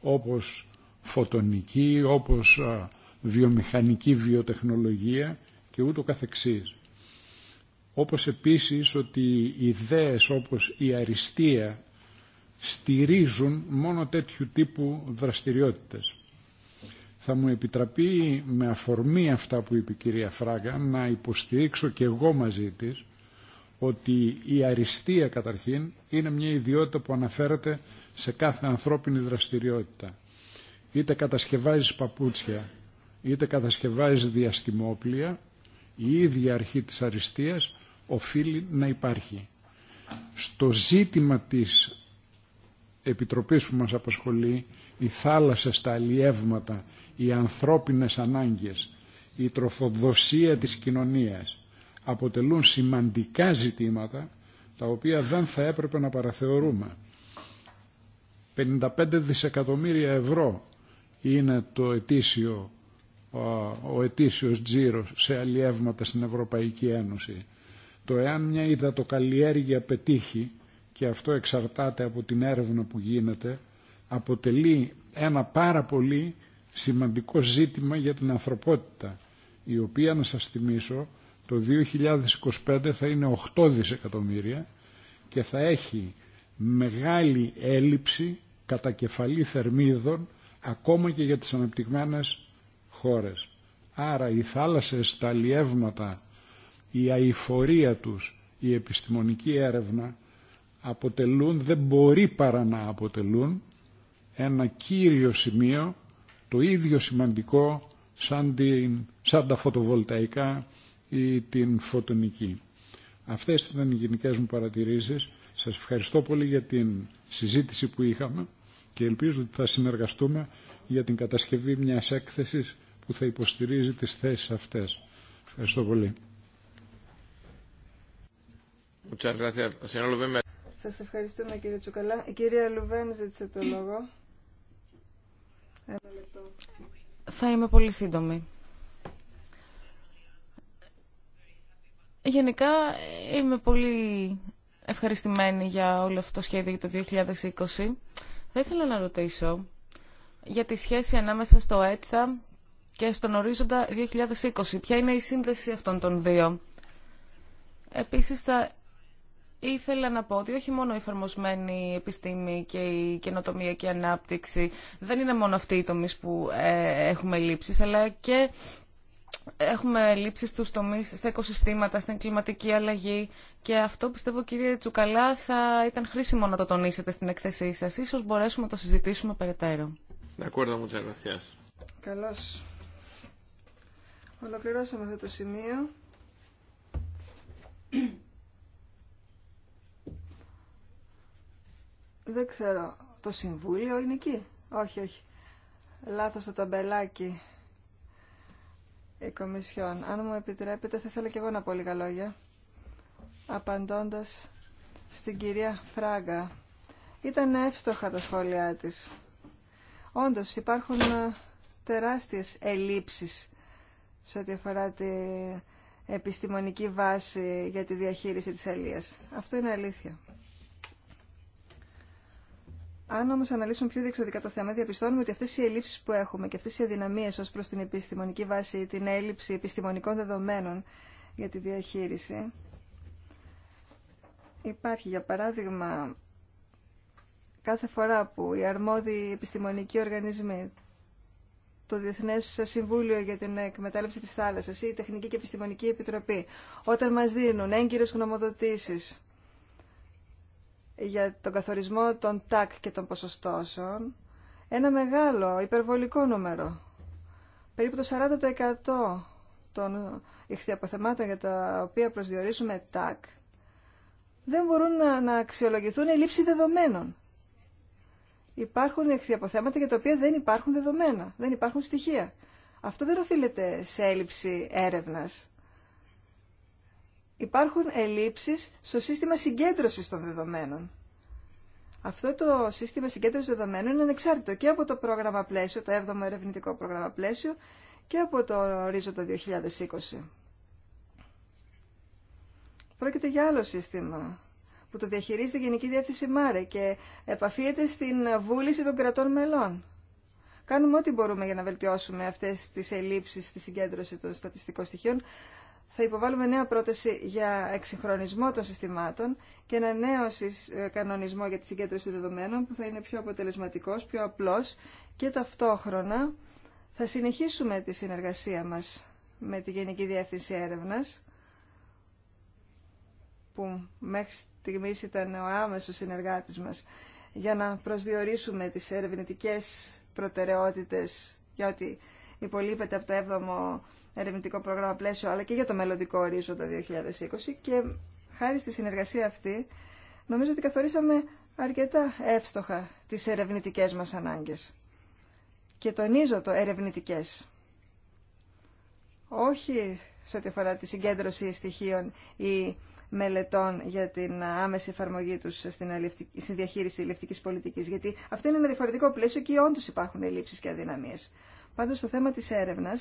όπως φωτονική, όπως βιομηχανική βιοτεχνολογία και ούτω καθεξής όπως επίσης ότι οι ιδέες όπως η αριστεία στηρίζουν μόνο τέτοιου τύπου δραστηριότητες. Θα μου επιτραπεί με αφορμή αυτά που είπε η κυρία Φράγκα να υποστηρίξω και εγώ μαζί της ότι η αριστεία καταρχήν είναι μια ιδιότητα που αναφέρεται σε κάθε ανθρώπινη δραστηριότητα. Είτε κατασκευάζεις παπούτσια, είτε κατασκευάζεις διαστημόπλια, η ίδια αρχή της αριστείας οφείλει να υπάρχει. Στο ζήτημα της Επιτροπής που μας απασχολεί, η θάλασσα στα αλλιεύματα, οι ανθρώπινες ανάγκες, η τροφοδοσία της κοινωνίας αποτελούν σημαντικά ζητήματα τα οποία δεν θα έπρεπε να παραθεωρούμε. 55 δισεκατομμύρια ευρώ είναι το ετήσιο, ο ετήσιος τζίρος σε αλλιεύματα στην Ευρωπαϊκή Ένωση. Το εάν μια υδατοκαλλιέργεια πετύχει, και αυτό εξαρτάται από την έρευνα που γίνεται, αποτελεί ένα πάρα πολύ σημαντικό ζήτημα για την ανθρωπότητα, η οποία, να σας θυμίσω, το 2025 θα είναι 8 δισεκατομμύρια και θα έχει μεγάλη έλλειψη κατά κεφαλή θερμίδων ακόμα και για τις αναπτυγμένες χώρες. Άρα οι θάλασσες, τα αλλιεύματα η αηφορία τους, η επιστημονική έρευνα αποτελούν, δεν μπορεί παρά να αποτελούν ένα κύριο σημείο το ίδιο σημαντικό σαν, την, σαν τα φωτοβολταϊκά ή την φωτονική. Αυτές ήταν οι γενικές μου παρατηρήσεις. Σας ευχαριστώ πολύ για την συζήτηση που είχαμε και ελπίζω ότι θα συνεργαστούμε για την κατασκευή μιας έκθεσης που θα υποστηρίζει τις θέσεις αυτές. Ευχαριστώ πολύ. Σας ευχαριστούμε κύριε Τσουκαλά. Η κυρία Λουβέν ζήτησε το λόγο. Θα είμαι πολύ σύντομη. Γενικά είμαι πολύ ευχαριστημένη για όλο αυτό το σχέδιο για το 2020. Θα ήθελα να ρωτήσω για τη σχέση ανάμεσα στο ΕΤΘΑ και στον ορίζοντα 2020. Ποια είναι η σύνδεση αυτών των δύο. Επίσης θα Ήθελα να πω ότι όχι μόνο η εφαρμοσμένη επιστήμη και η καινοτομία και η ανάπτυξη δεν είναι μόνο αυτοί οι τομείς που ε, έχουμε λήψεις, αλλά και έχουμε λήψεις στους τομείς, στα οικοσυστήματα, στην κλιματική αλλαγή και αυτό πιστεύω κύριε Τσουκαλά θα ήταν χρήσιμο να το τονίσετε στην εκθεσή σας. Ίσως μπορέσουμε να το συζητήσουμε περαιτέρω. Καλώς. Ολοκληρώσαμε αυτό το σημείο. Δεν ξέρω. Το Συμβούλιο είναι εκεί. Όχι, όχι. Λάθος το ταμπελάκι η Κομισιόν. Αν μου επιτρέπετε θα ήθελα και εγώ να πω λίγα λόγια. Απαντώντας στην κυρία Φράγκα. Ήταν εύστοχα τα σχόλιά της. Όντως υπάρχουν ε, τεράστιες ελλείψεις σε ό,τι αφορά την επιστημονική βάση για τη διαχείριση της αλίας. Αυτό είναι αλήθεια. Αν όμω αναλύσουμε πιο διεξοδικά το θέμα, διαπιστώνουμε ότι αυτέ οι ελλείψει που έχουμε και αυτέ οι αδυναμίε ω προ την επιστημονική βάση ή την έλλειψη επιστημονικών δεδομένων για τη διαχείριση. Υπάρχει, για παράδειγμα, κάθε φορά που οι αρμόδιοι επιστημονικοί οργανισμοί, το διεθνέ Συμβούλιο για την Εκμετάλλευση τη θάλασσα ή η Τεχνική και Επιστημονική Επιτροπή, όταν μα δίνουν έγκυρε γνωμοδοτήσει για τον καθορισμό των τάκ και των ποσοστώσεων ένα μεγάλο υπερβολικό νούμερο. Περίπου το 40% των ηχθιαποθεμάτων για τα οποία προσδιορίζουμε τάκ δεν μπορούν να, αξιολογηθούν η δεδομένων. Υπάρχουν ηχθιαποθέματα για τα οποία δεν υπάρχουν δεδομένα, δεν υπάρχουν στοιχεία. Αυτό δεν οφείλεται σε έλλειψη έρευνας υπάρχουν ελλείψεις στο σύστημα συγκέντρωσης των δεδομένων. Αυτό το σύστημα συγκέντρωσης δεδομένων είναι ανεξάρτητο και από το πρόγραμμα πλαίσιο, το 7ο ερευνητικό πρόγραμμα πλαίσιο και από το ορίζοντα 2020. Πρόκειται για άλλο σύστημα που το διαχειρίζεται η Γενική Διεύθυνση ΜΑΡΕ και επαφίεται στην βούληση των κρατών μελών. Κάνουμε ό,τι μπορούμε για να βελτιώσουμε αυτές τις ελλείψεις στη συγκέντρωση των στατιστικών στοιχείων, θα υποβάλουμε νέα πρόταση για εξυγχρονισμό των συστημάτων και ένα νέο ε, κανονισμό για τη συγκέντρωση δεδομένων που θα είναι πιο αποτελεσματικός, πιο απλός και ταυτόχρονα θα συνεχίσουμε τη συνεργασία μας με τη Γενική Διεύθυνση Έρευνας που μέχρι στιγμής ήταν ο άμεσος συνεργάτης μας για να προσδιορίσουμε τις ερευνητικές προτεραιότητες για ό,τι υπολείπεται από το 7ο ερευνητικό πρόγραμμα πλαίσιο, αλλά και για το μελλοντικό ορίζοντα 2020 και χάρη στη συνεργασία αυτή νομίζω ότι καθορίσαμε αρκετά εύστοχα τις ερευνητικές μας ανάγκες. Και τονίζω το ερευνητικές. Όχι σε ό,τι αφορά τη συγκέντρωση στοιχείων ή μελετών για την άμεση εφαρμογή του στην διαχείριση ελευτική πολιτική. Γιατί αυτό είναι ένα διαφορετικό πλαίσιο και όντω υπάρχουν ελλείψει και αδυναμίε. Πάντω, στο θέμα τη έρευνα,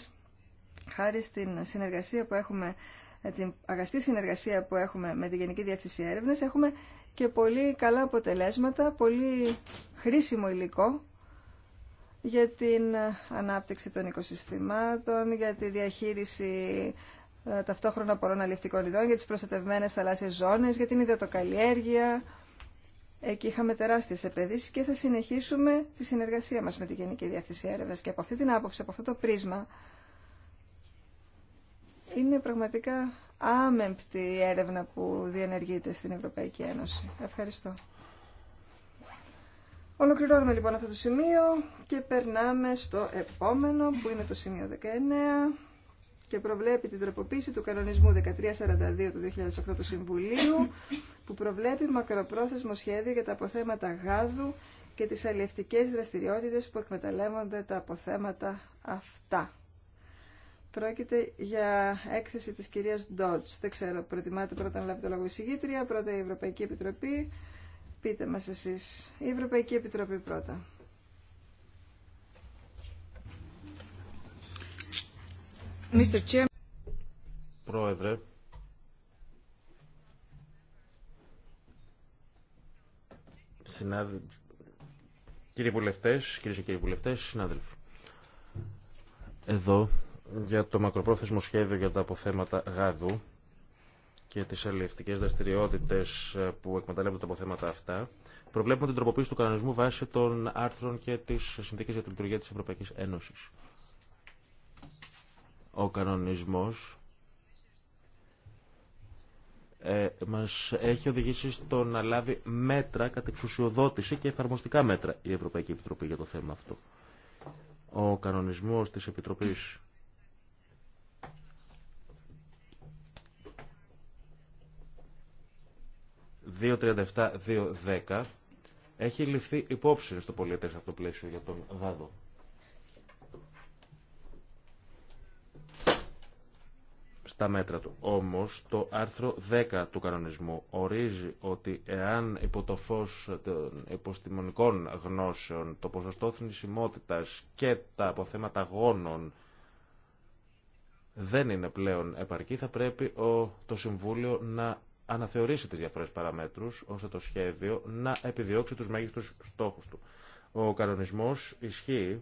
Χάρη στην συνεργασία που έχουμε, ε, την αγαστή συνεργασία που έχουμε με τη Γενική Διεύθυνση Έρευνες... έχουμε και πολύ καλά αποτελέσματα, πολύ χρήσιμο υλικό για την ε, ανάπτυξη των οικοσυστημάτων, για τη διαχείριση ε, ταυτόχρονα πολλών αλληλευτικών ειδών, για τις προστατευμένες θαλάσσιες ζώνες, για την υδατοκαλλιέργεια. Εκεί είχαμε τεράστιες επενδύσεις και θα συνεχίσουμε τη συνεργασία μας με τη Γενική Διεύθυνση Έρευνας. Και από αυτή την άποψη, από αυτό το πρίσμα, είναι πραγματικά άμεμπτη η έρευνα που διενεργείται στην Ευρωπαϊκή Ένωση. Ευχαριστώ. Ολοκληρώνουμε λοιπόν αυτό το σημείο και περνάμε στο επόμενο που είναι το σημείο 19 και προβλέπει την τροποποίηση του κανονισμού 1342 του 2008 του Συμβουλίου που προβλέπει μακροπρόθεσμο σχέδιο για τα αποθέματα γάδου και τις αλληλευτικές δραστηριότητες που εκμεταλλεύονται τα αποθέματα αυτά. Πρόκειται για έκθεση της κυρίας Ντότς. Δεν ξέρω, προτιμάτε πρώτα να λάβετε λόγο η πρώτα η Ευρωπαϊκή Επιτροπή. Πείτε μας εσείς. Η Ευρωπαϊκή Επιτροπή πρώτα. Πρόεδρε, συνάδελφοι, κύριοι βουλευτές, κυρίες και κύριοι βουλευτές, συνάδελφοι. Εδώ για το μακροπρόθεσμο σχέδιο για τα αποθέματα γάδου και τις αλληλευτικές δραστηριότητες ε, που εκμεταλλεύονται τα αποθέματα αυτά, προβλέπουμε την τροποποίηση του κανονισμού βάσει των άρθρων και της συνθήκης για τη λειτουργία της Ευρωπαϊκής Ένωσης. Ο κανονισμός ε, μας έχει οδηγήσει στο να λάβει μέτρα κατά εξουσιοδότηση και εφαρμοστικά μέτρα η Ευρωπαϊκή Επιτροπή για το θέμα αυτό. Ο κανονισμός της Επιτροπής 2.37-2.10 έχει ληφθεί υπόψη στο πολίτε αυτό το πλαίσιο για τον γάδο. Στα μέτρα του. Όμως το άρθρο 10 του κανονισμού ορίζει ότι εάν υπό το φως των υποστημονικών γνώσεων το ποσοστό θνησιμότητας και τα αποθέματα γόνων δεν είναι πλέον επαρκή, θα πρέπει ο, το Συμβούλιο να αναθεωρήσει τις διαφορές παραμέτρους ώστε το σχέδιο να επιδιώξει τους μέγιστους στόχους του. Ο κανονισμός ισχύει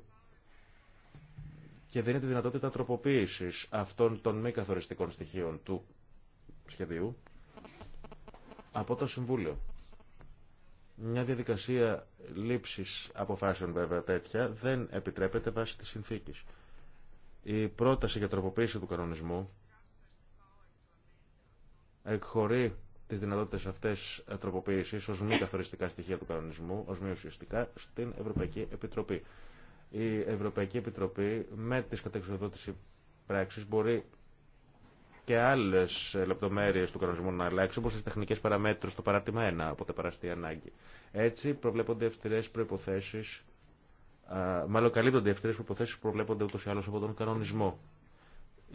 και δίνει τη δυνατότητα τροποποίησης αυτών των μη καθοριστικών στοιχείων του σχεδίου από το Συμβούλιο. Μια διαδικασία λήψης αποφάσεων βέβαια τέτοια δεν επιτρέπεται βάσει της συνθήκης. Η πρόταση για τροποποίηση του κανονισμού εκχωρεί τι δυνατότητε αυτέ τροποποίηση ω μη καθοριστικά στοιχεία του κανονισμού, ω μη ουσιαστικά, στην Ευρωπαϊκή Επιτροπή. Η Ευρωπαϊκή Επιτροπή με τι κατεξοδότηση πράξη μπορεί και άλλε λεπτομέρειε του κανονισμού να αλλάξει, όπω τι τεχνικέ παραμέτρου στο παράρτημα 1, τα παραστεί ανάγκη. Έτσι, προβλέπονται αυστηρέ προποθέσει, μάλλον καλύπτονται αυστηρέ προποθέσει που προβλέπονται ούτω ή άλλω από τον κανονισμό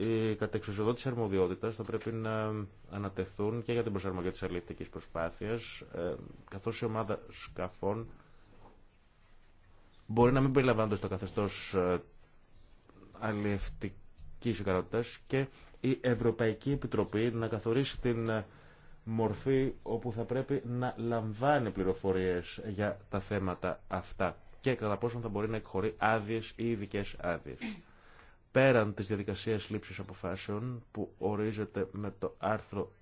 οι κατεξουσιοδότηση αρμοδιότητας θα πρέπει να ανατεθούν και για την προσαρμογή της αλληλευτικής προσπάθειας, ε, καθώς η ομάδα σκαφών μπορεί να μην περιλαμβάνονται στο καθεστώς ε, αλληλευτικής ικανότητας και η Ευρωπαϊκή Επιτροπή να καθορίσει την ε, μορφή όπου θα πρέπει να λαμβάνει πληροφορίες για τα θέματα αυτά και κατά πόσο θα μπορεί να εκχωρεί άδειες ή ειδικέ άδειες πέραν της διαδικασίας λήψης αποφάσεων που ορίζεται με το άρθρο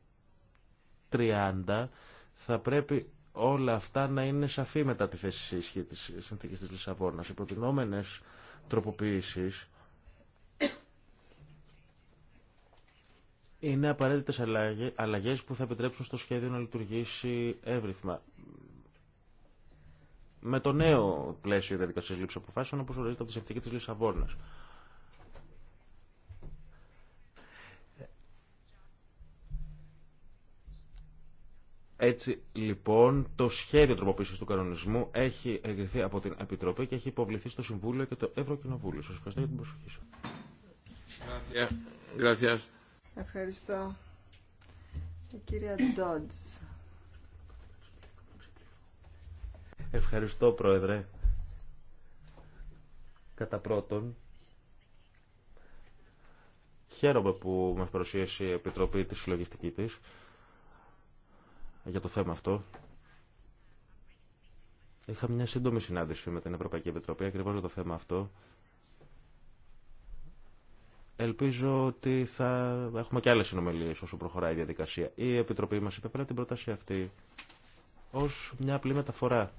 30 θα πρέπει όλα αυτά να είναι σαφή μετά τη θέση ίσχυ της συνθήκης της Λισαβόνας. Οι προτινόμενες τροποποιήσεις είναι απαραίτητες αλλαγές που θα επιτρέψουν στο σχέδιο να λειτουργήσει εύρυθμα. Με το νέο πλαίσιο διαδικασία λήψη αποφάσεων, όπω ορίζεται από τη συνθήκη τη Λισαβόνα. Έτσι λοιπόν το σχέδιο τροποποίησης του κανονισμού έχει εγκριθεί από την Επιτροπή και έχει υποβληθεί στο Συμβούλιο και το Ευρωκοινοβούλιο. Σας ευχαριστώ για την προσοχή σας. Ευχαριστώ. Η κυρία Ντότζ. Ευχαριστώ Πρόεδρε. Κατά πρώτον, χαίρομαι που μας παρουσίασε η Επιτροπή της συλλογιστική της για το θέμα αυτό. Είχα μια σύντομη συνάντηση με την Ευρωπαϊκή Επιτροπή ακριβώς για το θέμα αυτό. Ελπίζω ότι θα έχουμε και άλλες συνομιλίες όσο προχωράει η διαδικασία. Η Επιτροπή μας είπε πέρα την πρόταση αυτή ως μια απλή μεταφορά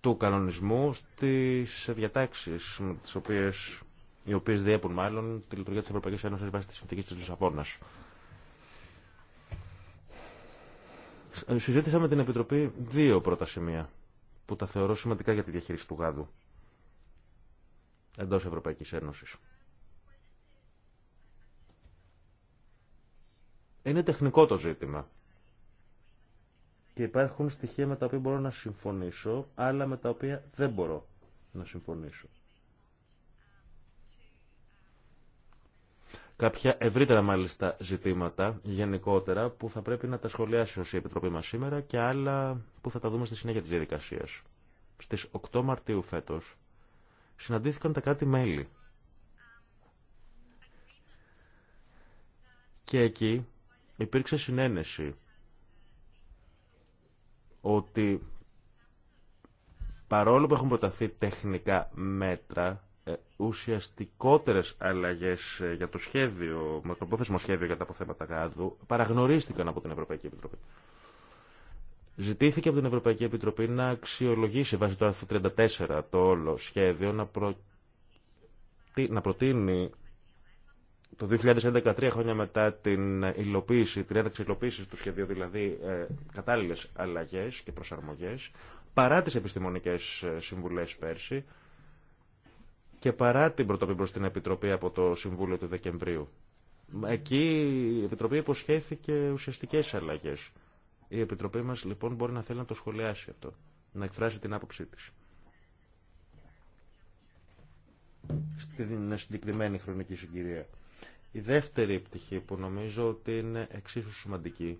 του κανονισμού στις διατάξεις με τις οποίες, οι οποίες διέπουν μάλλον τη λειτουργία της Ευρωπαϊκής Ένωσης βάσει τη συνθήκης της Λισαβόνα. Συζήτησα με την Επιτροπή δύο πρώτα σημεία που τα θεωρώ σημαντικά για τη διαχείριση του γάδου εντός Ευρωπαϊκής Ένωσης. Είναι τεχνικό το ζήτημα. Και υπάρχουν στοιχεία με τα οποία μπορώ να συμφωνήσω, άλλα με τα οποία δεν μπορώ να συμφωνήσω. κάποια ευρύτερα μάλιστα ζητήματα γενικότερα που θα πρέπει να τα σχολιάσει ως η Επιτροπή μας σήμερα και άλλα που θα τα δούμε στη συνέχεια της διαδικασίας. Στις 8 Μαρτίου φέτος συναντήθηκαν τα κράτη-μέλη και εκεί υπήρξε συνένεση ότι παρόλο που έχουν προταθεί τεχνικά μέτρα ουσιαστικότερες αλλαγές ε, για το σχέδιο, με το πρόθεσμο σχέδιο για τα αποθέματα γάδου παραγνωρίστηκαν από την Ευρωπαϊκή Επιτροπή. Ζητήθηκε από την Ευρωπαϊκή Επιτροπή να αξιολογήσει βάσει του άρθρου 34 το όλο σχέδιο να, να προτείνει το 2013, χρόνια μετά την υλοποίηση, την έναρξη υλοποίηση του σχεδίου, δηλαδή ε, κατάλληλε αλλαγέ και προσαρμογέ, παρά τι επιστημονικέ ε, συμβουλέ πέρσι, και παρά την πρωτοπή προ την Επιτροπή από το Συμβούλιο του Δεκεμβρίου. Εκεί η Επιτροπή υποσχέθηκε ουσιαστικέ αλλαγές. Η Επιτροπή μας λοιπόν μπορεί να θέλει να το σχολιάσει αυτό, να εκφράσει την άποψή της. Στην συγκεκριμένη χρονική συγκυρία. Η δεύτερη πτυχή που νομίζω ότι είναι εξίσου σημαντική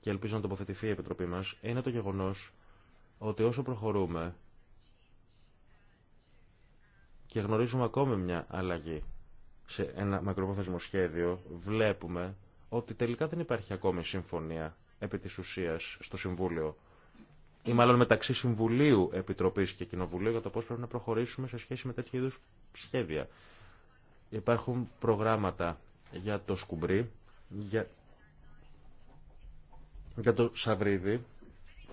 και ελπίζω να τοποθετηθεί η Επιτροπή μας, είναι το γεγονός ότι όσο προχωρούμε και γνωρίζουμε ακόμη μια αλλαγή σε ένα μακροπρόθεσμο σχέδιο, βλέπουμε ότι τελικά δεν υπάρχει ακόμη συμφωνία επί της ουσίας στο Συμβούλιο ή μάλλον μεταξύ Συμβουλίου Επιτροπής και Κοινοβουλίου για το πώς πρέπει να προχωρήσουμε σε σχέση με τέτοιου είδους σχέδια. Υπάρχουν προγράμματα για το σκουμπρί, για, για το σαβρίδι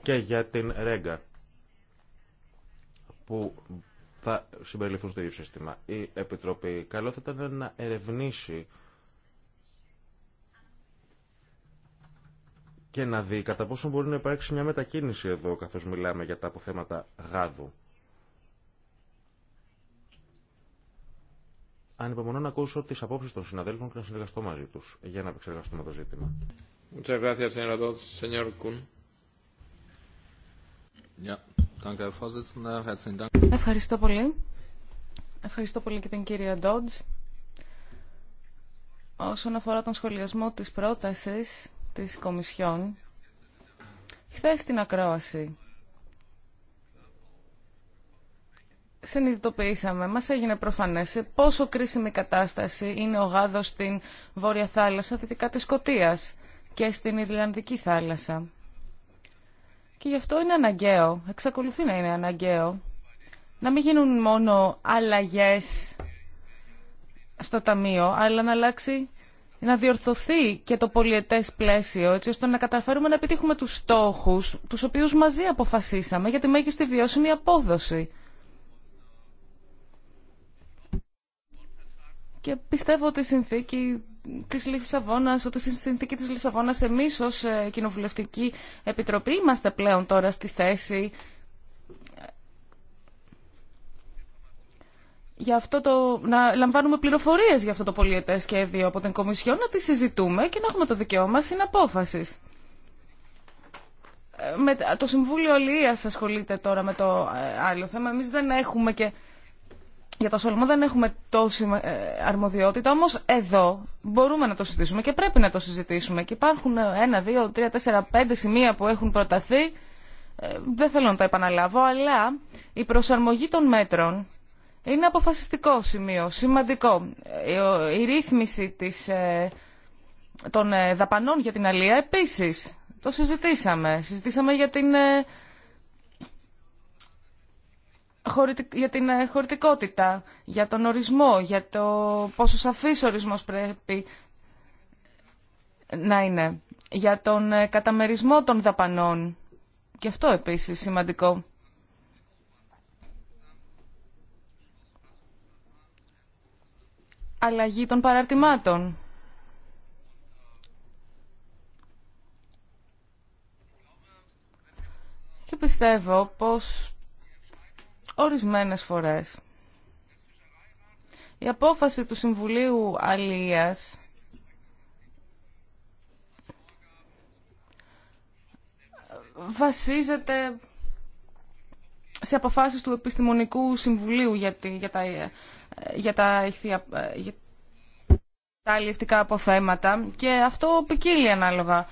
και για την ρέγκα που θα συμπεριληφθούν στο ίδιο σύστημα. Η Επιτροπή καλό θα ήταν να ερευνήσει και να δει κατά πόσο μπορεί να υπάρξει μια μετακίνηση εδώ καθώς μιλάμε για τα αποθέματα γάδου. Ανυπομονώ να ακούσω τις απόψεις των συναδέλφων και να συνεργαστώ μαζί τους για να επεξεργαστούμε το ζήτημα. Muchas gracias, señor Señor Ευχαριστώ πολύ. Ευχαριστώ πολύ και την κυρία Ντότζ. Όσον αφορά τον σχολιασμό της πρότασης της Κομισιόν, χθε στην ακρόαση συνειδητοποιήσαμε, μας έγινε προφανές πόσο κρίσιμη κατάσταση είναι ο γάδος στην Βόρεια Θάλασσα, δυτικά της Σκοτίας και στην Ιρλανδική Θάλασσα. Και γι' αυτό είναι αναγκαίο, εξακολουθεί να είναι αναγκαίο, να μην γίνουν μόνο αλλαγές στο Ταμείο, αλλά να αλλάξει, να διορθωθεί και το πολιετές πλαίσιο, έτσι ώστε να καταφέρουμε να επιτύχουμε τους στόχους, τους οποίους μαζί αποφασίσαμε για τη μέγιστη βιώσιμη απόδοση. Και πιστεύω ότι η συνθήκη της Λισαβόνας, ότι στην συνθήκη της Λισαβόνας εμείς ως ε, Κοινοβουλευτική Επιτροπή είμαστε πλέον τώρα στη θέση ε, για αυτό το, να λαμβάνουμε πληροφορίες για αυτό το πολιετές σχέδιο από την Κομισιό, να τη συζητούμε και να έχουμε το δικαίωμα συναπόφασης. Ε, με, το Συμβούλιο Λίας ασχολείται τώρα με το άλλο θέμα. Εμείς δεν έχουμε και για το Σολομό δεν έχουμε τόση ε, αρμοδιότητα, όμως εδώ μπορούμε να το συζητήσουμε και πρέπει να το συζητήσουμε. Και υπάρχουν ένα, δύο, τρία, τέσσερα, πέντε σημεία που έχουν προταθεί. Ε, δεν θέλω να τα επαναλάβω, αλλά η προσαρμογή των μέτρων είναι αποφασιστικό σημείο, σημαντικό. Ε, η ρύθμιση της, των δαπανών για την αλία επίσης το συζητήσαμε. Συζητήσαμε για την για την ε, χωρητικότητα, για τον ορισμό, για το πόσο σαφής ορισμός πρέπει να είναι, για τον ε, καταμερισμό των δαπανών. Και αυτό επίσης σημαντικό. Αλλαγή των παραρτημάτων. Και πιστεύω πως ορισμένες φορές. Η απόφαση του Συμβουλίου Αλίας βασίζεται σε αποφάσεις του Επιστημονικού Συμβουλίου για, τα, για, για τα αλληλευτικά αποθέματα και αυτό ποικίλει ανάλογα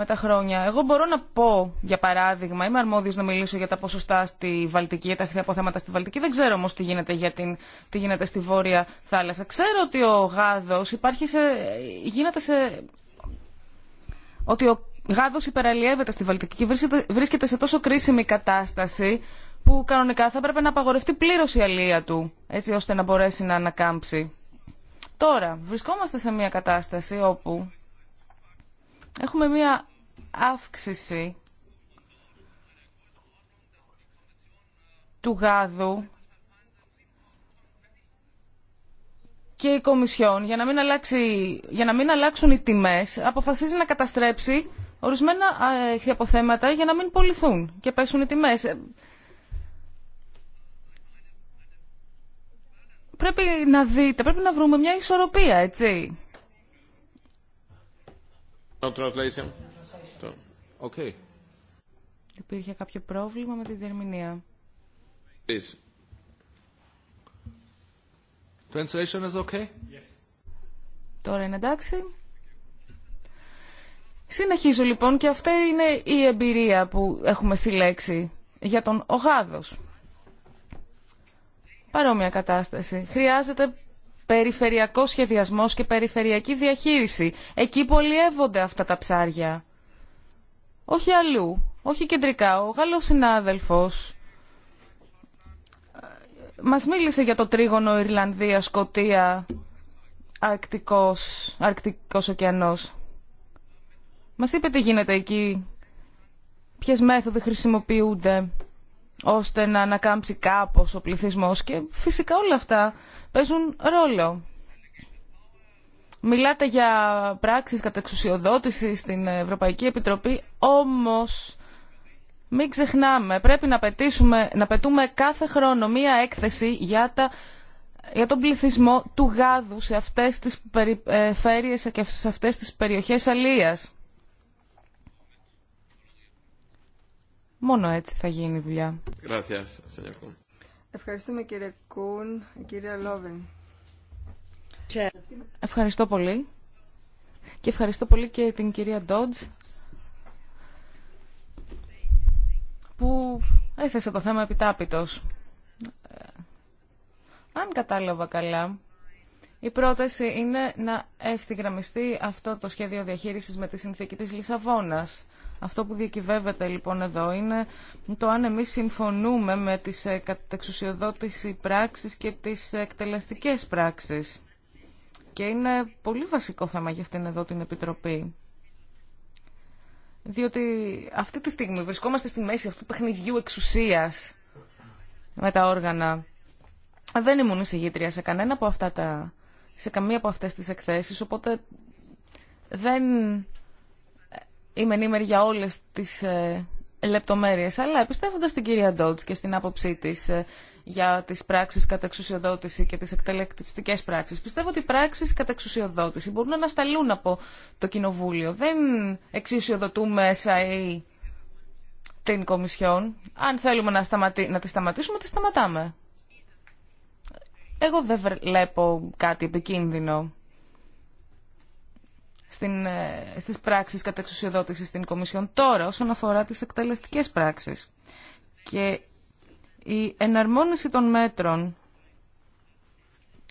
με τα χρόνια. Εγώ μπορώ να πω, για παράδειγμα, είμαι αρμόδιος να μιλήσω για τα ποσοστά στη Βαλτική, για τα αποθέματα στη Βαλτική. Δεν ξέρω όμω τι γίνεται, τι γίνεται στη Βόρεια Θάλασσα. Ξέρω ότι ο γάδο. υπάρχει γίνεται σε... ότι ο γάδο υπεραλλιεύεται στη Βαλτική βρίσκεται, βρίσκεται σε τόσο κρίσιμη κατάσταση που κανονικά θα έπρεπε να απαγορευτεί πλήρω η αλία του, έτσι ώστε να μπορέσει να ανακάμψει. Τώρα, βρισκόμαστε σε μια κατάσταση όπου έχουμε μια αύξηση του γάδου και η Κομισιόν, για να μην, αλλάξει, για να μην αλλάξουν οι τιμές, αποφασίζει να καταστρέψει ορισμένα αποθέματα για να μην πολιθούν και πέσουν οι τιμές. Ε, πρέπει να δείτε, πρέπει να βρούμε μια ισορροπία, έτσι. Okay. Υπήρχε κάποιο πρόβλημα με τη διερμηνία. Translation is okay? Yes. Τώρα είναι εντάξει. Συνεχίζω λοιπόν και αυτή είναι η εμπειρία που έχουμε συλλέξει για τον ογάδος. Παρόμοια κατάσταση. Χρειάζεται περιφερειακό σχεδιασμός και περιφερειακή διαχείριση. Εκεί πολιεύονται αυτά τα ψάρια όχι αλλού, όχι κεντρικά. Ο Γάλλος συνάδελφος ε, μας μίλησε για το τρίγωνο Ιρλανδία, Σκοτία, Αρκτικός, Αρκτικός ωκεανός. Μας είπε τι γίνεται εκεί, ποιες μέθοδοι χρησιμοποιούνται ώστε να ανακάμψει κάπως ο πληθυσμός και φυσικά όλα αυτά παίζουν ρόλο. Μιλάτε για πράξεις κατά εξουσιοδότηση στην Ευρωπαϊκή Επιτροπή, όμως μην ξεχνάμε, πρέπει να, πετήσουμε, να πετούμε κάθε χρόνο μία έκθεση για, τα, για τον πληθυσμό του γάδου σε αυτές τις περιφέρειες ε, και σε αυτές τις περιοχές αλίας. Μόνο έτσι θα γίνει η δουλειά. Ευχαριστούμε κύριε Κούν, κύριε Λοβέν. Ευχαριστώ πολύ. Και ευχαριστώ πολύ και την κυρία Ντότζ που έθεσε το θέμα επιτάπητος. Ε, αν κατάλαβα καλά, η πρόταση είναι να ευθυγραμμιστεί αυτό το σχέδιο διαχείρισης με τη συνθήκη της Λισαβόνας. Αυτό που διακυβεύεται λοιπόν εδώ είναι το αν εμείς συμφωνούμε με τις ε, κατεξουσιοδότηση πράξεις και τις ε, εκτελεστικές πράξεις και είναι πολύ βασικό θέμα για αυτήν εδώ την Επιτροπή. Διότι αυτή τη στιγμή βρισκόμαστε στη μέση αυτού του παιχνιδιού εξουσίας με τα όργανα. Δεν ήμουν εισηγήτρια σε κανένα από αυτά τα... σε καμία από αυτές τις εκθέσεις, οπότε δεν είμαι νήμερη για όλες τις ε, λεπτομέρειες, αλλά πιστεύοντας την κυρία Ντότς και στην άποψή της ε, για τις πράξεις κατά εξουσιοδότηση και τις εκτελεστικές πράξεις. Πιστεύω ότι οι πράξεις κατά εξουσιοδότηση μπορούν να ανασταλούν από το Κοινοβούλιο. Δεν εξουσιοδοτούμε μέσα την Κομισιόν. Αν θέλουμε να, σταματή, να τη σταματήσουμε, τη σταματάμε. Εγώ δεν βλέπω κάτι επικίνδυνο στην, ε, στις πράξεις κατά εξουσιοδότηση στην Κομισιόν τώρα όσον αφορά τις εκτελεστικές πράξεις. Και η εναρμόνιση των μέτρων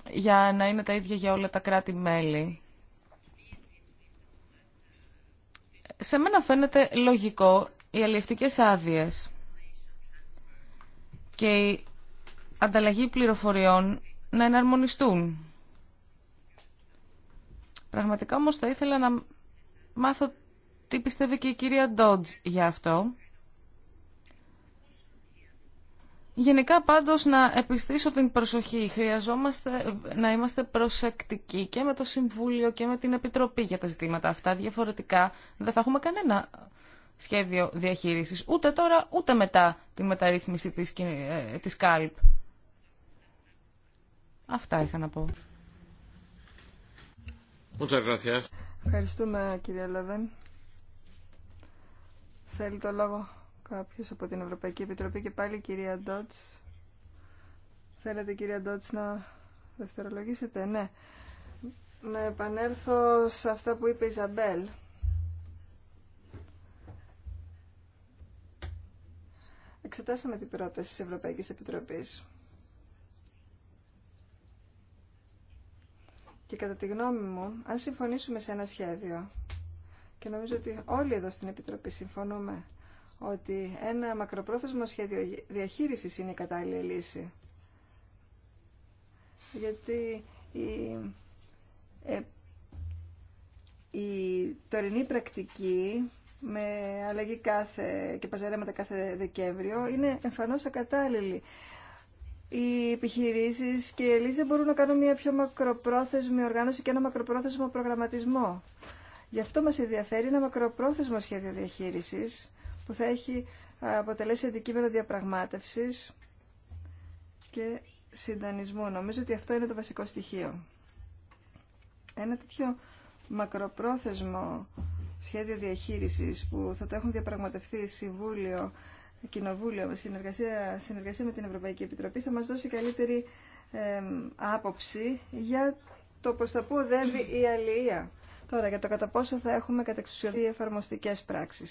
για να είναι τα ίδια για όλα τα κράτη-μέλη. Σε μένα φαίνεται λογικό οι αλληλευτικές άδειες και η ανταλλαγή πληροφοριών να εναρμονιστούν. Πραγματικά όμως θα ήθελα να μάθω τι πιστεύει και η κυρία Ντότζ για αυτό. Γενικά πάντως να επιστήσω την προσοχή. Χρειαζόμαστε να είμαστε προσεκτικοί και με το Συμβούλιο και με την Επιτροπή για τα ζητήματα αυτά. Διαφορετικά δεν θα έχουμε κανένα σχέδιο διαχείρισης ούτε τώρα ούτε μετά τη μεταρρύθμιση της, ε, της ΚΑΛΠ. Αυτά είχα να πω. Ευχαριστούμε κύριε Λεβέν. Θέλει το λόγο κάποιος από την Ευρωπαϊκή Επιτροπή και πάλι η κυρία Ντότς. Θέλετε κυρία Ντότς να δευτερολογήσετε, ναι. Να επανέλθω σε αυτά που είπε η Ζαμπέλ. Εξετάσαμε την πρόταση της Ευρωπαϊκής Επιτροπής. Και κατά τη γνώμη μου, αν συμφωνήσουμε σε ένα σχέδιο, και νομίζω ότι όλοι εδώ στην Επιτροπή συμφωνούμε ότι ένα μακροπρόθεσμο σχέδιο διαχείρισης είναι η κατάλληλη λύση. Γιατί η, ε, η τωρινή πρακτική με αλλαγή κάθε και παζαρέματα κάθε Δεκέμβριο είναι εμφανώς ακατάλληλη. Οι επιχειρήσεις και οι λύσεις δεν μπορούν να κάνουν μια πιο μακροπρόθεσμη οργάνωση και ένα μακροπρόθεσμο προγραμματισμό. Γι' αυτό μας ενδιαφέρει ένα μακροπρόθεσμο σχέδιο διαχείρισης που θα έχει ε, αποτελέσει αντικείμενο διαπραγμάτευσης και συντονισμού. Νομίζω ότι αυτό είναι το βασικό στοιχείο. Ένα τέτοιο μακροπρόθεσμο σχέδιο διαχείρισης που θα το έχουν διαπραγματευτεί Συμβούλιο, Κοινοβούλιο, συνεργασία, συνεργασία με την Ευρωπαϊκή Επιτροπή θα μας δώσει καλύτερη ε, άποψη για το πως θα που η αλληλεία. Τώρα, για το κατά πόσο θα έχουμε κατεξουσιοδοί εφαρμοστικέ πράξει.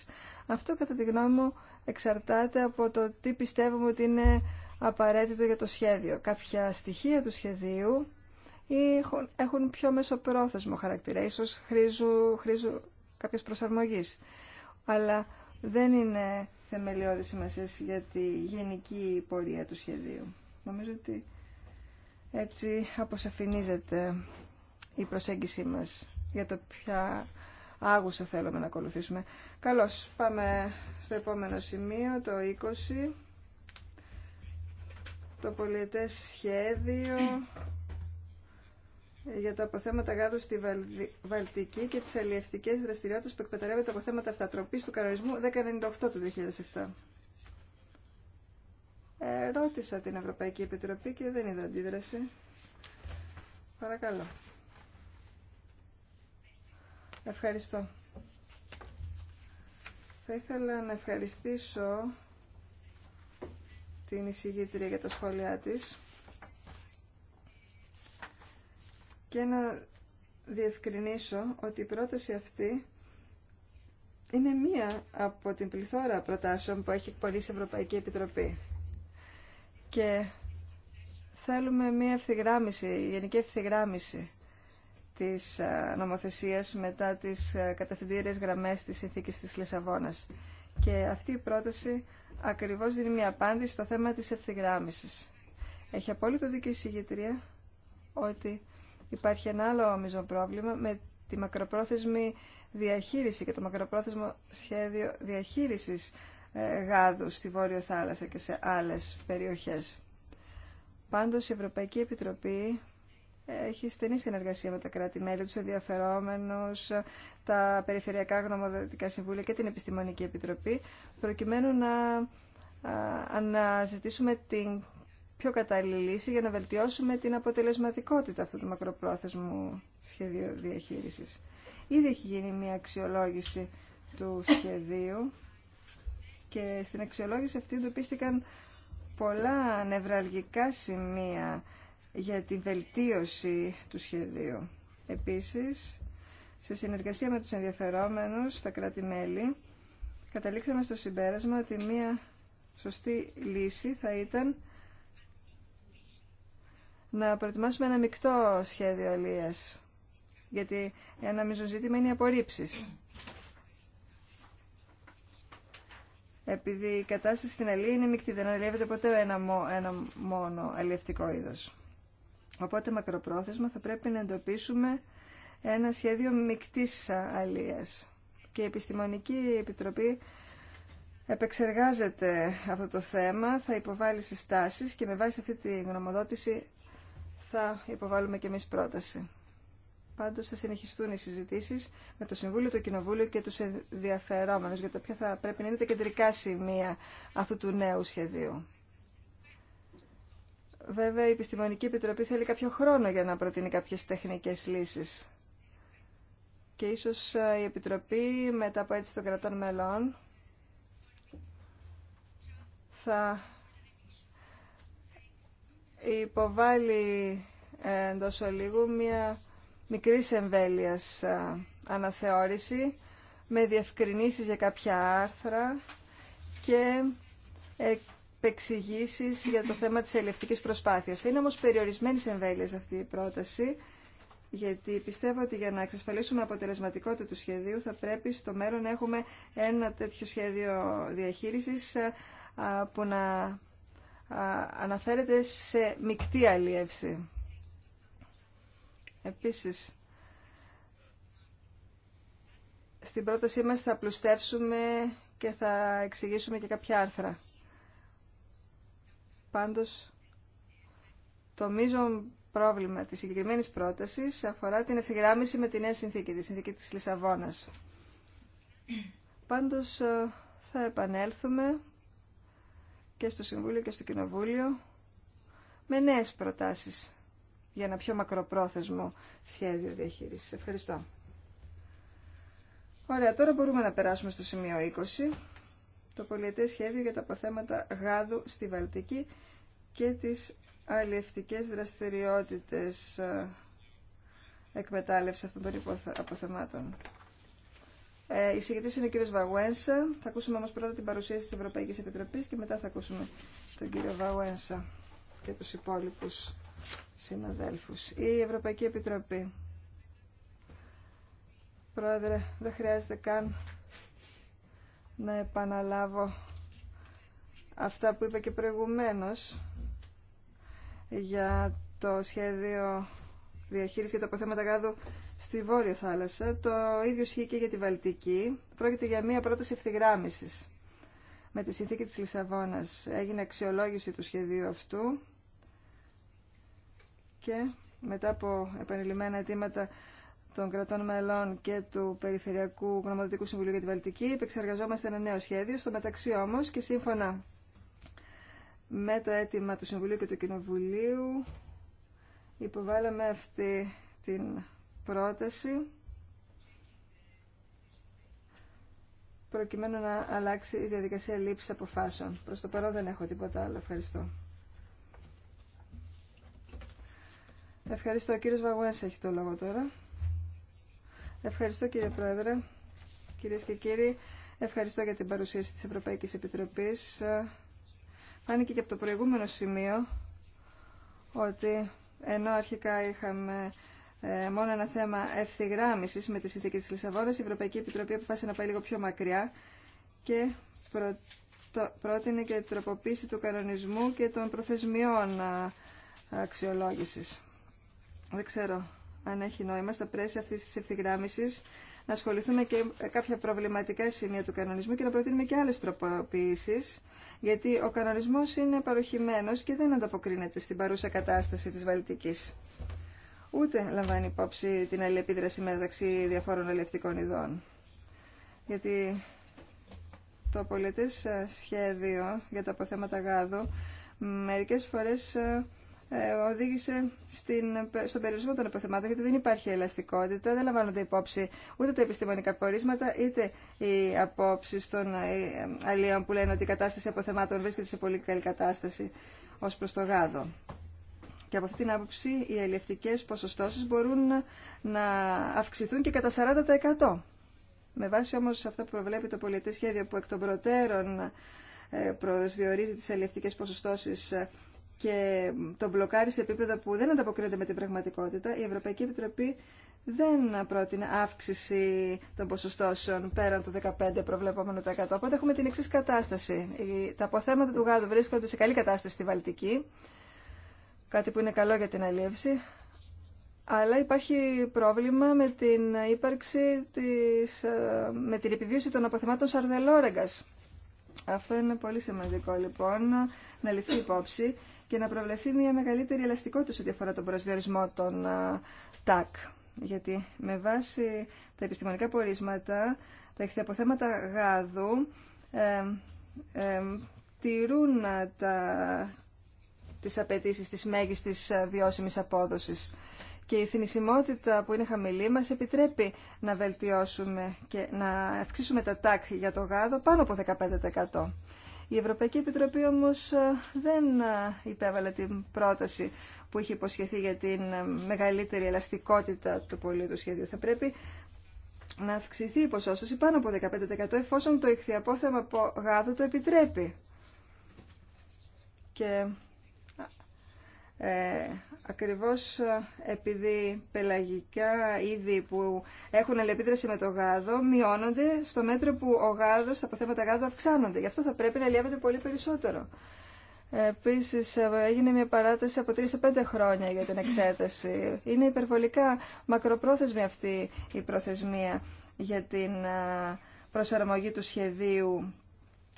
Αυτό, κατά τη γνώμη μου, εξαρτάται από το τι πιστεύουμε ότι είναι απαραίτητο για το σχέδιο. Κάποια στοιχεία του σχεδίου έχουν πιο μεσοπρόθεσμο χαρακτήρα, ίσως χρήζουν, χρήζουν κάποιες προσαρμογής. Αλλά δεν είναι θεμελιώδη σημασία για τη γενική πορεία του σχεδίου. Νομίζω ότι έτσι αποσαφηνίζεται η προσέγγιση μας για το ποια άγουσα θέλουμε να ακολουθήσουμε. Καλώς, πάμε στο επόμενο σημείο, το 20. Το πολιετές σχέδιο για τα αποθέματα γάδου στη Βαλτική και τις αλλιευτικές δραστηριότητες που εκμεταλλεύεται από θέματα αυτατροπής του κανονισμού 1098 του 2007. Ε, ρώτησα την Ευρωπαϊκή Επιτροπή και δεν είδα αντίδραση. Παρακαλώ. Ευχαριστώ. Θα ήθελα να ευχαριστήσω την εισηγήτρια για τα σχόλιά της και να διευκρινίσω ότι η πρόταση αυτή είναι μία από την πληθώρα προτάσεων που έχει εκπονήσει η Ευρωπαϊκή Επιτροπή. Και θέλουμε μία ευθυγράμμιση, γενική ευθυγράμμιση της ε, νομοθεσίας μετά τις ε, κατευθυντήριες γραμμές της συνθήκης της Λισαβόνας. Και αυτή η πρόταση ακριβώς δίνει μια απάντηση στο θέμα της ευθυγράμμισης. Έχει απόλυτο δίκιο η συγγετρία ότι υπάρχει ένα άλλο όμιζο πρόβλημα με τη μακροπρόθεσμη διαχείριση και το μακροπρόθεσμο σχέδιο διαχείρισης ε, γάδου στη Βόρειο Θάλασσα και σε άλλες περιοχές. Πάντως η Ευρωπαϊκή Επιτροπή έχει στενή συνεργασία με τα κράτη-μέλη, του ενδιαφερόμενους, τα Περιφερειακά Γνωμοδοτικά Συμβούλια και την Επιστημονική Επιτροπή, προκειμένου να αναζητήσουμε την πιο κατάλληλη λύση για να βελτιώσουμε την αποτελεσματικότητα αυτού του μακροπρόθεσμου σχεδίου διαχείρισης. Ήδη έχει γίνει μια αξιολόγηση του σχεδίου και στην αξιολόγηση αυτή εντοπίστηκαν πολλά νευραλγικά σημεία για την βελτίωση του σχεδίου. Επίσης, σε συνεργασία με τους ενδιαφερόμενους στα κράτη-μέλη, καταλήξαμε στο συμπέρασμα ότι μία σωστή λύση θα ήταν να προετοιμάσουμε ένα μεικτό σχέδιο αλίας, γιατί ένα μείζον ζήτημα είναι οι Επειδή η κατάσταση στην αλία είναι μεικτή, δεν αλλιεύεται ποτέ ένα, μόνο αλλιευτικό είδος. Οπότε μακροπρόθεσμα θα πρέπει να εντοπίσουμε ένα σχέδιο μικτής αλίας. Και η Επιστημονική Επιτροπή επεξεργάζεται αυτό το θέμα, θα υποβάλει συστάσεις και με βάση αυτή τη γνωμοδότηση θα υποβάλουμε και εμείς πρόταση. Πάντως θα συνεχιστούν οι συζητήσεις με το Συμβούλιο, το Κοινοβούλιο και τους ενδιαφερόμενους για το ποια θα πρέπει να είναι τα κεντρικά σημεία αυτού του νέου σχεδίου. Βέβαια, η Επιστημονική Επιτροπή θέλει κάποιο χρόνο για να προτείνει κάποιες τεχνικές λύσεις. Και ίσως ε, η Επιτροπή, μετά από έτσι των κρατών μελών, θα υποβάλει ε, εντό ολίγου μια μικρή εμβέλειας ε, αναθεώρηση με διευκρινήσεις για κάποια άρθρα και επεξηγήσει για το θέμα της ελευτική προσπάθειας. είναι όμω περιορισμένη εμβέλεια αυτή η πρόταση, γιατί πιστεύω ότι για να εξασφαλίσουμε αποτελεσματικότητα του σχεδίου θα πρέπει στο μέλλον να έχουμε ένα τέτοιο σχέδιο διαχείρισης ε, που να αναφέρεται σε μεικτή αλλιεύση. Επίσης, στην πρότασή μας θα πλουστεύσουμε και θα εξηγήσουμε και κάποια άρθρα. Πάντως, το μείζον πρόβλημα της συγκεκριμένη πρότασης αφορά την ευθυγράμμιση με τη νέα συνθήκη, τη συνθήκη της Λισαβόνας. Πάντως, ε, θα επανέλθουμε και στο Συμβούλιο και στο Κοινοβούλιο με νέες προτάσεις για ένα πιο μακροπρόθεσμο σχέδιο διαχείρισης. Ευχαριστώ. Ωραία, τώρα μπορούμε να περάσουμε στο σημείο 20 το πολιετές σχέδιο για τα αποθέματα γάδου στη Βαλτική και τις αλλιευτικές δραστηριότητες ε, εκμετάλλευση αυτών των αποθεμάτων. Ε, η συγκεκριτής είναι ο κύριος Βαγουένσα. Θα ακούσουμε όμως πρώτα την παρουσίαση της Ευρωπαϊκής Επιτροπής και μετά θα ακούσουμε τον κύριο Βαγουένσα και τους υπόλοιπους συναδέλφους. Η Ευρωπαϊκή Επιτροπή. Πρόεδρε, δεν χρειάζεται καν να επαναλάβω αυτά που είπα και προηγουμένως για το σχέδιο διαχείρισης για τα αποθέματα γάδου στη Βόρεια Θάλασσα. Το ίδιο ισχύει και για τη Βαλτική. Πρόκειται για μία πρόταση ευθυγράμμισης. Με τη συνθήκη της Λισαβόνας έγινε αξιολόγηση του σχεδίου αυτού και μετά από επανειλημμένα αιτήματα των κρατών μελών και του Περιφερειακού Γνωμοδοτικού Συμβουλίου για τη Βαλτική επεξεργαζόμαστε ένα νέο σχέδιο. Στο μεταξύ όμω. και σύμφωνα με το αίτημα του Συμβουλίου και του Κοινοβουλίου υποβάλαμε αυτή την πρόταση προκειμένου να αλλάξει η διαδικασία λήψη αποφάσεων. Προς το παρόν δεν έχω τίποτα άλλο. Ευχαριστώ. Ευχαριστώ. Ο κύριος Βαγουένς έχει το λόγο τώρα. Ευχαριστώ κύριε Πρόεδρε. Κυρίες και κύριοι, ευχαριστώ για την παρουσίαση της Ευρωπαϊκής Επιτροπής. Φάνηκε και από το προηγούμενο σημείο ότι ενώ αρχικά είχαμε ε, μόνο ένα θέμα ευθυγράμμισης με τη συνθήκη της Λισαβόνας, η Ευρωπαϊκή Επιτροπή αποφάσισε να πάει λίγο πιο μακριά και προ... το... πρότεινε και τροποποίηση του κανονισμού και των προθεσμιών ε, αξιολόγησης. Δεν ξέρω αν έχει νόημα, στα πλαίσια αυτή τη ευθυγράμμιση, να ασχοληθούμε και κάποια προβληματικά σημεία του κανονισμού και να προτείνουμε και άλλε τροποποιήσει, γιατί ο κανονισμό είναι παροχημένο και δεν ανταποκρίνεται στην παρούσα κατάσταση τη βαλτική. Ούτε λαμβάνει υπόψη την αλληλεπίδραση μεταξύ διαφόρων αλληλευτικών ειδών. Γιατί το πολιτές ε, σχέδιο για τα αποθέματα γάδου μερικές φορές ε, ε, οδήγησε στην, στον περιορισμό των αποθεμάτων, γιατί δεν υπάρχει ελαστικότητα, δεν λαμβάνονται υπόψη ούτε τα επιστημονικά πορίσματα, είτε οι απόψει των ε, αλλιών που λένε ότι η κατάσταση αποθεμάτων βρίσκεται σε πολύ καλή κατάσταση ω προ το γάδο. Και από αυτήν την άποψη οι αλλιευτικέ ποσοστώσεις μπορούν να αυξηθούν και κατά 40%. Με βάση όμως αυτό που προβλέπει το πολιτικό σχέδιο που εκ των προτέρων ε, προσδιορίζει τις ελευτικές ποσοστώσεις και τον μπλοκάρει σε επίπεδα που δεν ανταποκρίνονται με την πραγματικότητα, η Ευρωπαϊκή Επιτροπή δεν πρότεινε αύξηση των ποσοστώσεων πέραν του 15 προβλεπόμενου τα 100. Οπότε έχουμε την εξή κατάσταση. Τα αποθέματα του γάδου βρίσκονται σε καλή κατάσταση στη Βαλτική, κάτι που είναι καλό για την αλίευση, αλλά υπάρχει πρόβλημα με την ύπαρξη της, ε, με την επιβίωση των αποθεμάτων σαρδελόρεγγας αυτό είναι πολύ σημαντικό λοιπόν να ληφθεί υπόψη και να προβλεφθεί μια μεγαλύτερη ελαστικότητα σε ό,τι αφορά τον προσδιορισμό των ΤΑΚ. Γιατί με βάση τα επιστημονικά πορίσματα, τα εκθεαποθέματα γάδου ε, ε, τηρούν τα, τις απαιτήσεις της μέγιστης βιώσιμης απόδοσης και η θνησιμότητα που είναι χαμηλή μας επιτρέπει να βελτιώσουμε και να αυξήσουμε τα τάκ για το γάδο πάνω από 15%. Η Ευρωπαϊκή Επιτροπή όμως ε, δεν ε, υπέβαλε την πρόταση που είχε υποσχεθεί για την ε, μεγαλύτερη ελαστικότητα του πολίτου σχεδίου. Θα πρέπει να αυξηθεί η ποσόστοση πάνω από 15% εφόσον το από γάδο το επιτρέπει. Και ε, Ακριβώς ε, επειδή πελαγικά είδη που έχουν αλληλεπίδραση με το γάδο μειώνονται στο μέτρο που ο γάδος, τα αποθέματα γάδου αυξάνονται. Γι' αυτό θα πρέπει να λιεύεται πολύ περισσότερο. Επίση, ε, έγινε μια παράταση από 3 σε 5 χρόνια για την εξέταση. Είναι υπερβολικά μακροπρόθεσμη αυτή η προθεσμία για την ε, προσαρμογή του σχεδίου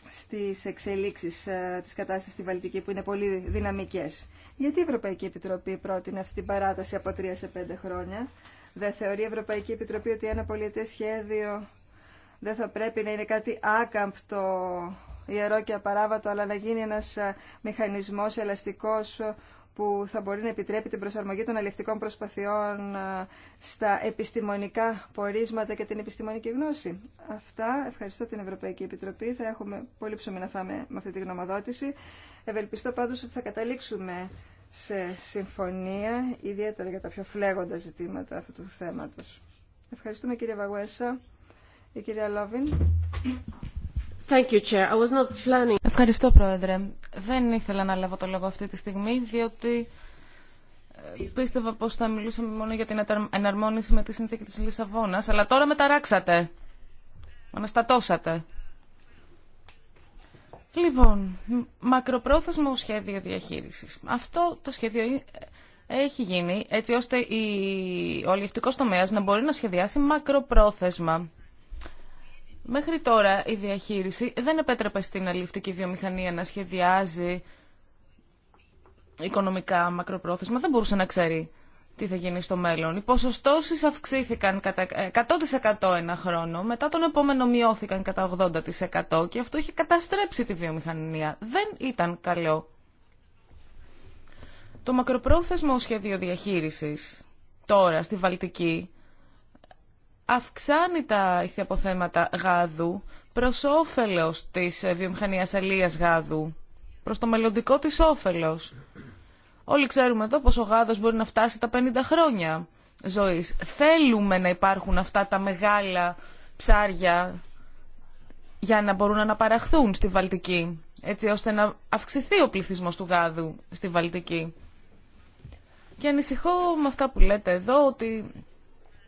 στις εξελίξεις ε, της κατάστασης στη Βαλτική που είναι πολύ δυναμικές. Γιατί η Ευρωπαϊκή Επιτροπή πρότεινε αυτή την παράταση από 3 σε 5 χρόνια. Δεν θεωρεί η Ευρωπαϊκή Επιτροπή ότι ένα πολιτές σχέδιο δεν θα πρέπει να είναι κάτι άκαμπτο, ιερό και απαράβατο, αλλά να γίνει ένας ε, μηχανισμός ελαστικός που θα μπορεί να επιτρέπει την προσαρμογή των αλληλευτικών προσπαθειών ε, στα επιστημονικά πορίσματα και την επιστημονική γνώση. Αυτά. Ευχαριστώ την Ευρωπαϊκή Επιτροπή. Θα έχουμε πολύ ψωμί να φάμε με αυτή τη γνωμοδότηση. Ευελπιστώ πάντως ότι θα καταλήξουμε σε συμφωνία, ιδιαίτερα για τα πιο φλέγοντα ζητήματα αυτού του θέματος. Ευχαριστούμε κύριε Βαγουέσα, η κυρία Λόβιν. Ευχαριστώ, Πρόεδρε. Δεν ήθελα να λάβω το λόγο αυτή τη στιγμή, διότι ε, πίστευα πως θα μιλούσαμε μόνο για την εναρμόνιση με τη συνθήκη της Λισαβόνας, αλλά τώρα μεταράξατε. Αναστατώσατε. Λοιπόν, μακροπρόθεσμο σχέδιο διαχείρισης. Αυτό το σχέδιο ε, έχει γίνει έτσι ώστε η... ο αλληλευτικός τομέας να μπορεί να σχεδιάσει μακροπρόθεσμα. Μέχρι τώρα η διαχείριση δεν επέτρεπε στην αλληλευτική βιομηχανία να σχεδιάζει οικονομικά μακροπρόθεσμα. Δεν μπορούσε να ξέρει τι θα γίνει στο μέλλον. Οι ποσοστώσει αυξήθηκαν κατά 100% ε, ένα χρόνο, μετά τον επόμενο μειώθηκαν κατά 80% και αυτό είχε καταστρέψει τη βιομηχανία. Δεν ήταν καλό. Το μακροπρόθεσμο σχέδιο διαχείρισης τώρα στη Βαλτική αυξάνει τα ηχθιαποθέματα γάδου προς όφελος της ε, βιομηχανίας αλίας γάδου, προς το μελλοντικό της όφελος. Όλοι ξέρουμε εδώ πως ο γάδος μπορεί να φτάσει τα 50 χρόνια ζωής. Θέλουμε να υπάρχουν αυτά τα μεγάλα ψάρια για να μπορούν να αναπαραχθούν στη Βαλτική, έτσι ώστε να αυξηθεί ο πληθυσμός του γάδου στη Βαλτική. Και ανησυχώ με αυτά που λέτε εδώ ότι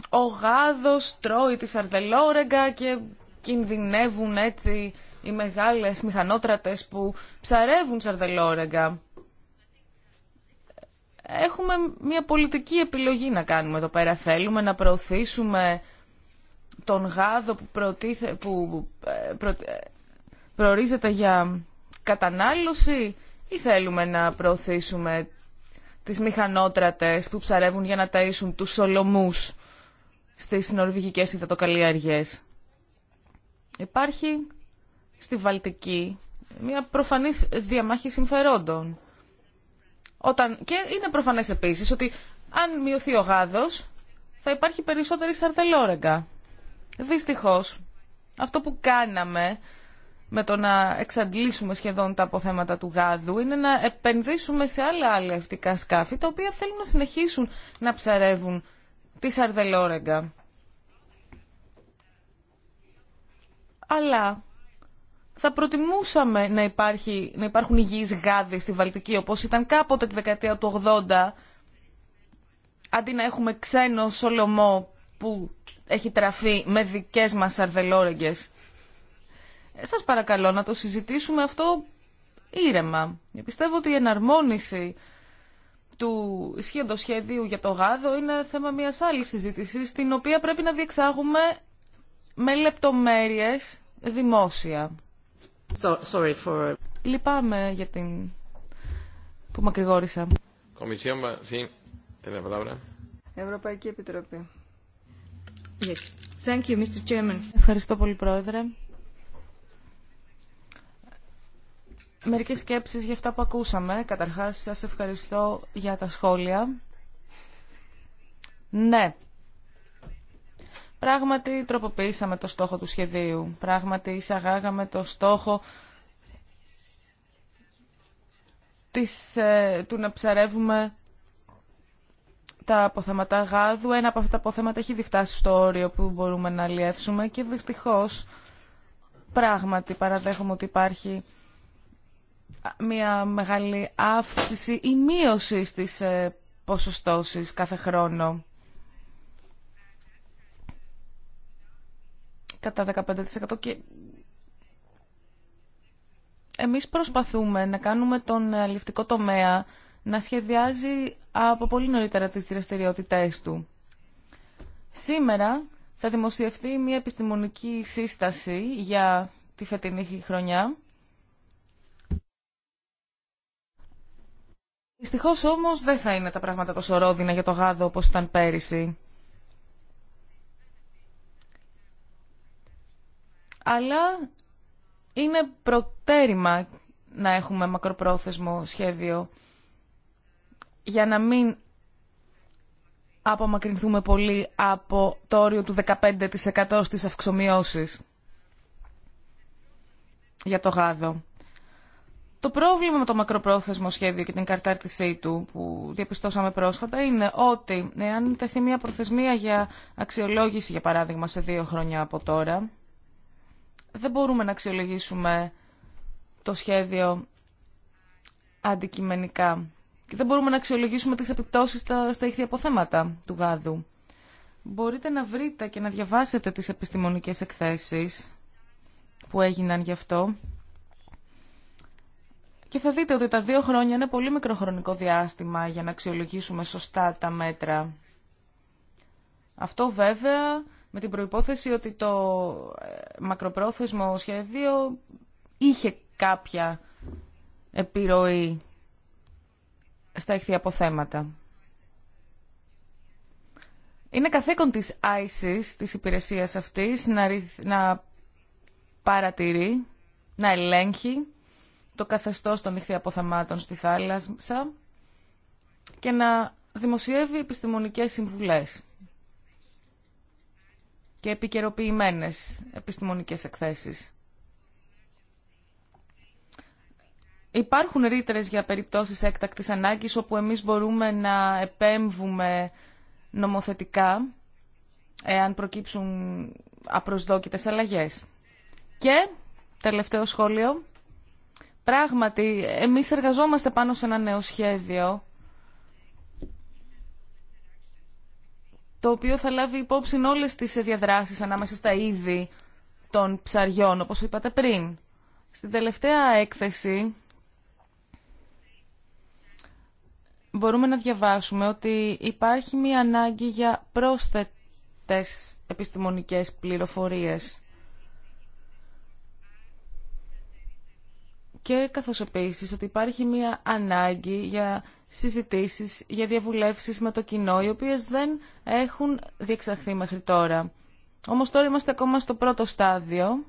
ο γάδος τρώει τη σαρδελόρεγγα και κινδυνεύουν έτσι οι μεγάλες μηχανότρατες που ψαρεύουν σαρδελόρεγγα. Έχουμε μια πολιτική επιλογή να κάνουμε εδώ πέρα. Θέλουμε να προωθήσουμε τον γάδο που, προτίθε, που ε, προ, ε, προορίζεται για κατανάλωση ή θέλουμε να προωθήσουμε τις μηχανότρατες που ψαρεύουν για να ταΐσουν τους σολομούς στις νορβηγικές υδατοκαλλιέργειες. Υπάρχει στη Βαλτική μια προφανής διαμάχη συμφερόντων. Όταν... Και είναι προφανές επίσης ότι αν μειωθεί ο γάδος θα υπάρχει περισσότερη σαρδελόρεγγα. Δυστυχώς, αυτό που κάναμε με το να εξαντλήσουμε σχεδόν τα αποθέματα του γάδου είναι να επενδύσουμε σε άλλα αλευτικά σκάφη τα οποία θέλουν να συνεχίσουν να ψαρεύουν της Αρδελόρεγκα. Αλλά θα προτιμούσαμε να, υπάρχει, να υπάρχουν υγιείς γάδοι στη Βαλτική, όπως ήταν κάποτε τη δεκαετία του 80, αντί να έχουμε ξένο σολομό που έχει τραφεί με δικές μας αρδελόρεγγες. Ε, σας παρακαλώ να το συζητήσουμε αυτό ήρεμα. Ε, πιστεύω ότι η εναρμόνιση του ισχύοντος σχέδιου για το γάδο είναι θέμα μιας άλλης συζήτηση την οποία πρέπει να διεξάγουμε με λεπτομέρειες δημόσια. sorry for... Λυπάμαι για την... που μακρηγόρησα. Ευρωπαϊκή Επιτροπή. Yes. Thank you, Mr. Chairman. Ευχαριστώ πολύ, Πρόεδρε. Μερικές σκέψεις για αυτά που ακούσαμε. Καταρχάς, σας ευχαριστώ για τα σχόλια. Ναι, πράγματι τροποποιήσαμε το στόχο του σχεδίου. Πράγματι εισαγάγαμε το στόχο της, ε, του να ψαρεύουμε τα αποθέματα γάδου. Ένα από αυτά τα αποθέματα έχει διφτάσει στο όριο που μπορούμε να αλλιεύσουμε και δυστυχώς πράγματι παραδέχομαι ότι υπάρχει μια μεγάλη αύξηση ή μείωση στις ε, ποσοστώσεις κάθε χρόνο. Κατά 15% και εμείς προσπαθούμε να κάνουμε τον αληφτικό τομέα να σχεδιάζει από πολύ νωρίτερα τις δραστηριότητε του. Σήμερα θα δημοσιευτεί μια επιστημονική σύσταση για τη φετινή χρονιά Δυστυχώ όμως δεν θα είναι τα πράγματα τόσο ρόδινα για το γάδο όπως ήταν πέρυσι. Αλλά είναι προτέρημα να έχουμε μακροπρόθεσμο σχέδιο για να μην απομακρυνθούμε πολύ από το όριο του 15% στις αυξομοιώσεις για το γάδο. Το πρόβλημα με το μακροπρόθεσμο σχέδιο και την καρτάρτισή του που διαπιστώσαμε πρόσφατα είναι ότι εάν τεθεί μια προθεσμία για αξιολόγηση, για παράδειγμα, σε δύο χρόνια από τώρα, δεν μπορούμε να αξιολογήσουμε το σχέδιο αντικειμενικά και δεν μπορούμε να αξιολογήσουμε τις επιπτώσεις στα, στα ηχθή του γάδου. Μπορείτε να βρείτε και να διαβάσετε τις επιστημονικές εκθέσεις που έγιναν γι' αυτό και θα δείτε ότι τα δύο χρόνια είναι πολύ μικροχρονικό διάστημα για να αξιολογήσουμε σωστά τα μέτρα. Αυτό βέβαια με την προϋπόθεση ότι το ε, μακροπρόθεσμο σχέδιο είχε κάποια επιρροή στα εχθή αποθέματα. Είναι καθήκον της ISIS, της υπηρεσίας αυτής, να παρατηρεί, να ελέγχει το καθεστώς των αποθεμάτων στη θάλασσα και να δημοσιεύει επιστημονικές συμβουλές και επικαιροποιημένε επιστημονικές εκθέσεις. Υπάρχουν ρήτρες για περιπτώσεις έκτακτης ανάγκης όπου εμείς μπορούμε να επέμβουμε νομοθετικά εάν προκύψουν απροσδόκητες αλλαγές. Και, τελευταίο σχόλιο, Πράγματι, εμείς εργαζόμαστε πάνω σε ένα νέο σχέδιο, το οποίο θα λάβει υπόψη όλες τις διαδράσεις ανάμεσα στα είδη των ψαριών, όπως είπατε πριν. Στην τελευταία έκθεση μπορούμε να διαβάσουμε ότι υπάρχει μία ανάγκη για πρόσθετες επιστημονικές πληροφορίες. και καθώς επίσης ότι υπάρχει μια ανάγκη για συζητήσεις, για διαβουλεύσεις με το κοινό, οι οποίες δεν έχουν διεξαχθεί μέχρι τώρα. Όμως τώρα είμαστε ακόμα στο πρώτο στάδιο.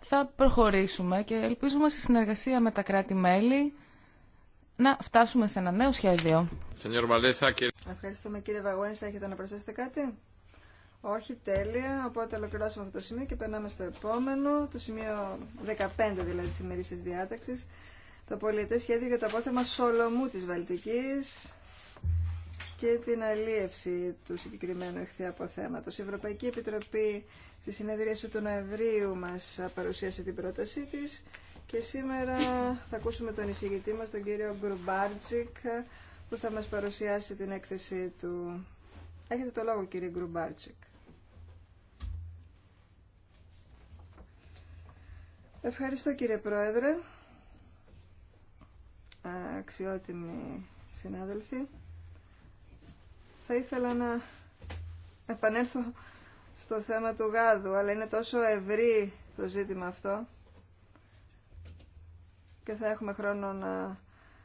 Θα προχωρήσουμε και ελπίζουμε σε συνεργασία με τα κράτη-μέλη να φτάσουμε σε ένα νέο σχέδιο. Ευχαριστούμε κύριε Βαγουένσα. Έχετε να προσθέσετε κάτι. Όχι, τέλεια. Οπότε ολοκληρώσαμε αυτό το σημείο και περνάμε στο επόμενο, το σημείο 15 δηλαδή τη ημερήσια διάταξη. Το πολιτέ σχέδιο για το απόθεμα Σολομού τη Βαλτική και την αλίευση του συγκεκριμένου εχθή αποθέματο. Η Ευρωπαϊκή Επιτροπή στη συνεδρίαση του Νοεμβρίου μας παρουσίασε την πρότασή της και σήμερα θα ακούσουμε τον εισηγητή μας, τον κύριο Γκρουμπάρτζικ, που θα μας παρουσιάσει την έκθεση του. Έχετε το λόγο κύριε Γκρουμπάρτζικ. Ευχαριστώ κύριε Πρόεδρε, αξιότιμοι συνάδελφοι. Θα ήθελα να επανέλθω στο θέμα του γάδου, αλλά είναι τόσο ευρύ το ζήτημα αυτό και θα έχουμε χρόνο να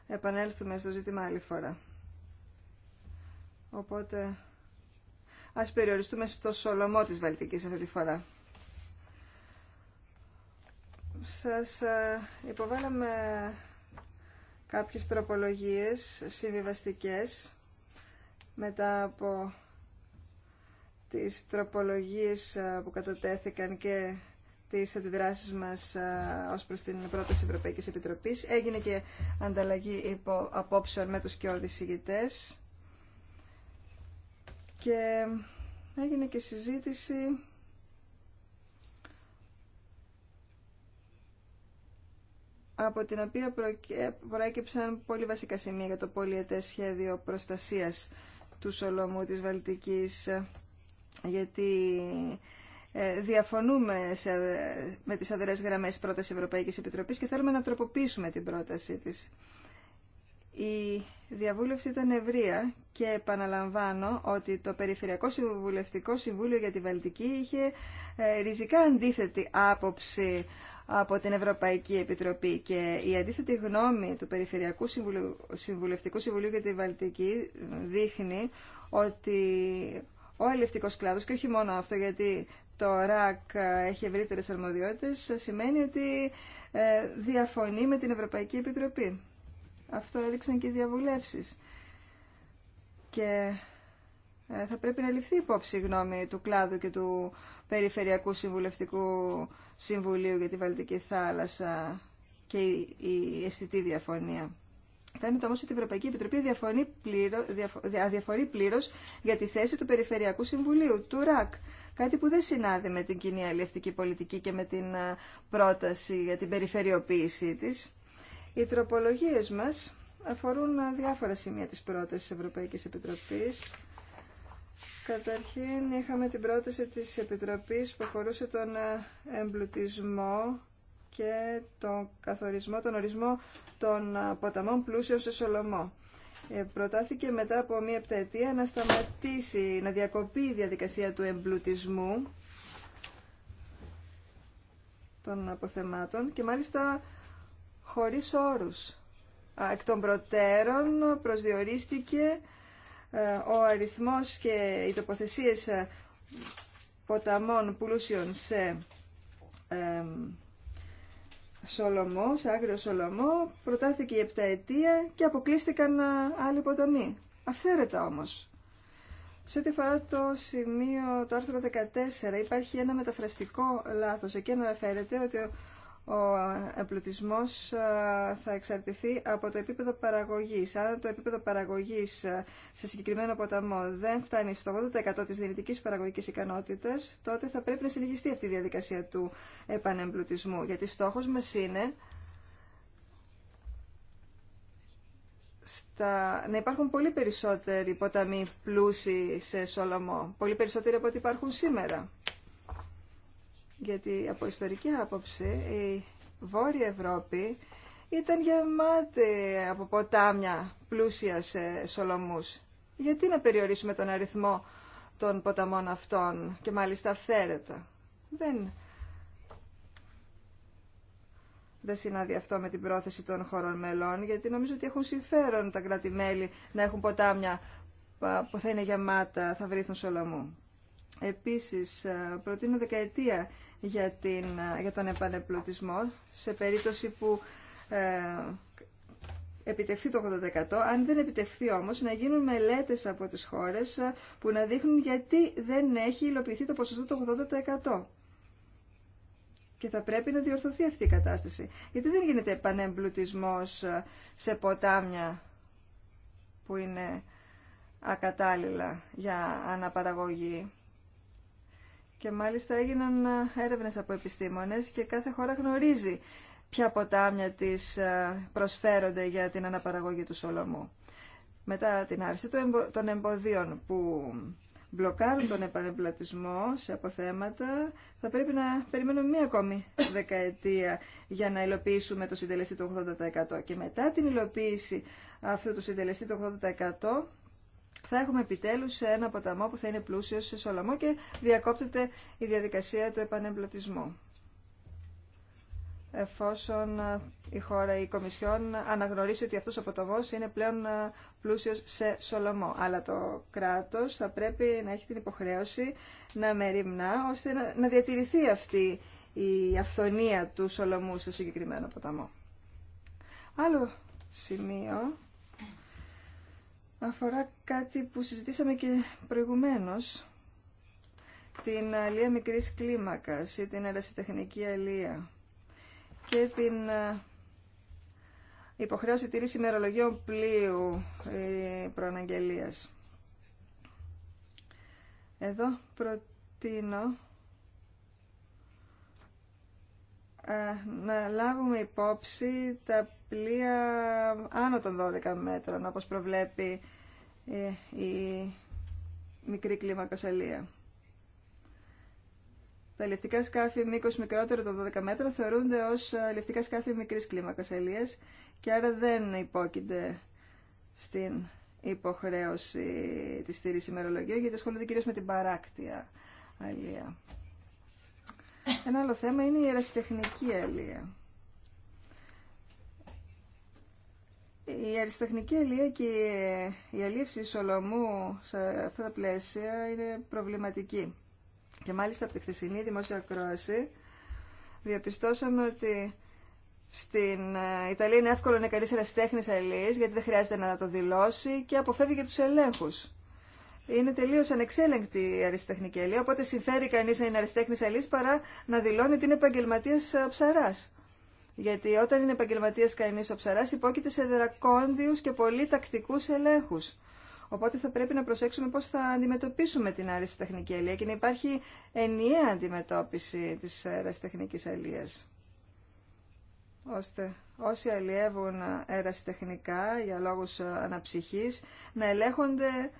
επανέλθουμε στο ζήτημα άλλη φορά. Οπότε ας περιοριστούμε στο σολομό της Βαλτικής αυτή τη φορά. Σας ε, υποβάλαμε κάποιες τροπολογίες συμβιβαστικές μετά από τις τροπολογίες ε, που κατατέθηκαν και τις αντιδράσεις μας ε, ως προς την πρόταση Ευρωπαϊκής Επιτροπής. Έγινε και ανταλλαγή απόψεων με τους και ηγητές και έγινε και συζήτηση από την οποία προέκυψαν πολύ βασικά σημεία για το πολιετές σχέδιο προστασίας του Σολομού της Βαλτικής, ε, γιατί ε, διαφωνούμε ε, με τις αδερές γραμμές πρόταση Ευρωπαϊκής Επιτροπής και θέλουμε να τροποποιήσουμε την πρότασή της. Η διαβούλευση ήταν ευρεία και επαναλαμβάνω ότι το Περιφερειακό Συμβουλευτικό Συμβούλιο για τη Βαλτική είχε ριζικά αντίθετη άποψη από την Ευρωπαϊκή Επιτροπή και η αντίθετη γνώμη του Περιφερειακού Συμβουλευτικού Συμβουλίου για τη Βαλτική δείχνει ότι ο αλληλευτικός κλάδος και όχι μόνο αυτό γιατί το ΡΑΚ έχει ευρύτερε αρμοδιότητες σημαίνει ότι ε, διαφωνεί με την Ευρωπαϊκή Επιτροπή. Αυτό έδειξαν και οι διαβουλεύσεις. Ε, θα πρέπει να ληφθεί υπόψη γνώμη του κλάδου και του Περιφερειακού Συμβουλευτικού Συμβουλίου για τη Βαλτική Θάλασσα και η αισθητή διαφωνία. Φαίνεται όμω ότι η Ευρωπαϊκή Επιτροπή αδιαφορεί πλήρω για τη θέση του Περιφερειακού Συμβουλίου, του ΡΑΚ. Κάτι που δεν συνάδει με την κοινή αλληλευτική πολιτική και με την ε, πρόταση για την περιφερειοποίησή τη. Οι τροπολογίε μα αφορούν ε, διάφορα σημεία τη πρόταση Ευρωπαϊκή Επιτροπή Καταρχήν είχαμε την πρόταση της Επιτροπής που αφορούσε τον ε, εμπλουτισμό και τον καθορισμό, τον ορισμό των ε, ποταμών πλούσιων σε Σολομό. Ε, προτάθηκε μετά από μία επταετία να σταματήσει, να διακοπεί η διαδικασία του εμπλουτισμού των αποθεμάτων και μάλιστα χωρίς όρους. Εκ των προτέρων προσδιορίστηκε ε, ο αριθμός και οι τοποθεσίες ε, ποταμών πλούσιων σε ε, Σολομό, σε άγριο Σολομό, προτάθηκε η επταετία και αποκλείστηκαν άλλοι ποταμοί. Αυθαίρετα όμως. Σε ό,τι αφορά το σημείο, το άρθρο 14, υπάρχει ένα μεταφραστικό λάθος. Εκεί αναφέρεται ότι ο εμπλουτισμός ε, θα εξαρτηθεί από το επίπεδο παραγωγής. Αν το επίπεδο παραγωγής ε, σε συγκεκριμένο ποταμό δεν φτάνει στο 80% της δυνητικής παραγωγικής ικανότητας, τότε θα πρέπει να συνεχιστεί αυτή η διαδικασία του επανεμπλουτισμού. Γιατί στόχος μας είναι στα... να υπάρχουν πολύ περισσότεροι ποταμοί πλούσιοι σε Σολομό, πολύ περισσότεροι από ό,τι υπάρχουν σήμερα γιατί από ιστορική άποψη η Βόρεια Ευρώπη ήταν γεμάτη από ποτάμια πλούσια σε σολομούς. Γιατί να περιορίσουμε τον αριθμό των ποταμών αυτών και μάλιστα αυθαίρετα. Δεν, δεν συνάδει αυτό με την πρόθεση των χωρών μελών, γιατί νομίζω ότι έχουν συμφέρον τα κρατη να έχουν ποτάμια που θα είναι γεμάτα, θα βρίθουν σολομού. Επίσης, ε, προτείνω δεκαετία για, την, για τον επανεπλουτισμό σε περίπτωση που ε, επιτευχθεί το 80%. Αν δεν επιτευχθεί όμως, να γίνουν μελέτες από τις χώρες ε, που να δείχνουν γιατί δεν έχει υλοποιηθεί το ποσοστό το 80%. Και θα πρέπει να διορθωθεί αυτή η κατάσταση. Γιατί δεν γίνεται επανεμπλουτισμός ε, σε ποτάμια που είναι ακατάλληλα για αναπαραγωγή και μάλιστα έγιναν ε, έρευνες από επιστήμονες και κάθε χώρα γνωρίζει ποια ποτάμια της ε, προσφέρονται για την αναπαραγωγή του σολομού. Μετά την άρση των εμποδίων που μπλοκάρουν τον επανεμπλατισμό σε αποθέματα, θα πρέπει να περιμένουμε μία ακόμη δεκαετία για να υλοποιήσουμε το συντελεστή του 80%. Και μετά την υλοποίηση αυτού του συντελεστή του 80%, θα έχουμε επιτέλους ένα ποταμό που θα είναι πλούσιος σε σολαμό και διακόπτεται η διαδικασία του επανεμπλωτισμού εφόσον ε, η χώρα, η Κομισιόν αναγνωρίσει ότι αυτός ο ποταμός είναι πλέον ε, πλούσιος σε σολομό. Αλλά το κράτος θα πρέπει να έχει την υποχρέωση να μεριμνά ώστε να διατηρηθεί αυτή η αυθονία του σολομού στο συγκεκριμένο ποταμό. Άλλο σημείο αφορά κάτι που συζητήσαμε και προηγουμένως, την αλία μικρής κλίμακας ή την ερασιτεχνική αλία και την ε, υποχρέωση τήρηση ημερολογίων πλοίου ε, προαναγγελίας. Εδώ προτείνω ε, να λάβουμε υπόψη τα πλοία άνω των 12 μέτρων, όπως προβλέπει ε, η μικρή κλίμακα σαλία. Τα λευτικά σκάφη μήκο μικρότερο των 12 μέτρων θεωρούνται ω ε, λευτικά σκάφη μικρή κλίμακα αλεία και άρα δεν υπόκεινται στην υποχρέωση τη στήριξη ημερολογίου γιατί ασχολούνται κυρίω με την παράκτια αλία. Ένα άλλο θέμα είναι η ερασιτεχνική αλία. Η αριστεχνική αλία και η αλήψη Σολομού σε αυτά τα πλαίσια είναι προβληματική. Και μάλιστα από τη χθεσινή δημόσια κρόαση διαπιστώσαμε ότι στην ε, Ιταλία είναι εύκολο να κανεί αριστέχνη γιατί δεν χρειάζεται να το δηλώσει και αποφεύγει και του ελέγχου. Είναι τελείω ανεξέλεγκτη η αριστεχνική ελία, οπότε συμφέρει κανεί να είναι αριστέχνη αλληλή παρά να δηλώνει ότι είναι επαγγελματία ε, ψαρά. Γιατί όταν είναι επαγγελματία κανεί ο ψαρά, υπόκειται σε δρακόντιου και πολύ τακτικού ελέγχου. Οπότε θα πρέπει να προσέξουμε πώ θα αντιμετωπίσουμε την άρεση τεχνική και να υπάρχει ενιαία αντιμετώπιση τη αερασιτεχνική αλεία. Ώστε όσοι αλλιεύουν αερασιτεχνικά για λόγους αναψυχής να ελέγχονται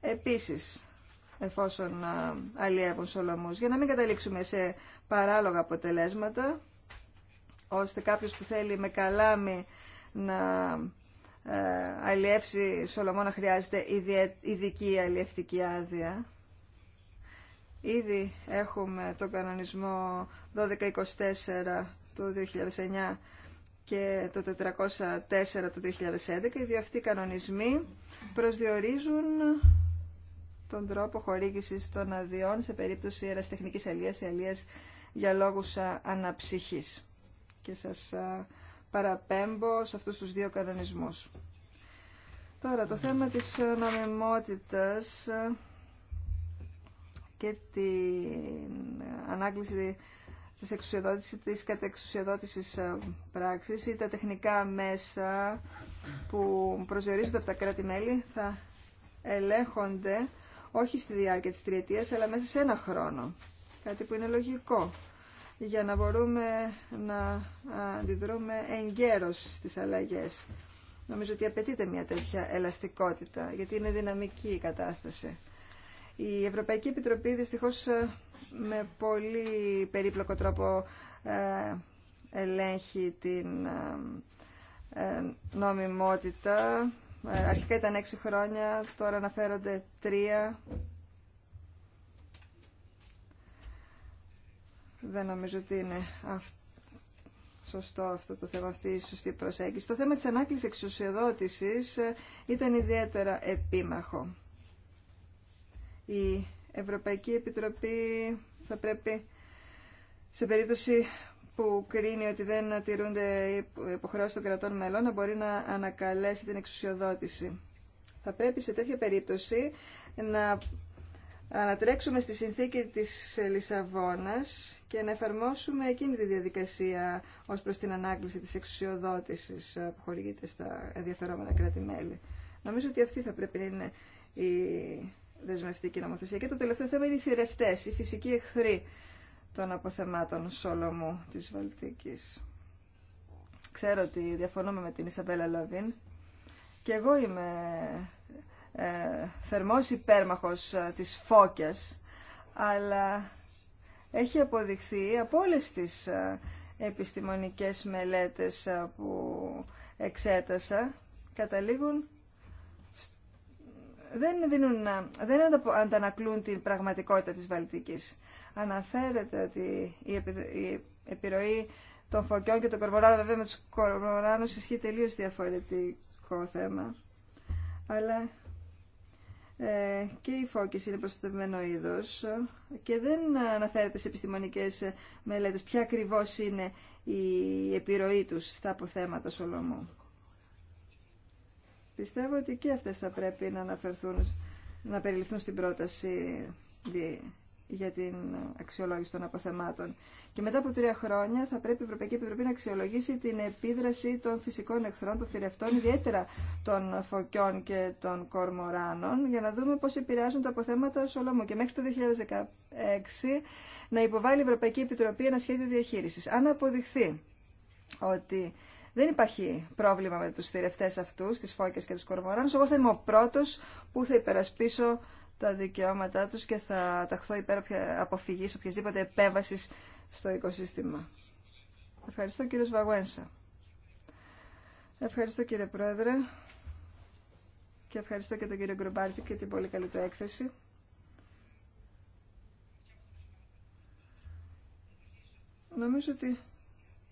επίσης εφόσον αλλιεύουν σολομούς για να μην καταλήξουμε σε παράλογα αποτελέσματα ώστε κάποιος που θέλει με καλάμι να ε, αλλιεύσει να χρειάζεται ειδική αλλιευτική άδεια. Ήδη έχουμε τον κανονισμό 1224 του 2009 και το 404 του 2011. Οι δύο αυτοί κανονισμοί προσδιορίζουν τον τρόπο χορήγησης των αδειών σε περίπτωση αεραστεχνικής αλίας ή αλίας για λόγους αναψυχής και σας παραπέμπω σε αυτούς τους δύο κανονισμούς. Τώρα, το θέμα της νομιμότητας και την ανάγκληση της εξουσιοδότησης, της κατεξουσιοδότησης πράξης ή τα τεχνικά μέσα που προσδιορίζονται από τα κράτη-μέλη θα ελέγχονται όχι στη διάρκεια της τριετίας αλλά μέσα σε ένα χρόνο. Κάτι που είναι λογικό για να μπορούμε να αντιδρούμε εγκαίρως στις αλλαγές. Νομίζω ότι απαιτείται μια τέτοια ελαστικότητα, γιατί είναι δυναμική η κατάσταση. Η Ευρωπαϊκή Επιτροπή δυστυχώς ε, με πολύ περίπλοκο τρόπο ε, ελέγχει την ε, νομιμότητα. Αρχικά ήταν έξι χρόνια, τώρα αναφέρονται τρία δεν νομίζω ότι είναι σωστό αυτό το θέμα, αυτή η σωστή προσέγγιση. Το θέμα της ανάκλησης εξουσιοδότησης ε, ήταν ιδιαίτερα επίμαχο. Η Ευρωπαϊκή Επιτροπή θα πρέπει σε περίπτωση που κρίνει ότι δεν τηρούνται οι υποχρεώσεις των κρατών μελών να μπορεί να ανακαλέσει την εξουσιοδότηση. Θα πρέπει σε τέτοια περίπτωση να ανατρέξουμε στη συνθήκη της Λισαβόνας και να εφαρμόσουμε εκείνη τη διαδικασία ως προς την ανάκληση της εξουσιοδότησης που χορηγείται στα ενδιαφερόμενα κράτη-μέλη. Νομίζω ότι αυτή θα πρέπει να είναι η δεσμευτική νομοθεσία. Και το τελευταίο θέμα είναι οι θηρευτές, οι φυσικοί εχθροί των αποθεμάτων Σόλωμου της Βαλτικής. Ξέρω ότι διαφωνούμε με την Ισαβέλα Λαβίν και εγώ είμαι ε, θερμός υπέρμαχος ε, της φώκιας, αλλά έχει αποδειχθεί από όλες τις ε, επιστημονικές μελέτες που εξέτασα, καταλήγουν δεν, δίνουν, δεν αντανακλούν την πραγματικότητα της Βαλτικής. Αναφέρεται ότι η επιρροή των φωκιών και των κορμοράνων, βέβαια με τους κορμοράνους ισχύει τελείως διαφορετικό θέμα, αλλά ε, και η φωκή είναι προστατευμένο είδος και δεν αναφέρεται σε επιστημονικές μελέτες ποια ακριβώς είναι η επιρροή τους στα αποθέματα Σολομού. Πιστεύω ότι και αυτές θα πρέπει να αναφερθούν, να περιληφθούν στην πρόταση για την αξιολόγηση των αποθεμάτων. Και μετά από τρία χρόνια θα πρέπει η Ευρωπαϊκή Επιτροπή να αξιολογήσει την επίδραση των φυσικών εχθρών, των θηρευτών, ιδιαίτερα των φωκιών και των κορμοράνων, για να δούμε πώς επηρεάζουν τα αποθέματα Σολομού. Και μέχρι το 2016 να υποβάλει η Ευρωπαϊκή Επιτροπή ένα σχέδιο διαχείρισης. Αν αποδειχθεί ότι δεν υπάρχει πρόβλημα με τους θηρευτές αυτούς, τις φώκες και τους κορμοράνους, εγώ θα είμαι ο πρώτος που θα υπερασπίσω τα δικαιώματά τους και θα ταχθώ υπέρ αποφυγής οποιασδήποτε επέμβασης στο οικοσύστημα. Ευχαριστώ κύριος Βαγουένσα. Ευχαριστώ κύριε Πρόεδρε και ευχαριστώ και τον κύριο Γκρουμπάρτζη και την πολύ καλή του έκθεση. Νομίζω ότι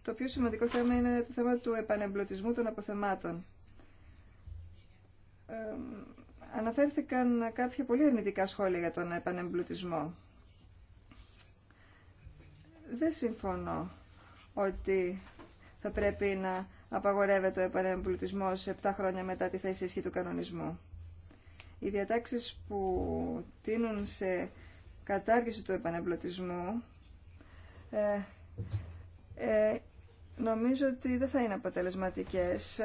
το πιο σημαντικό θέμα είναι το θέμα του επανεμπλωτισμού των αποθεμάτων αναφέρθηκαν κάποια πολύ αρνητικά σχόλια για τον επανεμπλουτισμό. Δεν συμφωνώ ότι θα πρέπει να απαγορεύεται ο επανεμπλουτισμός 7 χρόνια μετά τη θέση ισχύ του κανονισμού. Οι διατάξεις που τίνουν σε κατάργηση του επανεμπλουτισμού ε, ε, νομίζω ότι δεν θα είναι αποτελεσματικές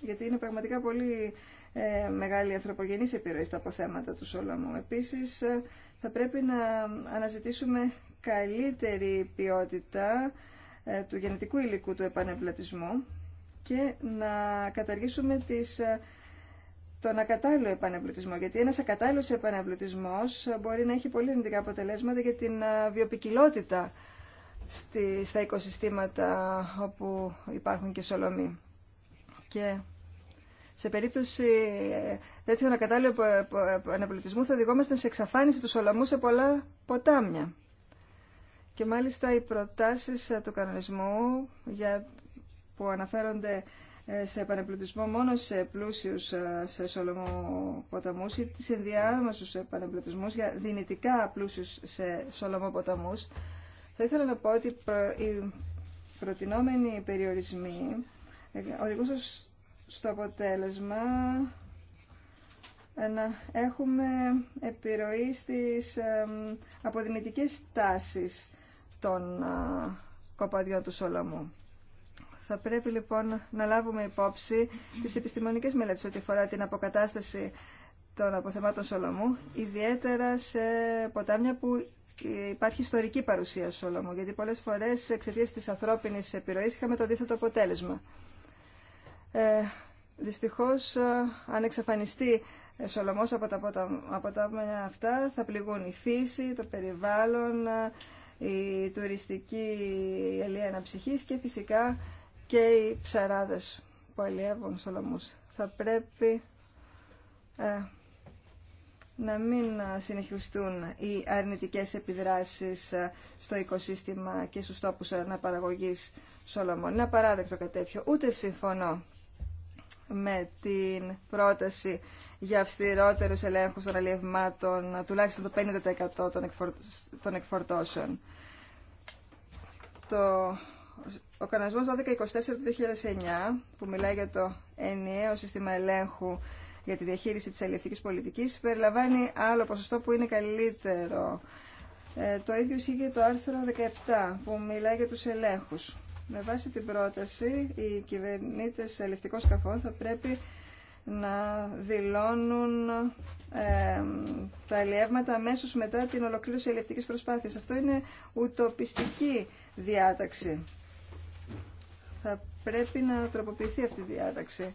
γιατί είναι πραγματικά πολύ ε, μεγάλη ανθρωπογενή επιρροή στα αποθέματα του Σολομού. Επίσης, ε, θα πρέπει να αναζητήσουμε καλύτερη ποιότητα ε, του γενετικού υλικού του επανεπλατισμού και να καταργήσουμε τις, τον ακατάλληλο επανεπλουτισμό. Γιατί ένας ακατάλληλος επανεπλουτισμός μπορεί να έχει πολύ αρνητικά αποτελέσματα για την βιοπικιλότητα στα οικοσυστήματα όπου υπάρχουν και σολομοί. Και σε περίπτωση ε, τέτοιου ανακατάλληλου αναπληκτισμού θα οδηγόμαστε σε εξαφάνιση του σολαμού σε πολλά ποτάμια. Και μάλιστα οι προτάσεις ε, του κανονισμού για, που αναφέρονται ε, σε επανεπλουτισμό μόνο σε πλούσιους σε σολομό ποταμούς ή τις ενδιάμεσους επανεπλουτισμούς για δυνητικά πλούσιους σε σολομό ποταμούς. Θα ήθελα να πω ότι οι προτινόμενοι περιορισμοί οδηγούσαν στο αποτέλεσμα ε, να έχουμε επιρροή στις ε, αποδημητικές τάσεις των ε, κοπαδιών του Σολομού. Θα πρέπει λοιπόν να λάβουμε υπόψη τις επιστημονικές μελέτες ό,τι αφορά την αποκατάσταση των αποθεμάτων Σολομού, ιδιαίτερα σε ποτάμια που υπάρχει ιστορική παρουσία Σολομού, γιατί πολλές φορές εξαιτία της ανθρώπινης επιρροής είχαμε το αντίθετο αποτέλεσμα. Ε, δυστυχώς ε, αν εξαφανιστεί σολομός από τα μένα αυτά θα πληγούν η φύση, το περιβάλλον, ε, η τουριστική ελεία αναψυχής και φυσικά και οι ψαράδες που αλλιεύουν σολομούς. Θα πρέπει να μην συνεχιστούν οι αρνητικές επιδράσεις στο οικοσύστημα και στους τόπους αναπαραγωγής σολομών. Είναι απαράδεκτο κάτι τέτοιο. Ούτε συμφωνώ με την πρόταση για αυστηρότερου ελέγχου των αλλιευμάτων, τουλάχιστον το 50% των εκφορτώσεων. Το, ο κανονισμό 1224 του 2009, που μιλάει για το ενιαίο σύστημα ελέγχου για τη διαχείριση της αλληλευτικής πολιτικής, περιλαμβάνει άλλο ποσοστό που είναι καλύτερο. Ε, το ίδιο ισχύει και το άρθρο 17, που μιλάει για τους ελέγχους. Με βάση την πρόταση, οι κυβερνήτες ελευτικών σκαφών θα πρέπει να δηλώνουν τα ελεύματα αμέσω μετά την ολοκλήρωση ελευτικής προσπάθειας. Αυτό είναι ουτοπιστική διάταξη. Θα πρέπει να τροποποιηθεί αυτή η διάταξη.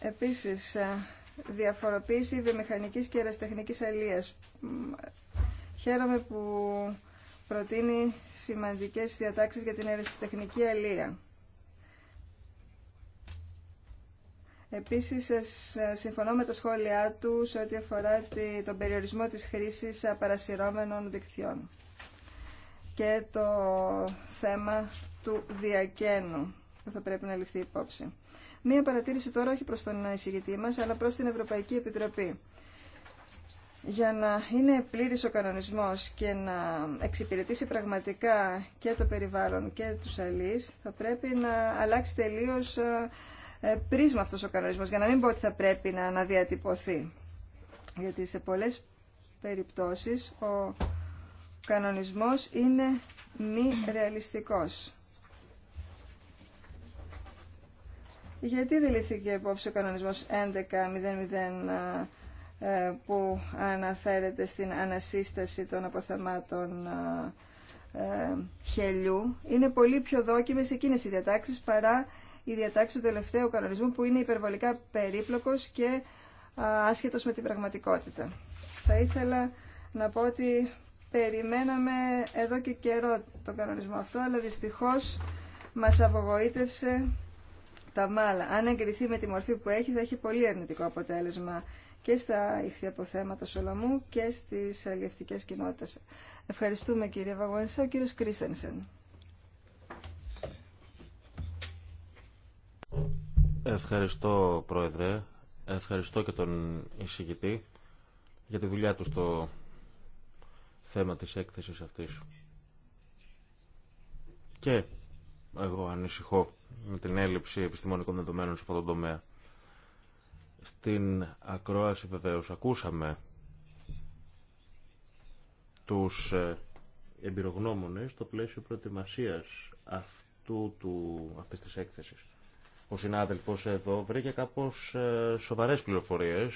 Επίσης, ε, διαφοροποίηση βιομηχανικής και αεραστεχνικής αλίας. Χαίρομαι που προτείνει σημαντικές διατάξεις για την αεροσιτεχνική αλεία. Επίσης, ε, συμφωνώ με τα σχόλιά του σε ό,τι αφορά τον περιορισμό της χρήσης παρασυρώμενων δικτυών και το θέμα του διακαίνου που θα πρέπει να ληφθεί υπόψη. Μία παρατήρηση τώρα όχι προς τον εισηγητή μας, αλλά προς την Ευρωπαϊκή Επιτροπή για να είναι πλήρης ο κανονισμός και να εξυπηρετήσει πραγματικά και το περιβάλλον και τους αλείς, θα πρέπει να αλλάξει τελείως ε, ε, πρίσμα αυτός ο κανονισμός, για να μην πω ότι θα πρέπει να αναδιατυπωθεί. Γιατί σε πολλές περιπτώσεις ο κανονισμός είναι μη ρεαλιστικός. Γιατί δηληθήκε υπόψη ο κανονισμός 11.00 ε, που αναφέρεται στην ανασύσταση των αποθεμάτων ε, χελιού. Είναι πολύ πιο δόκιμες εκείνες οι διατάξεις παρά η διατάξη του τελευταίου κανονισμού που είναι υπερβολικά περίπλοκος και άσχετος με την πραγματικότητα. Θα ήθελα να πω ότι περιμέναμε εδώ και καιρό τον κανονισμό αυτό, αλλά δυστυχώς μας απογοήτευσε τα μάλα. Αν εγκριθεί με τη μορφή που έχει, θα έχει πολύ αρνητικό αποτέλεσμα και στα ηχθιαποθέματα Σολομού και στις αλληλευτικές κοινότητες. Ευχαριστούμε κύριε Βαγόνισσα, ο κύριος Κρίστανσεν. Ευχαριστώ Πρόεδρε, ευχαριστώ και τον εισηγητή για τη δουλειά του στο θέμα της έκθεσης αυτής. Και εγώ ανησυχώ με την έλλειψη επιστημονικών δεδομένων σε αυτόν τον τομέα. Στην ακρόαση βεβαίως ακούσαμε τους ε, εμπειρογνώμονες στο πλαίσιο προετοιμασίας αυτού του, αυτής της έκθεσης. Ο συνάδελφος εδώ βρήκε κάπως ε, σοβαρές πληροφορίες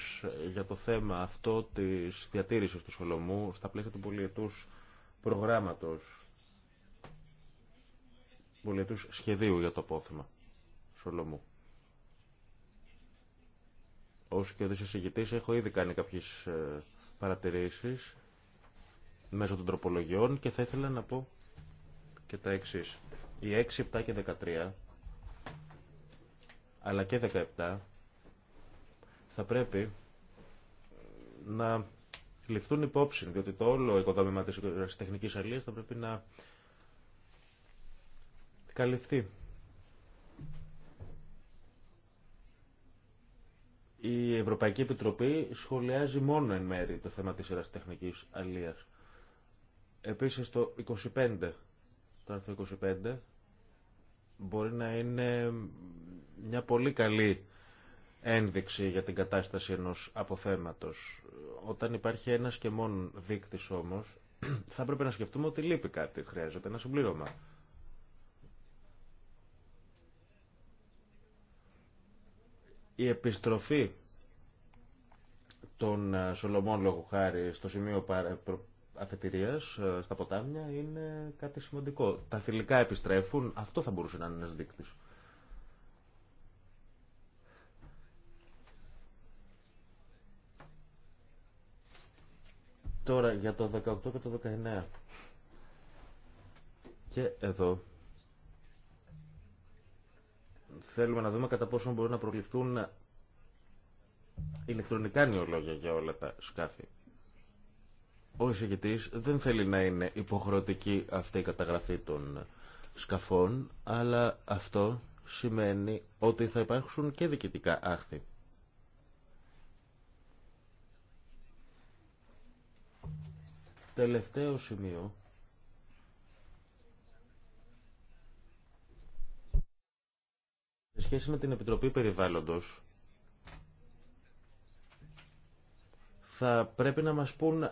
για το θέμα αυτό της διατήρησης του Σολομού στα πλαίσια του πολιετούς προγράμματος, πολιετούς σχεδίου για το απόθεμα Σολομού ως και ο έχω ήδη κάνει κάποιες ε, παρατηρήσεις μέσω των τροπολογιών και θα ήθελα να πω και τα εξή. Οι 6, 7 και 13 αλλά και 17 θα πρέπει να ληφθούν υπόψη, διότι το όλο οικοδόμημα της τεχνικής αλίας θα πρέπει να καλυφθεί Η Ευρωπαϊκή Επιτροπή σχολιάζει μόνο εν μέρη το θέμα της ερασιτεχνικής αλίας. Επίσης το 25, το άρθρο 25, μπορεί να είναι μια πολύ καλή ένδειξη για την κατάσταση ενός αποθέματος. Όταν υπάρχει ένας και μόνο δείκτης όμως, θα έπρεπε να σκεφτούμε ότι λείπει κάτι, χρειάζεται ένα συμπλήρωμα. η επιστροφή των ε, Σολομών λόγω χάρη στο σημείο αφετηρίας ε, στα ποτάμια είναι κάτι σημαντικό. Τα θηλυκά επιστρέφουν, αυτό θα μπορούσε να είναι ένας Τώρα για το 18 και το 19. Και εδώ θέλουμε να δούμε κατά πόσο μπορούν να προβληθούν ηλεκτρονικά νεολόγια για όλα τα σκάφη. Ο εισηγητή δεν θέλει να είναι υποχρεωτική αυτή η καταγραφή των σκαφών, αλλά αυτό σημαίνει ότι θα υπάρξουν και διοικητικά άχθη. Τελευταίο σημείο Σε σχέση με την Επιτροπή Περιβάλλοντος, θα πρέπει να μας πούν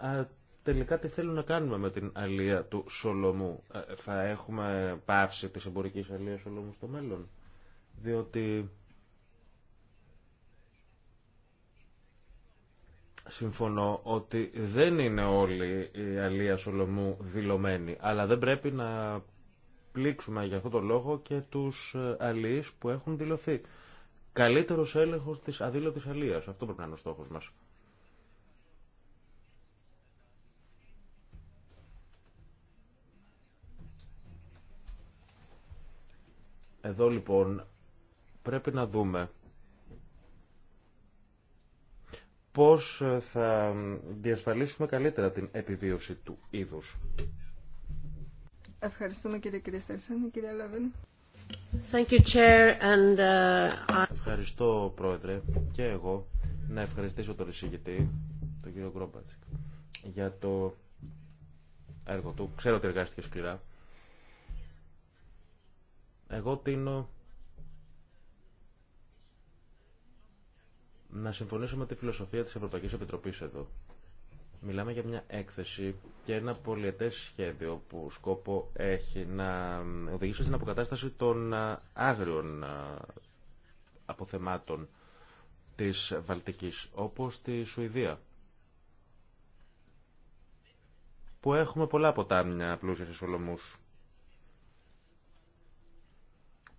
τελικά τι θέλουν να κάνουμε με την αλία του Σολομού. Α, ε, θα έχουμε πάυση της εμπορικής αλίας Σολομού στο μέλλον. Διότι συμφωνώ ότι δεν είναι όλη η αλία Σολομού δηλωμένοι, αλλά δεν πρέπει να πλήξουμε για αυτό το λόγο και τους ε, αλείς που έχουν δηλωθεί. Καλύτερος έλεγχος της αδήλωτης αλίας. Αυτό πρέπει να είναι ο στόχος μας. Εδώ λοιπόν πρέπει να δούμε πώς θα διασφαλίσουμε καλύτερα την επιβίωση του είδους. Ευχαριστούμε κύριε Κρίστερσεν, κύριε Λαβίν. Thank you, uh, Ευχαριστώ Πρόεδρε και εγώ να ευχαριστήσω τον εισηγητή, τον κύριο Γκρόμπατσικ, για το έργο του. Ξέρω ότι εργάστηκε σκληρά. Εγώ τίνω να συμφωνήσω με τη φιλοσοφία της Ευρωπαϊκής Επιτροπής εδώ. Μιλάμε για μια έκθεση και ένα πολιετές σχέδιο που σκόπο έχει να οδηγήσει στην αποκατάσταση των ε, άγριων ε, αποθεμάτων της Βαλτικής, όπως τη Σουηδία. Που έχουμε πολλά ποτάμια πλούσια σε σολομούς.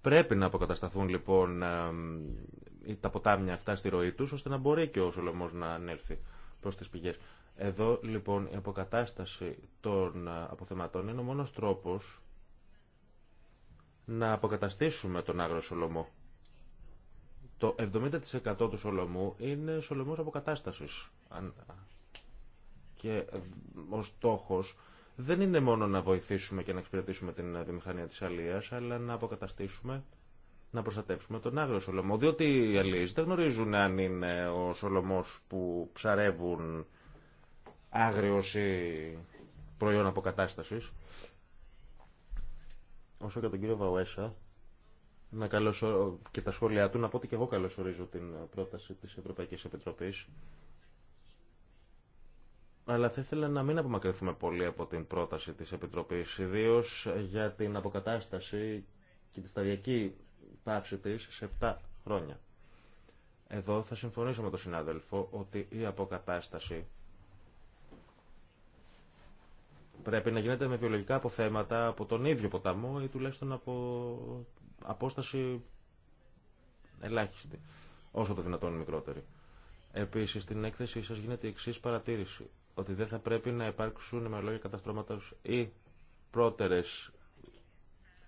Πρέπει να αποκατασταθούν λοιπόν ε, τα ποτάμια αυτά στη ροή τους, ώστε να μπορεί και ο σολομός να ανέλθει προς τις πηγές. Εδώ λοιπόν η αποκατάσταση των ε, αποθεματών είναι ο μόνος τρόπος να αποκαταστήσουμε τον άγρο σολομό. Το 70% του σολομού είναι σολομός αποκατάστασης. Και ε, ο στόχος δεν είναι μόνο να βοηθήσουμε και να εξυπηρετήσουμε την ε, βιομηχανία της αλίας, αλλά να αποκαταστήσουμε, να προστατεύσουμε τον άγριο σολομό. Διότι οι αλίες δεν γνωρίζουν αν είναι ο σολομός που ψαρεύουν άγριος ή προϊόν αποκατάστασης. Όσο για τον κύριο Βαουέσα, να και τα σχόλιά του, να πω ότι και εγώ καλωσορίζω την πρόταση της Ευρωπαϊκής Επιτροπής. Αλλά θα ήθελα να μην απομακρυνθούμε πολύ από την πρόταση της Επιτροπής, ιδίω για την αποκατάσταση και τη σταδιακή πάυση της σε 7 χρόνια. Εδώ θα συμφωνήσω με τον συνάδελφο ότι η αποκατάσταση Πρέπει να γίνεται με βιολογικά αποθέματα από τον ίδιο ποταμό ή τουλάχιστον από απόσταση ελάχιστη, όσο το δυνατόν μικρότερη. Επίση, στην έκθεσή σα γίνεται η εξή παρατήρηση. Ότι δεν θα πρέπει να υπάρξουν με λόγια καταστρώματα ή πρότερες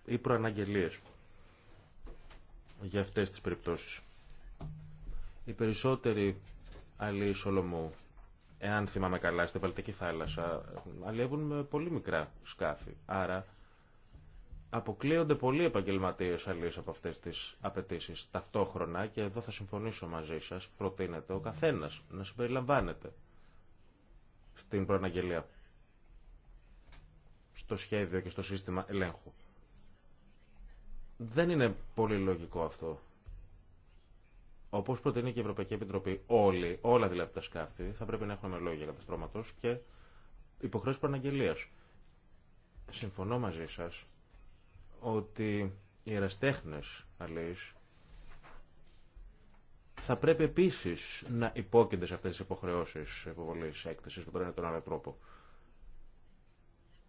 ή προαναγγελίε για αυτέ τι περιπτώσει. Οι περισσότεροι αλλοί Σολομού εάν θυμάμαι καλά, στην Βαλτική θάλασσα, αλλιεύουν με πολύ μικρά σκάφη. Άρα αποκλείονται πολλοί επαγγελματίε αλλιώ από αυτέ τι απαιτήσει. Ταυτόχρονα, και εδώ θα συμφωνήσω μαζί σα, προτείνεται ο καθένα να συμπεριλαμβάνεται στην προαναγγελία, στο σχέδιο και στο σύστημα ελέγχου. Δεν είναι πολύ λογικό αυτό. Όπω προτείνει και η Ευρωπαϊκή Επιτροπή, όλοι, όλα δηλαδή τα σκάφη θα πρέπει να έχουν λόγια καταστρώματο και υποχρέωση παραγγελία. Συμφωνώ μαζί σα ότι οι εραστέχνε αλληλεί θα πρέπει επίση να υπόκεινται σε αυτέ τι υποχρεώσει υποβολή έκθεση που τον ένα τον άλλο τρόπο.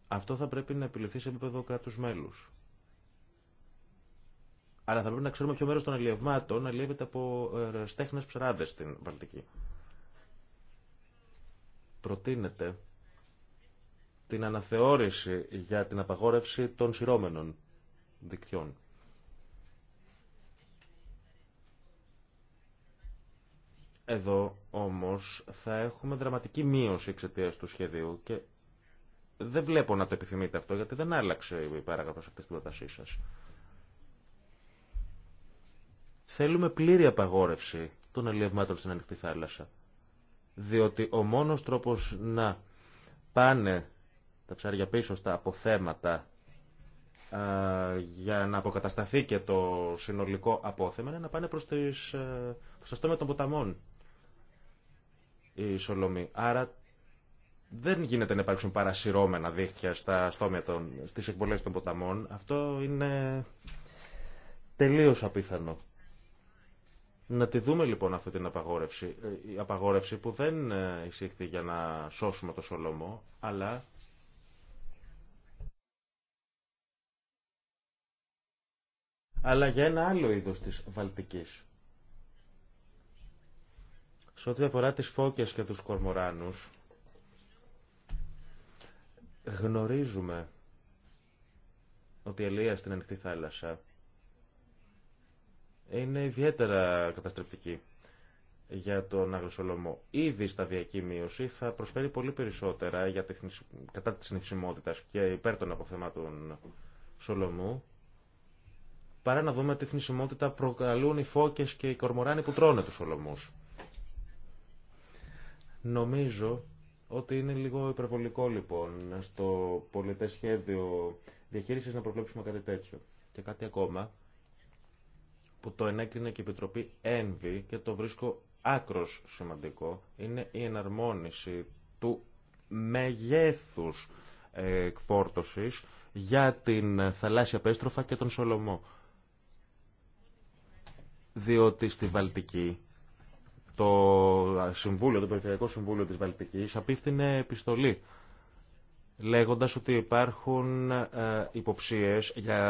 Αυτό θα πρέπει να επιληθεί σε επίπεδο κράτου μέλου. Αλλά θα πρέπει να ξέρουμε ποιο μέρο των αλλιευμάτων αλλιεύεται από ε, στέχνε ψαράδε στην Βαλτική. Προτείνεται την αναθεώρηση για την απαγόρευση των σειρώμενων δικτυών. Εδώ όμως θα έχουμε δραματική μείωση εξαιτία του σχεδίου και δεν βλέπω να το επιθυμείτε αυτό γιατί δεν άλλαξε η παράγραφος αυτή της πρότασή σας. Θέλουμε πλήρη απαγόρευση των αλλιευμάτων στην ανοιχτή θάλασσα. Διότι ο μόνος τρόπος να πάνε τα ψάρια πίσω στα αποθέματα για να αποκατασταθεί και το συνολικό απόθεμα είναι να πάνε προς, τις, ε, προς το στόμα των ποταμών η Σολομή. Άρα δεν γίνεται να υπάρξουν παρασυρώμενα δίχτυα στα στόμια των, στις εκβολές των ποταμών. Αυτό είναι τελείως απίθανο. Να τη δούμε λοιπόν αυτή την απαγόρευση. Ε, η απαγόρευση που δεν ε, εισήχθη για να σώσουμε το Σολομό, αλλά αλλά για ένα άλλο είδος της Βαλτικής. Σε ό,τι αφορά τις φώκες και τους κορμοράνους, γνωρίζουμε ότι η Ελία στην ανοιχτή θάλασσα είναι ιδιαίτερα καταστρεπτική για τον αγροσολομό. Ήδη η σταδιακή μείωση θα προσφέρει πολύ περισσότερα για τη, κατά της νησιμότητας και υπέρ των αποθεμάτων σολομού παρά να δούμε τι θνησιμότητα προκαλούν οι φώκες και οι κορμοράνοι που τρώνε τους σολομούς. Νομίζω ότι είναι λίγο υπερβολικό λοιπόν στο πολιτέ σχέδιο διαχείρισης να προβλέψουμε κάτι τέτοιο. Και κάτι ακόμα, που το ενέκρινε και η Επιτροπή ΕΝΒΗ και το βρίσκω άκρος σημαντικό είναι η εναρμόνιση του μεγέθους ε, εκφόρτωσης για την θαλάσσια πέστροφα και τον Σολομό. Διότι στη Βαλτική το Συμβούλιο, το Περιφερειακό Συμβούλιο της Βαλτικής απίφθινε επιστολή λέγοντας ότι υπάρχουν ε, υποψίες για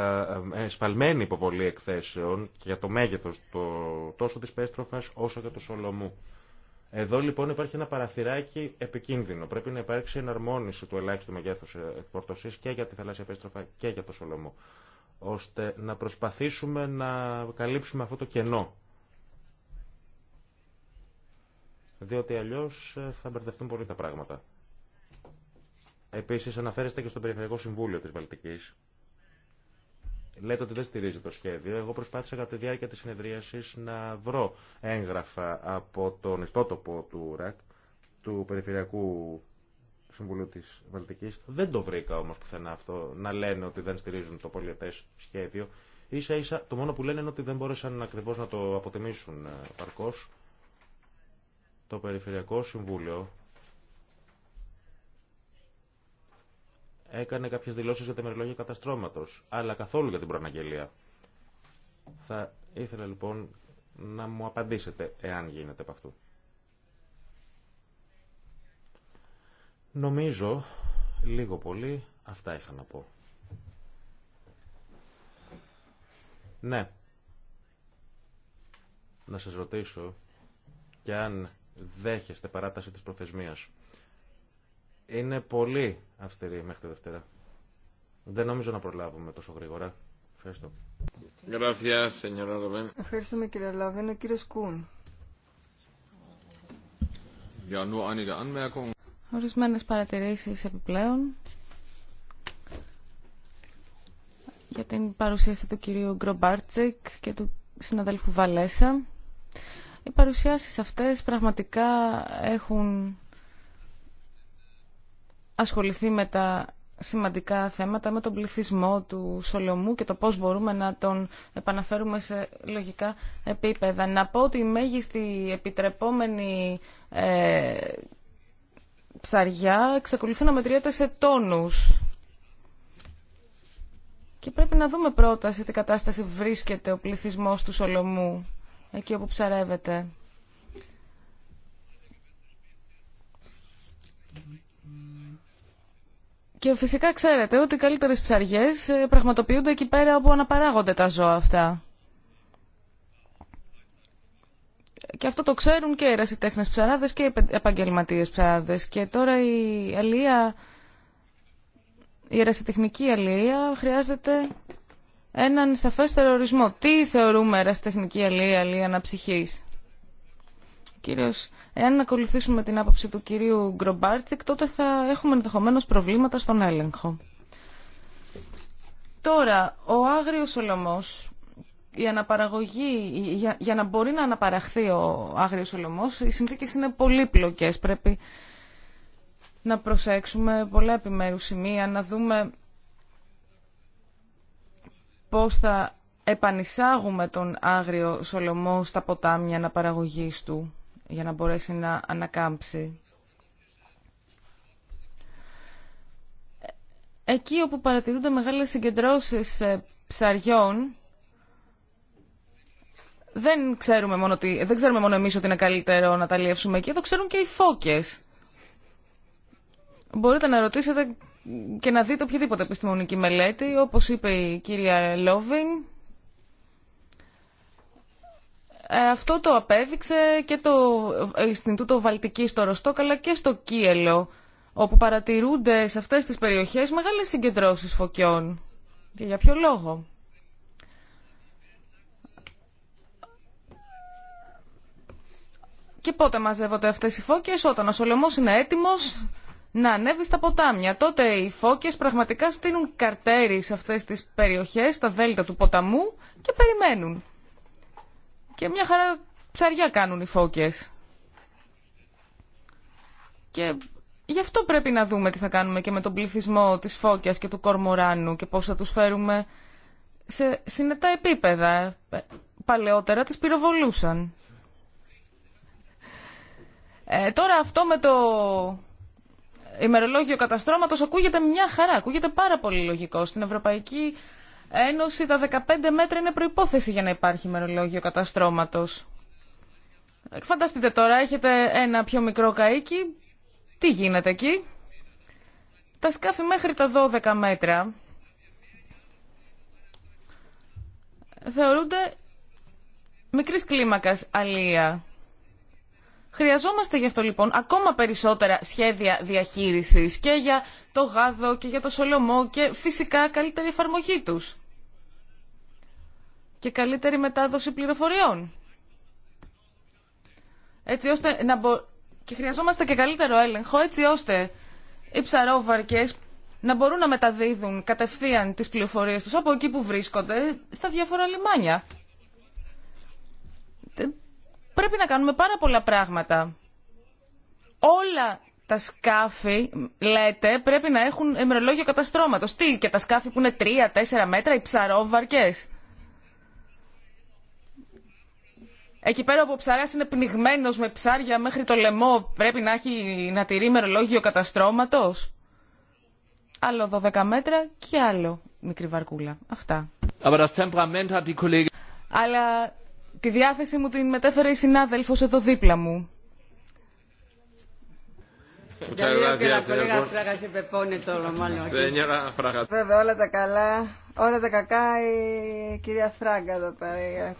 ε, εσφαλμένη υποβολή εκθέσεων και για το μέγεθος το, τόσο της Πέστροφας όσο και του Σολομού. Εδώ λοιπόν υπάρχει ένα παραθυράκι επικίνδυνο. Πρέπει να υπάρξει εναρμόνιση του ελάχιστου μεγέθους ε, εκπορτωσής και για τη θαλάσσια Πέστροφα και για το Σολομό, ώστε να προσπαθήσουμε να καλύψουμε αυτό το κενό. Διότι αλλιώς θα μπερδευτούν πολύ τα πράγματα. Επίσης αναφέρεστε και στο Περιφερειακό Συμβούλιο της Βαλτική. Λέτε ότι δεν στηρίζει το σχέδιο. Εγώ προσπάθησα κατά τη διάρκεια τη συνεδρίαση να βρω έγγραφα από τον ιστότοπο του ΡΑΚ, του Περιφερειακού Συμβουλίου της Βαλτική. Δεν το βρήκα όμως πουθενά αυτό, να λένε ότι δεν στηρίζουν το πολιτέ σχέδιο. σα ίσα το μόνο που λένε είναι ότι δεν μπόρεσαν ακριβώ να το αποτιμήσουν ε, παρκώ. Το Περιφερειακό Συμβούλιο έκανε κάποιε δηλώσει για τη μερολόγια καταστρώματο, αλλά καθόλου για την προαναγγελία. Θα ήθελα λοιπόν να μου απαντήσετε, εάν γίνεται από αυτού. Νομίζω, λίγο πολύ, αυτά είχα να πω. Ναι. Να σας ρωτήσω και αν δέχεστε παράταση της προθεσμίας είναι πολύ αυστηρή μέχρι τη Δευτέρα. Δεν νομίζω να προλάβουμε τόσο γρήγορα. Ευχαριστώ. Ευχαριστούμε κύριε Λαβέν. Ο κύριος Κούν. Ορισμένες παρατηρήσεις επιπλέον για την παρουσίαση του κυρίου Γκρομπάρτσικ και του συναδέλφου Βαλέσα. Οι παρουσιάσεις αυτές πραγματικά έχουν ασχοληθεί με τα σημαντικά θέματα, με τον πληθυσμό του Σολομού και το πώς μπορούμε να τον επαναφέρουμε σε λογικά επίπεδα. Να πω ότι η μέγιστη επιτρεπόμενη ε, ψαριά εξακολουθεί να μετριέται σε τόνους. Και πρέπει να δούμε πρώτα σε τι κατάσταση βρίσκεται ο πληθυσμός του Σολομού, εκεί όπου ψαρεύεται. Και φυσικά ξέρετε ότι οι καλύτερες ψαριές ε, πραγματοποιούνται εκεί πέρα όπου αναπαράγονται τα ζώα αυτά. Και αυτό το ξέρουν και οι ερασιτέχνες ψαράδες και οι επαγγελματίες ψαράδες. Και τώρα η αλία, η ερασιτεχνική αλία χρειάζεται έναν σαφέστερο ορισμό. Τι θεωρούμε ερασιτεχνική αλία, αλία αναψυχής κύριος, εάν ακολουθήσουμε την άποψη του κυρίου Γκρομπάρτσικ, τότε θα έχουμε ενδεχομένω προβλήματα στον έλεγχο. Τώρα, ο άγριος Σολωμός, η αναπαραγωγή, για, να μπορεί να αναπαραχθεί ο άγριος Σολωμός, οι συνθήκες είναι πολύ πολύπλοκες. Πρέπει να προσέξουμε πολλά επιμέρους σημεία, να δούμε πώς θα επανισάγουμε τον άγριο Σολωμό στα ποτάμια αναπαραγωγής του για να μπορέσει να ανακάμψει. Εκεί όπου παρατηρούνται μεγάλες συγκεντρώσεις ε, ψαριών, δεν ξέρουμε, μόνο τι, δεν ξέρουμε μόνο εμείς ότι είναι καλύτερο να τα λιεύσουμε εκεί, εδώ ξέρουν και οι φώκες. Μπορείτε να ρωτήσετε και να δείτε οποιαδήποτε επιστημονική μελέτη, όπως είπε η κυρία Λόβιν, ε, αυτό το απέδειξε και το Ινστιτούτο βαλτική στο Ροστόκ αλλά και στο Κίελο όπου παρατηρούνται σε αυτές τις περιοχές μεγάλες συγκεντρώσεις φωκιών. Και για ποιο λόγο. Και πότε μαζεύονται αυτές οι φώκες όταν ο Σολεμός είναι έτοιμος να ανέβει στα ποτάμια. Τότε οι φώκες πραγματικά στείλουν καρτέρι σε αυτές τις περιοχές, στα δέλτα του ποταμού και περιμένουν. Και μια χαρά ψαριά κάνουν οι φώκες. Και γι' αυτό πρέπει να δούμε τι θα κάνουμε και με τον πληθυσμό της φώκιας και του κορμοράνου και πώς θα τους φέρουμε σε συνετά επίπεδα. Ε, παλαιότερα τις πυροβολούσαν. Ε, τώρα αυτό με το ημερολόγιο καταστρώματος ακούγεται μια χαρά, ακούγεται πάρα πολύ λογικό. Στην Ευρωπαϊκή Ένωση τα 15 μέτρα είναι προϋπόθεση για να υπάρχει μερολόγιο καταστρώματος. Φανταστείτε τώρα, έχετε ένα πιο μικρό καίκι, τι γίνεται εκεί. Τα σκάφη μέχρι τα 12 μέτρα θεωρούνται μικρής κλίμακας αλία. Χρειαζόμαστε γι' αυτό λοιπόν ακόμα περισσότερα σχέδια διαχείρισης και για το γάδο και για το σολομό και φυσικά καλύτερη εφαρμογή τους. Και καλύτερη μετάδοση πληροφοριών. Έτσι ώστε να Και χρειαζόμαστε και καλύτερο έλεγχο έτσι ώστε οι ψαρόβαρκες να μπορούν να μεταδίδουν κατευθείαν τις πληροφορίες τους από εκεί που βρίσκονται στα διάφορα λιμάνια πρέπει να κάνουμε πάρα πολλά πράγματα. Όλα τα σκάφη, λέτε, πρέπει να έχουν ημερολόγιο καταστρώματος. Τι, και τα σκάφη που ειναι τρία, τέσσερα μέτρα, οι ψαρόβαρκες. Εκεί πέρα όπου ο ψαράς είναι πνιγμένος με ψάρια μέχρι το λαιμό, πρέπει να, έχει, να τηρεί ημερολόγιο καταστρώματος. Άλλο 12 μέτρα και άλλο μικρή βαρκούλα. Αυτά. Αλλά Τη διάθεση μου την μετέφερε η συνάδελφο εδώ δίπλα μου. Βέβαια όλα τα καλά, όλα τα κακά η κυρία Φράγκα εδώ πέρα.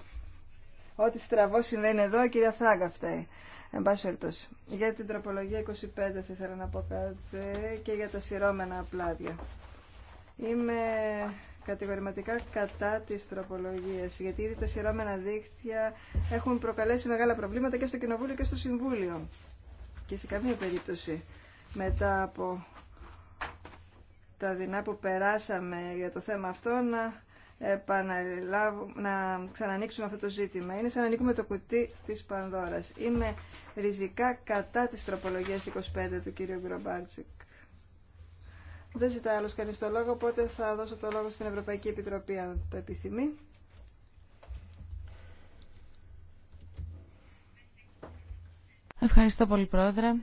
Ό,τι στραβό συμβαίνει εδώ η κυρία Φράγκα φταίει. Εν πάση Για την τροπολογία 25 θα ήθελα να πω κάτι και για τα σειρώμενα πλάδια. Είμαι κατηγορηματικά κατά της τροπολογίας, γιατί ήδη τα σειρώμενα δίκτυα έχουν προκαλέσει μεγάλα προβλήματα και στο Κοινοβούλιο και στο Συμβούλιο. Και σε καμία περίπτωση μετά από τα δεινά που περάσαμε για το θέμα αυτό να, να ξανανοίξουμε αυτό το ζήτημα. Είναι σαν να ανοίγουμε το κουτί της Πανδώρας. Είμαι ριζικά κατά της τροπολογίας 25 του κ. Γκρομπάρτσικ δεν ζητάει άλλο κανεί το λόγο, οπότε θα δώσω το λόγο στην Ευρωπαϊκή Επιτροπή αν το επιθυμεί. Ευχαριστώ πολύ, Πρόεδρε.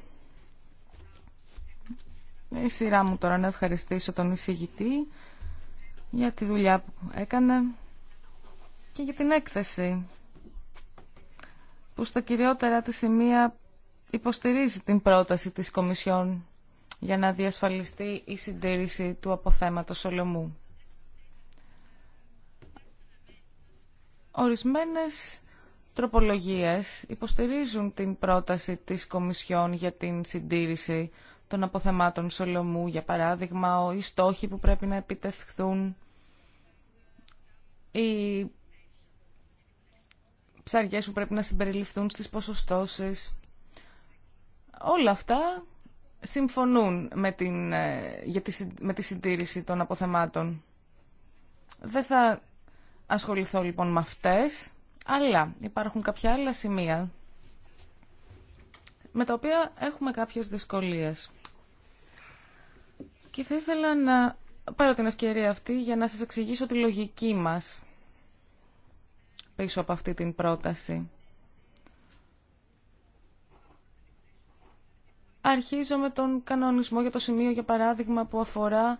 Η σειρά μου τώρα να ευχαριστήσω τον εισηγητή για τη δουλειά που έκανε και για την έκθεση που στα κυριότερα τη σημεία υποστηρίζει την πρόταση της Κομισιόν για να διασφαλιστεί η συντήρηση του αποθέματος Σολομού. Ορισμένες τροπολογίες υποστηρίζουν την πρόταση της Κομισιόν για την συντήρηση των αποθεμάτων Σολομού, για παράδειγμα, οι στόχοι που πρέπει να επιτευχθούν, οι ψαριές που πρέπει να συμπεριληφθούν στις ποσοστώσεις. Όλα αυτά συμφωνούν με, την, ε, για τη, με τη συντήρηση των αποθεμάτων. Δεν θα ασχοληθώ λοιπόν με αυτές, αλλά υπάρχουν κάποια άλλα σημεία με τα οποία έχουμε κάποιες δυσκολίες. Και θα ήθελα να πάρω την ευκαιρία αυτή για να σας εξηγήσω τη λογική μας πίσω από αυτή την πρόταση. Αρχίζω με τον κανονισμό για το σημείο, για παράδειγμα, που αφορά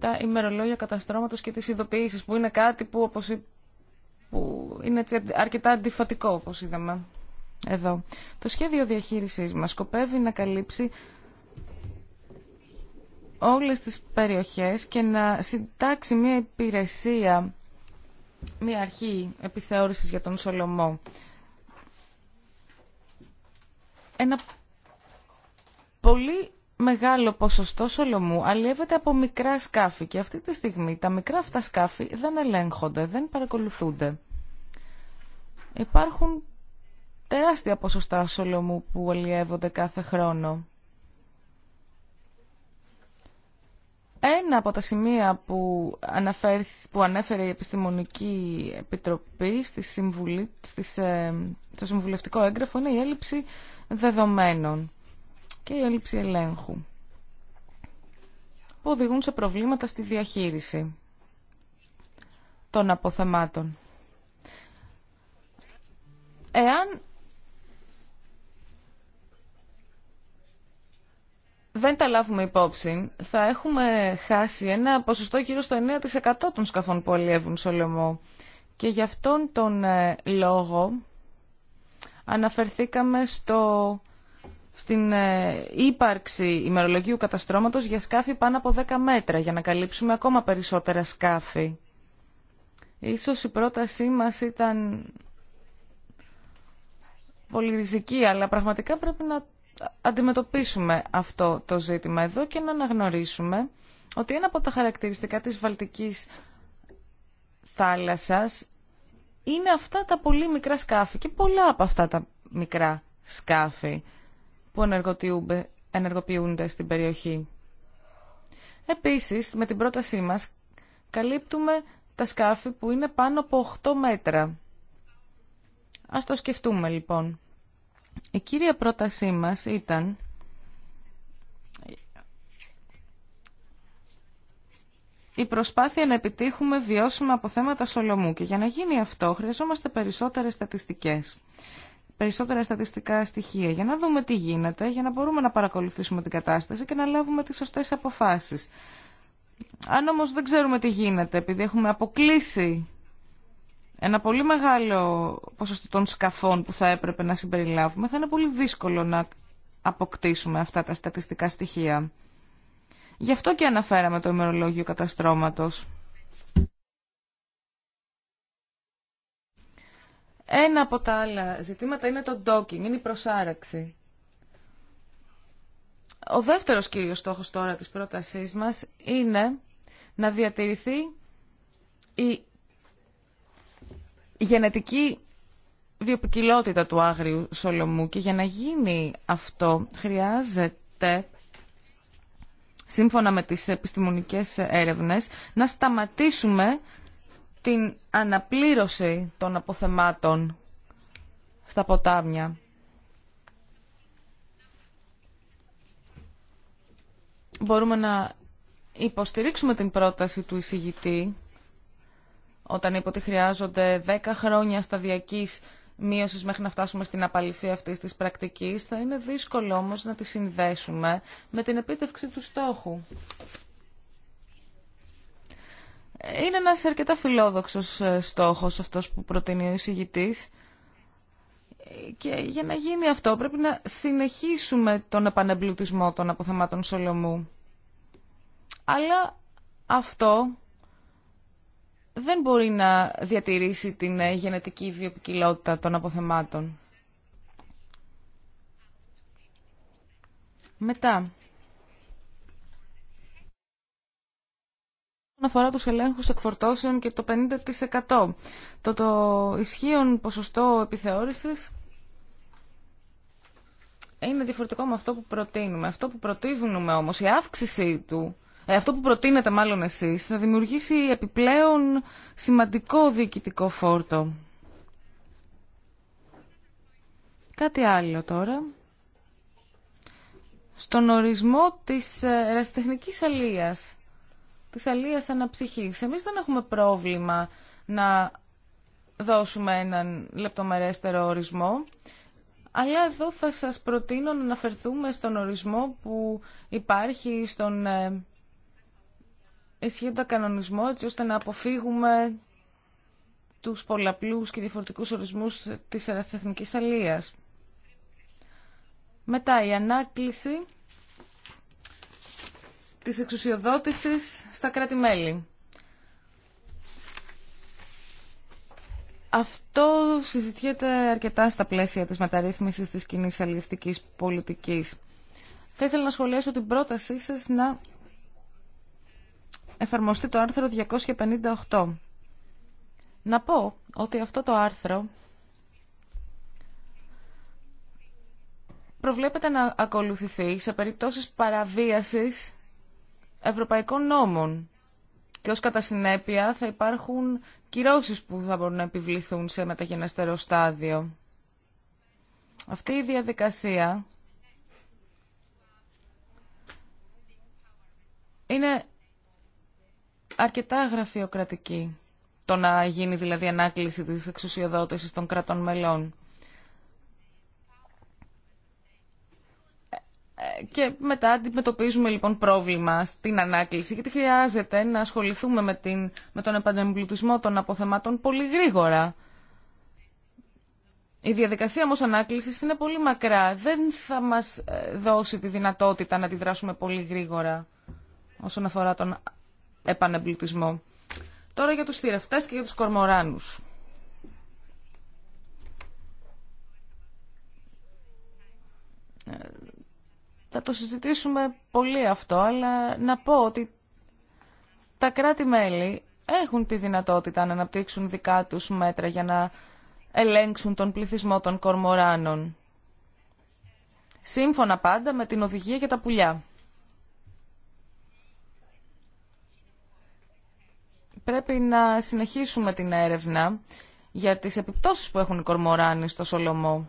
τα ημερολόγια καταστρώματος και τις ειδοποιήσεις, που είναι κάτι που, είναι αρκετά αντιφατικό, όπως είδαμε εδώ. Το σχέδιο διαχείρισης μα σκοπεύει να καλύψει όλες τις περιοχές και να συντάξει μια υπηρεσία, μια αρχή επιθεώρησης για τον Σολομό. Ένα πολύ μεγάλο ποσοστό σολομού αλλιεύεται από μικρά σκάφη και αυτή τη στιγμή τα μικρά αυτά σκάφη δεν ελέγχονται, δεν παρακολουθούνται. Υπάρχουν τεράστια ποσοστά σολομού που αλλιεύονται κάθε χρόνο. Ένα από τα σημεία που, αναφέρει, που ανέφερε η Επιστημονική Επιτροπή στη συμβουλή, ε, στο συμβουλευτικό έγγραφο είναι η έλλειψη δεδομένων και η έλλειψη ελέγχου που οδηγούν σε προβλήματα στη διαχείριση των αποθεμάτων. Εάν δεν τα λάβουμε υπόψη, θα έχουμε χάσει ένα ποσοστό γύρω στο 9% των σκαφών που αλλιεύουν στο λαιμό. Και γι' αυτόν τον ε, λόγο αναφερθήκαμε στο στην ε, ύπαρξη ημερολογίου καταστρώματος για σκάφη πάνω από 10 μέτρα, για να καλύψουμε ακόμα περισσότερα σκάφη. Ίσως η πρότασή μας ήταν πολύ ριζική, αλλά πραγματικά πρέπει να αντιμετωπίσουμε αυτό το ζήτημα εδώ και να αναγνωρίσουμε ότι ένα από τα χαρακτηριστικά της Βαλτικής θάλασσας είναι αυτά τα πολύ μικρά σκάφη και πολλά από αυτά τα μικρά σκάφη που ενεργοποιούνται στην περιοχή. Επίσης, με την πρότασή μας, καλύπτουμε τα σκάφη που είναι πάνω από 8 μέτρα. Ας το σκεφτούμε, λοιπόν. Η κύρια πρότασή μας ήταν η προσπάθεια να επιτύχουμε βιώσιμα αποθέματα σολομού και για να γίνει αυτό χρειαζόμαστε περισσότερες στατιστικές περισσότερα στατιστικά στοιχεία για να δούμε τι γίνεται, για να μπορούμε να παρακολουθήσουμε την κατάσταση και να λάβουμε τις σωστές αποφάσεις. Αν όμως δεν ξέρουμε τι γίνεται, επειδή έχουμε αποκλείσει ένα πολύ μεγάλο ποσοστό των σκαφών που θα έπρεπε να συμπεριλάβουμε, θα είναι πολύ δύσκολο να αποκτήσουμε αυτά τα στατιστικά στοιχεία. Γι' αυτό και αναφέραμε το ημερολόγιο καταστρώματος. Ένα από τα άλλα ζητήματα είναι το docking, είναι η προσάραξη. Ο δεύτερος κύριος στόχος τώρα της πρότασής μας είναι να διατηρηθεί η γενετική βιοπικιλότητα του άγριου Σολομού και για να γίνει αυτό χρειάζεται σύμφωνα με τις επιστημονικές έρευνες, να σταματήσουμε την αναπλήρωση των αποθεμάτων στα ποτάμια. Μπορούμε να υποστηρίξουμε την πρόταση του εισηγητή όταν είπε ότι χρειάζονται 10 χρόνια σταδιακής μείωσης μέχρι να φτάσουμε στην απαλυφή αυτής της πρακτικής. Θα είναι δύσκολο όμως να τη συνδέσουμε με την επίτευξη του στόχου. Είναι ένας αρκετά φιλόδοξος ε, στόχος αυτός που προτείνει ο εισηγητής και για να γίνει αυτό πρέπει να συνεχίσουμε τον επανεμπλουτισμό των αποθεμάτων Σολομού. Αλλά αυτό δεν μπορεί να διατηρήσει την ε, γενετική βιοποικιλότητα των αποθεμάτων. Μετά, αφορά τους ελέγχους εκφορτώσεων και το 50%. Το, το ισχύον ποσοστό επιθεώρησης είναι διαφορετικό με αυτό που προτείνουμε. Αυτό που προτείνουμε όμως, η αύξησή του, ε, αυτό που προτείνετε μάλλον εσείς, θα δημιουργήσει επιπλέον σημαντικό διοικητικό φόρτο. Κάτι άλλο τώρα. Στον ορισμό της ε, ερασιτεχνικής αλίας Τη αλίας αναψυχής. Εμείς δεν έχουμε πρόβλημα να δώσουμε έναν λεπτομερέστερο ορισμό, αλλά εδώ θα σας προτείνω να αναφερθούμε στον ορισμό που υπάρχει στον ε, ισχύοντα κανονισμό, έτσι ώστε να αποφύγουμε τους πολλαπλούς και διαφορετικούς ορισμούς της ερασιτεχνικής αλίας. Μετά η ανάκληση της εξουσιοδότησης στα κράτη-μέλη. Αυτό συζητιέται αρκετά στα πλαίσια της μεταρρύθμισης της κοινή αλληλευτικής πολιτικής. Θα ήθελα να σχολιάσω την πρότασή σας να εφαρμοστεί το άρθρο 258. Να πω ότι αυτό το άρθρο προβλέπεται να ακολουθηθεί σε περιπτώσεις παραβίασης ευρωπαϊκών νόμων. Και ως κατά συνέπεια θα υπάρχουν κυρώσεις που θα μπορούν να επιβληθούν σε μεταγενέστερο στάδιο. Αυτή η διαδικασία είναι αρκετά γραφειοκρατική. Το να γίνει δηλαδή ανάκληση της εξουσιοδότησης των κρατών μελών. και μετά αντιμετωπίζουμε λοιπόν πρόβλημα στην ανάκληση γιατί χρειάζεται να ασχοληθούμε με, την, με τον επανεμπλουτισμό των αποθεμάτων πολύ γρήγορα. Η διαδικασία όμως ανάκλησης είναι πολύ μακρά. Δεν θα μας ε, δώσει τη δυνατότητα να αντιδράσουμε πολύ γρήγορα όσον αφορά τον επανεμπλουτισμό. Τώρα για τους θηρευτές και για τους κορμοράνους. Ε, θα το συζητήσουμε πολύ αυτό, αλλά να πω ότι τα κράτη-μέλη έχουν τη δυνατότητα να αναπτύξουν δικά τους μέτρα για να ελέγξουν τον πληθυσμό των κορμοράνων. Σύμφωνα πάντα με την οδηγία για τα πουλιά. Πρέπει να συνεχίσουμε την έρευνα για τις επιπτώσεις που έχουν οι κορμοράνοι στο Σολομό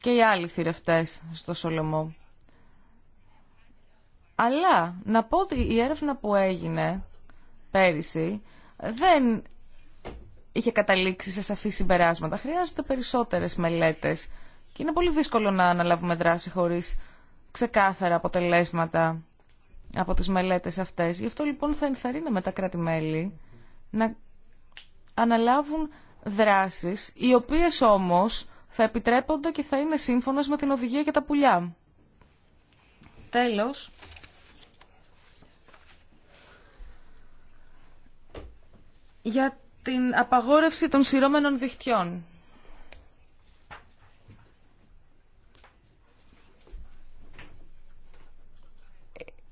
και οι άλλοι θηρευτές στο Σολομό. Αλλά να πω ότι η έρευνα που έγινε πέρυσι δεν είχε καταλήξει σε σαφή συμπεράσματα. Χρειάζεται περισσότερες μελέτες και είναι πολύ δύσκολο να αναλάβουμε δράση χωρίς ξεκάθαρα αποτελέσματα από τις μελέτες αυτές. Γι' αυτό λοιπόν θα με τα κράτη-μέλη να αναλάβουν δράσεις οι οποίες όμως θα επιτρέπονται και θα είναι σύμφωνες με την οδηγία για τα πουλιά. Τέλος, για την απαγόρευση των σειρώμενων διχτυών.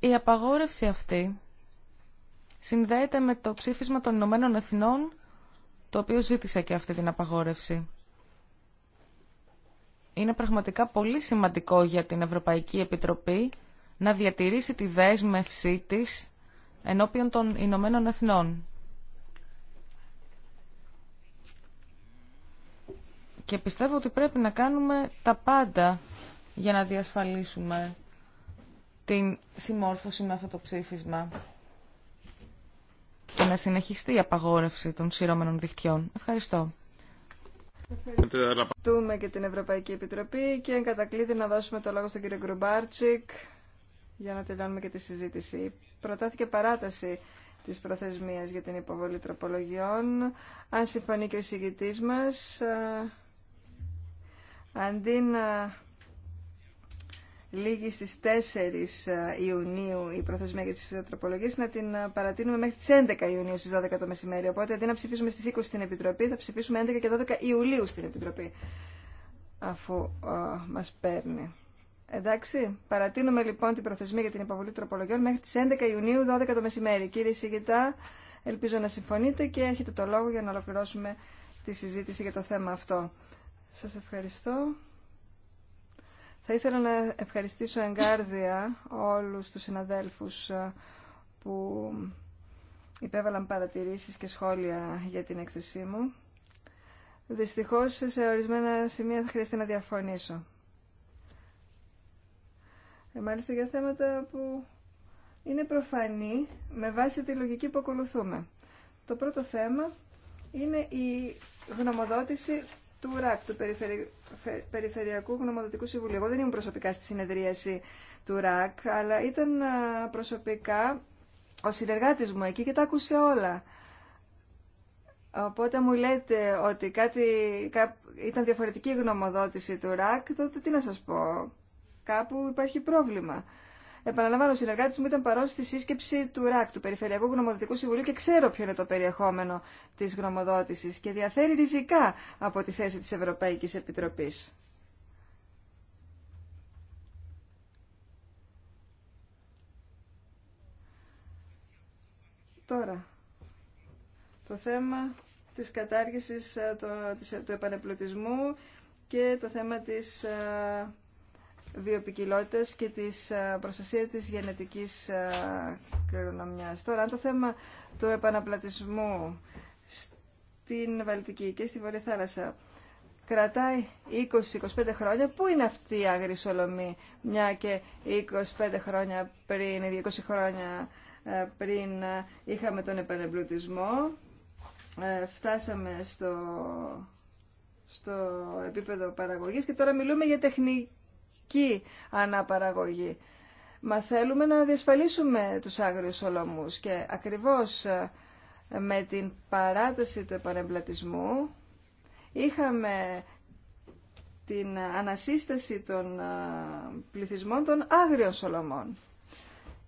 Η απαγόρευση αυτή συνδέεται με το ψήφισμα των Ηνωμένων Εθνών, το οποίο ζήτησε και αυτή την απαγόρευση είναι πραγματικά πολύ σημαντικό για την Ευρωπαϊκή Επιτροπή να διατηρήσει τη δέσμευσή της ενώπιον των Ηνωμένων Εθνών. Και πιστεύω ότι πρέπει να κάνουμε τα πάντα για να διασφαλίσουμε την συμμόρφωση με αυτό το ψήφισμα και να συνεχιστεί η απαγόρευση των σειρώμενων δικτυών. Ευχαριστώ. Ευχαριστούμε και την Ευρωπαϊκή Επιτροπή και εν κατακλείδη να δώσουμε το λόγο στον κύριο Γκρουμπάρτσικ για να τελειώνουμε και τη συζήτηση. Προτάθηκε παράταση της προθεσμίας για την υποβολή τροπολογιών. Αν συμφωνεί και ο εισηγητής μας, αντί να λίγη στις 4 ε, Ιουνίου η προθεσμία για τις τροπολογίες, να την ε, παρατείνουμε μέχρι τις 11 Ιουνίου στις 12 το μεσημέρι. Οπότε αντί να ψηφίσουμε στις 20 στην Επιτροπή, θα ψηφίσουμε 11 και 12 Ιουλίου στην Επιτροπή, αφού α, ε, μας παίρνει. Εντάξει, παρατείνουμε λοιπόν την προθεσμία για την υποβολή τροπολογιών μέχρι τις 11 Ιουνίου 12 το μεσημέρι. Κύριε Σιγητά, ελπίζω να συμφωνείτε και έχετε το λόγο για να ολοκληρώσουμε τη συζήτηση για το θέμα αυτό. Σας ευχαριστώ. Θα ήθελα να ευχαριστήσω εγκάρδια όλους τους συναδέλφους ε, που υπέβαλαν παρατηρήσεις και σχόλια για την έκθεσή μου. Δυστυχώς σε ορισμένα σημεία θα χρειαστεί να διαφωνήσω. Ε, μάλιστα για θέματα που είναι προφανή με βάση τη λογική που ακολουθούμε. Το πρώτο θέμα είναι η γνωμοδότηση του ΡΑΚ, του Περιφερειακού Γνωμοδοτικού Συμβουλίου. Εγώ δεν ήμουν προσωπικά στη συνεδρίαση του ΡΑΚ, αλλά ήταν ε, προσωπικά ο συνεργάτης μου εκεί και τα άκουσε όλα. Οπότε μου λέτε ότι κάτι, ήταν διαφορετική γνωμοδότηση του ΡΑΚ, τότε τι να σας πω, κάπου υπάρχει πρόβλημα. Επαναλαμβάνω, ο συνεργάτη μου ήταν παρόν στη σύσκεψη του ΡΑΚ, του Περιφερειακού Γνωμοδοτικού Συμβουλίου, και ξέρω ποιο είναι το περιεχόμενο τη γνωμοδότηση και διαφέρει ριζικά από τη θέση τη Ευρωπαϊκή Επιτροπή. Τώρα, το θέμα της κατάργησης ε, ε, του επανεπλουτισμού και το θέμα της ε, βιοπικιλότητας και τη ε, προστασία τη γενετικής ε, κληρονομιάς. Τώρα, αν το θέμα του επαναπλατισμού στην Βαλτική και στη βορεια θαλασσα Θάλασσα κρατάει 20-25 χρόνια, πού είναι αυτή η αγρισολομή, μια και 25 χρόνια πριν, 20 χρόνια ε, πριν είχαμε τον επανεμπλουτισμό, φτάσαμε στο, στο επίπεδο παραγωγής και τώρα μιλούμε για τεχνική αναπαραγωγή. Μα θέλουμε να διασφαλίσουμε τους άγριους ολομούς και ακριβώς ε, με την παράταση του επανεμπλατισμού είχαμε την ανασύσταση των ε, πληθυσμών των άγριων σολομών.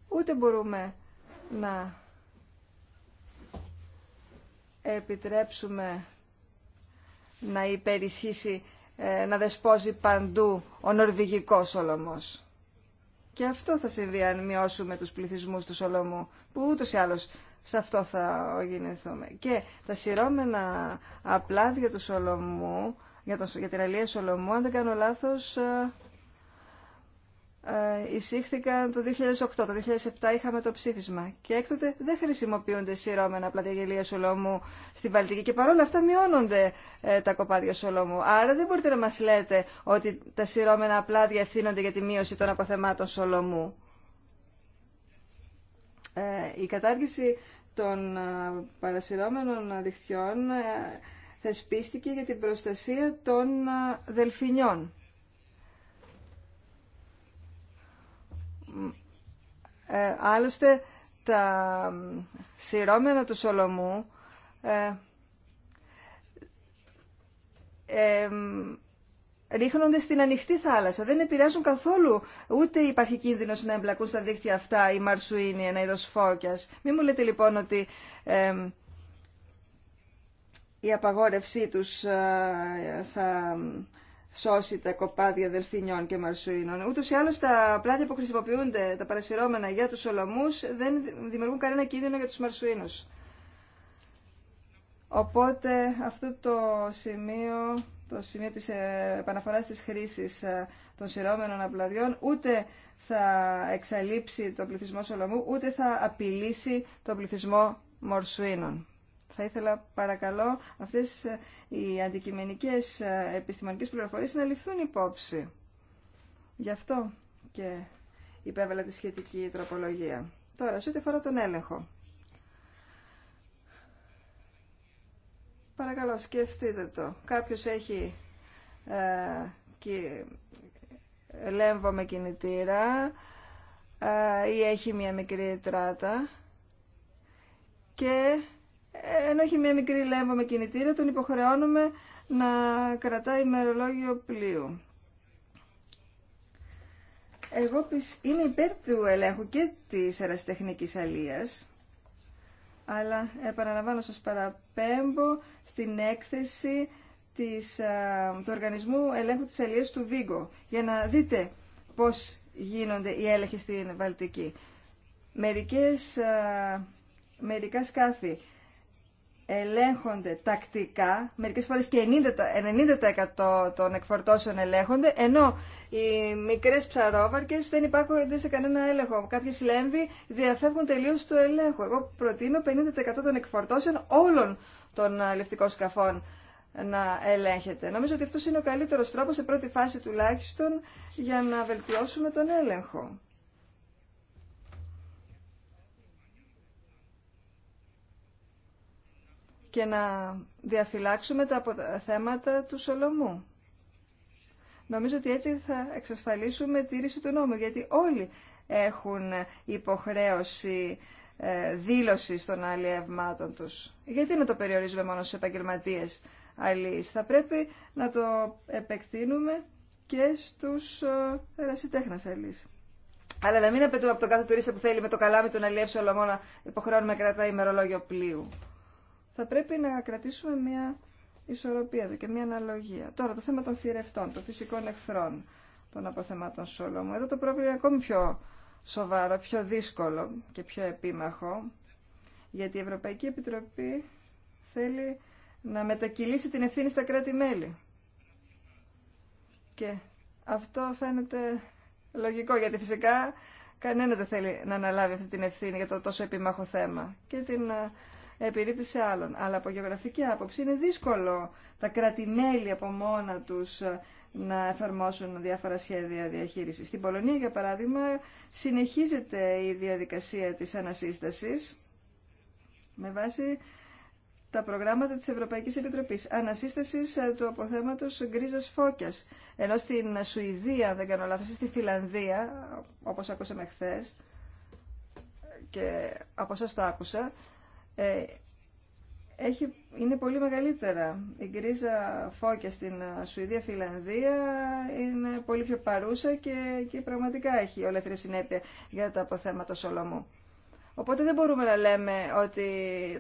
Ούτε μπορούμε να επιτρέψουμε να υπερισχύσει ε, να δεσπόζει παντού ο νορβηγικός Σολομός. Και αυτό θα συμβεί αν μειώσουμε τους πληθυσμούς του Σολομού, που ούτως ή άλλως σε αυτό θα γεννηθούμε. Και τα σειρώμενα απλάδια του Σολομού, για, για την αλία Σολομού, αν δεν κάνω λάθος, ε, ε, εισήχθηκαν το 2008. Το 2007 είχαμε το ψήφισμα. Και έκτοτε δεν χρησιμοποιούνται σειρώμενα γελία σολομού στην Βαλτική. Και παρόλα αυτά μειώνονται ε, τα κοπάδια σολομού. Άρα δεν μπορείτε να μας λέτε ότι τα σειρώμενα απλά διευθύνονται για τη μείωση των αποθεμάτων σολομού. Ε, η κατάργηση των ε, παρασυρώμενων δικτυών θεσπίστηκε για την προστασία των δελφινιών. Ε, άλλωστε τα σειρώμενα του Σολομού ε, ε, ρίχνονται στην ανοιχτή θάλασσα. Δεν επηρεάζουν καθόλου, ούτε υπάρχει κίνδυνο να εμπλακούν στα δίχτυα αυτά η μαρσουίνη, ένα είδο φώκια. Μην μου λέτε λοιπόν ότι η απαγόρευσή του θα σώσει τα κοπάδια δελφινιών και μαρσουίνων. Ούτω ή άλλω τα πλάτια που χρησιμοποιούνται, τα παρασυρώμενα για του σολομού, δεν δημιουργούν κανένα κίνδυνο για του μαρσουίνου. Οπότε αυτό το σημείο, το σημείο της ε, επαναφοράς της χρήσης ε, των σειρώμενων απλαδιών ούτε θα εξαλείψει τον πληθυσμό Σολομού, ούτε θα απειλήσει τον πληθυσμό Μορσουίνων. Θα ήθελα παρακαλώ αυτές ε, οι αντικειμενικές ε, επιστημονικές πληροφορίες να ληφθούν υπόψη. Γι' αυτό και υπέβαλα τη σχετική τροπολογία. Τώρα, σε ό,τι αφορά τον έλεγχο. Παρακαλώ, σκεφτείτε το. Κάποιος έχει ε, και, λέμβο με κινητήρα ή έχει μια μικρή τράτα και ενώ έχει μια μικρή λέμβα με κινητήρα, τον υποχρεώνουμε να κρατάει ημερολόγιο πλοίου. Εγώ είμαι υπέρ του ελέγχου και της αεραστεχνικής αλίας, αλλά επαναλαμβάνω σας παραπέμπω στην έκθεση της, του Οργανισμού Ελέγχου της Αλίας του Βίγκο, για να δείτε πώς γίνονται οι έλεγχοι στην Βαλτική. Μερικές, μερικά σκάφη ελέγχονται τακτικά, μερικές φορές και 90%, 90 των εκφορτώσεων ελέγχονται, ενώ οι μικρές ψαρόβαρκες δεν υπάρχουν σε κανένα έλεγχο. Κάποιες λέμβοι διαφεύγουν τελείως του ελέγχου. Εγώ προτείνω 50% των εκφορτώσεων όλων των ε, λευτικών σκαφών να ελέγχεται. Νομίζω ότι αυτός είναι ο καλύτερος τρόπος, σε πρώτη φάση τουλάχιστον, για να βελτιώσουμε τον έλεγχο. και να διαφυλάξουμε τα θέματα του Σολομού. Νομίζω ότι έτσι θα εξασφαλίσουμε τη ρίση του νόμου, γιατί όλοι έχουν υποχρέωση ε, δήλωση των αλλιευμάτων τους. Γιατί να το περιορίζουμε μόνο στους επαγγελματίες αλλιείς. Θα πρέπει να το επεκτείνουμε και στους ε, ερασιτέχνες αλλιείς. Αλλά να μην απαιτούμε από τον κάθε τουρίστα που θέλει με το καλάμι του να αλλιεύσει υποχρεώνουμε κρατάει ημερολόγιο πλοίου θα πρέπει να κρατήσουμε μια ισορροπία εδώ και μια αναλογία. Τώρα το θέμα των θηρευτών, των φυσικών εχθρών των αποθεμάτων Σόλωμου. Εδώ το πρόβλημα είναι ακόμη πιο σοβαρό, πιο δύσκολο και πιο επίμαχο, γιατί η Ευρωπαϊκή Επιτροπή θέλει να μετακυλήσει την ευθύνη στα κράτη-μέλη. Και αυτό φαίνεται λογικό, γιατί φυσικά κανένας δεν θέλει να αναλάβει αυτή την ευθύνη για το τόσο επίμαχο θέμα. Και την ε, επιρρύπτει σε άλλον. Αλλά από γεωγραφική άποψη είναι δύσκολο τα κρατημέλη από μόνα τους ε, να εφαρμόσουν διάφορα σχέδια διαχείρισης. Στην Πολωνία, για παράδειγμα, συνεχίζεται η διαδικασία της ανασύστασης με βάση τα προγράμματα της Ευρωπαϊκής Επιτροπής. Ανασύστασης ε, του αποθέματος γκρίζα φώκιας. Ενώ στην Σουηδία, δεν κάνω λάθος, στη Φιλανδία, όπως ακούσαμε χθε και από σας το άκουσα, ε, έχει, είναι πολύ μεγαλύτερα. Η γκρίζα φώκια στην ε, Σουηδία-Φιλανδία είναι πολύ πιο παρούσα και, και πραγματικά έχει ολέθρια συνέπεια για τα αποθέματα Σολομού. Οπότε δεν μπορούμε να λέμε ότι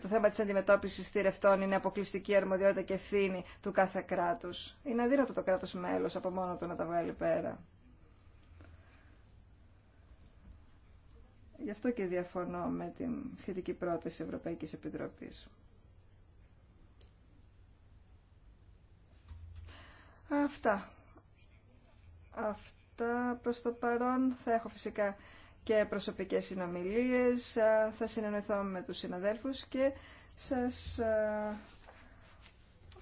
το θέμα της αντιμετώπισης θηρευτών είναι αποκλειστική αρμοδιότητα και ευθύνη του κάθε κράτους. Είναι αδύνατο το κράτος μέλος από μόνο του να τα βγάλει πέρα. Γι' αυτό και διαφωνώ με την σχετική πρόταση Ευρωπαϊκής Επιτροπής. Αυτά. Αυτά προς το παρόν. Θα έχω φυσικά και προσωπικές συνομιλίες. Θα συνεννοηθώ με τους συναδέλφους και σας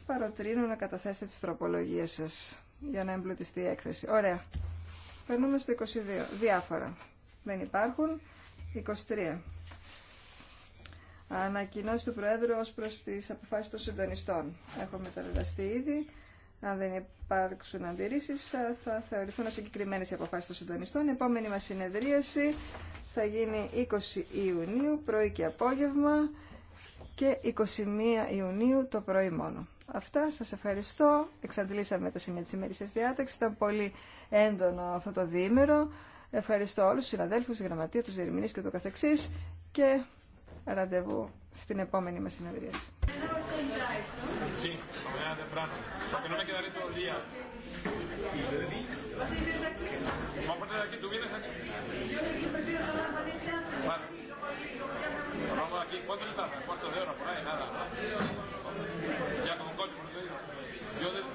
παροτρύνω να καταθέσετε τις τροπολογίες σας για να εμπλουτιστεί η έκθεση. Ωραία. Περνούμε στο 22. Διάφορα. Δεν υπάρχουν. 23. Ανακοινώσει του Προέδρου ως προς τις αποφάσεις των συντονιστών. Έχω μεταβιβαστεί ήδη. Αν δεν υπάρξουν αντιρρήσει, θα θεωρηθούν συγκεκριμένε οι αποφάσεις των συντονιστών. Η επόμενη μα συνεδρίαση θα γίνει 20 Ιουνίου πρωί και απόγευμα και 21 Ιουνίου το πρωί μόνο. Αυτά, σα ευχαριστώ. Εξαντλήσαμε τα σημεία τη ημερήσια διάταξη. Ήταν πολύ έντονο αυτό το διήμερο. Ευχαριστώ όλους τους συναδέλφους, τη γραμματεία, τους διερμηνείς και το καθεξής και ραντεβού στην επόμενη μας συνέδρια Υπότιτλοι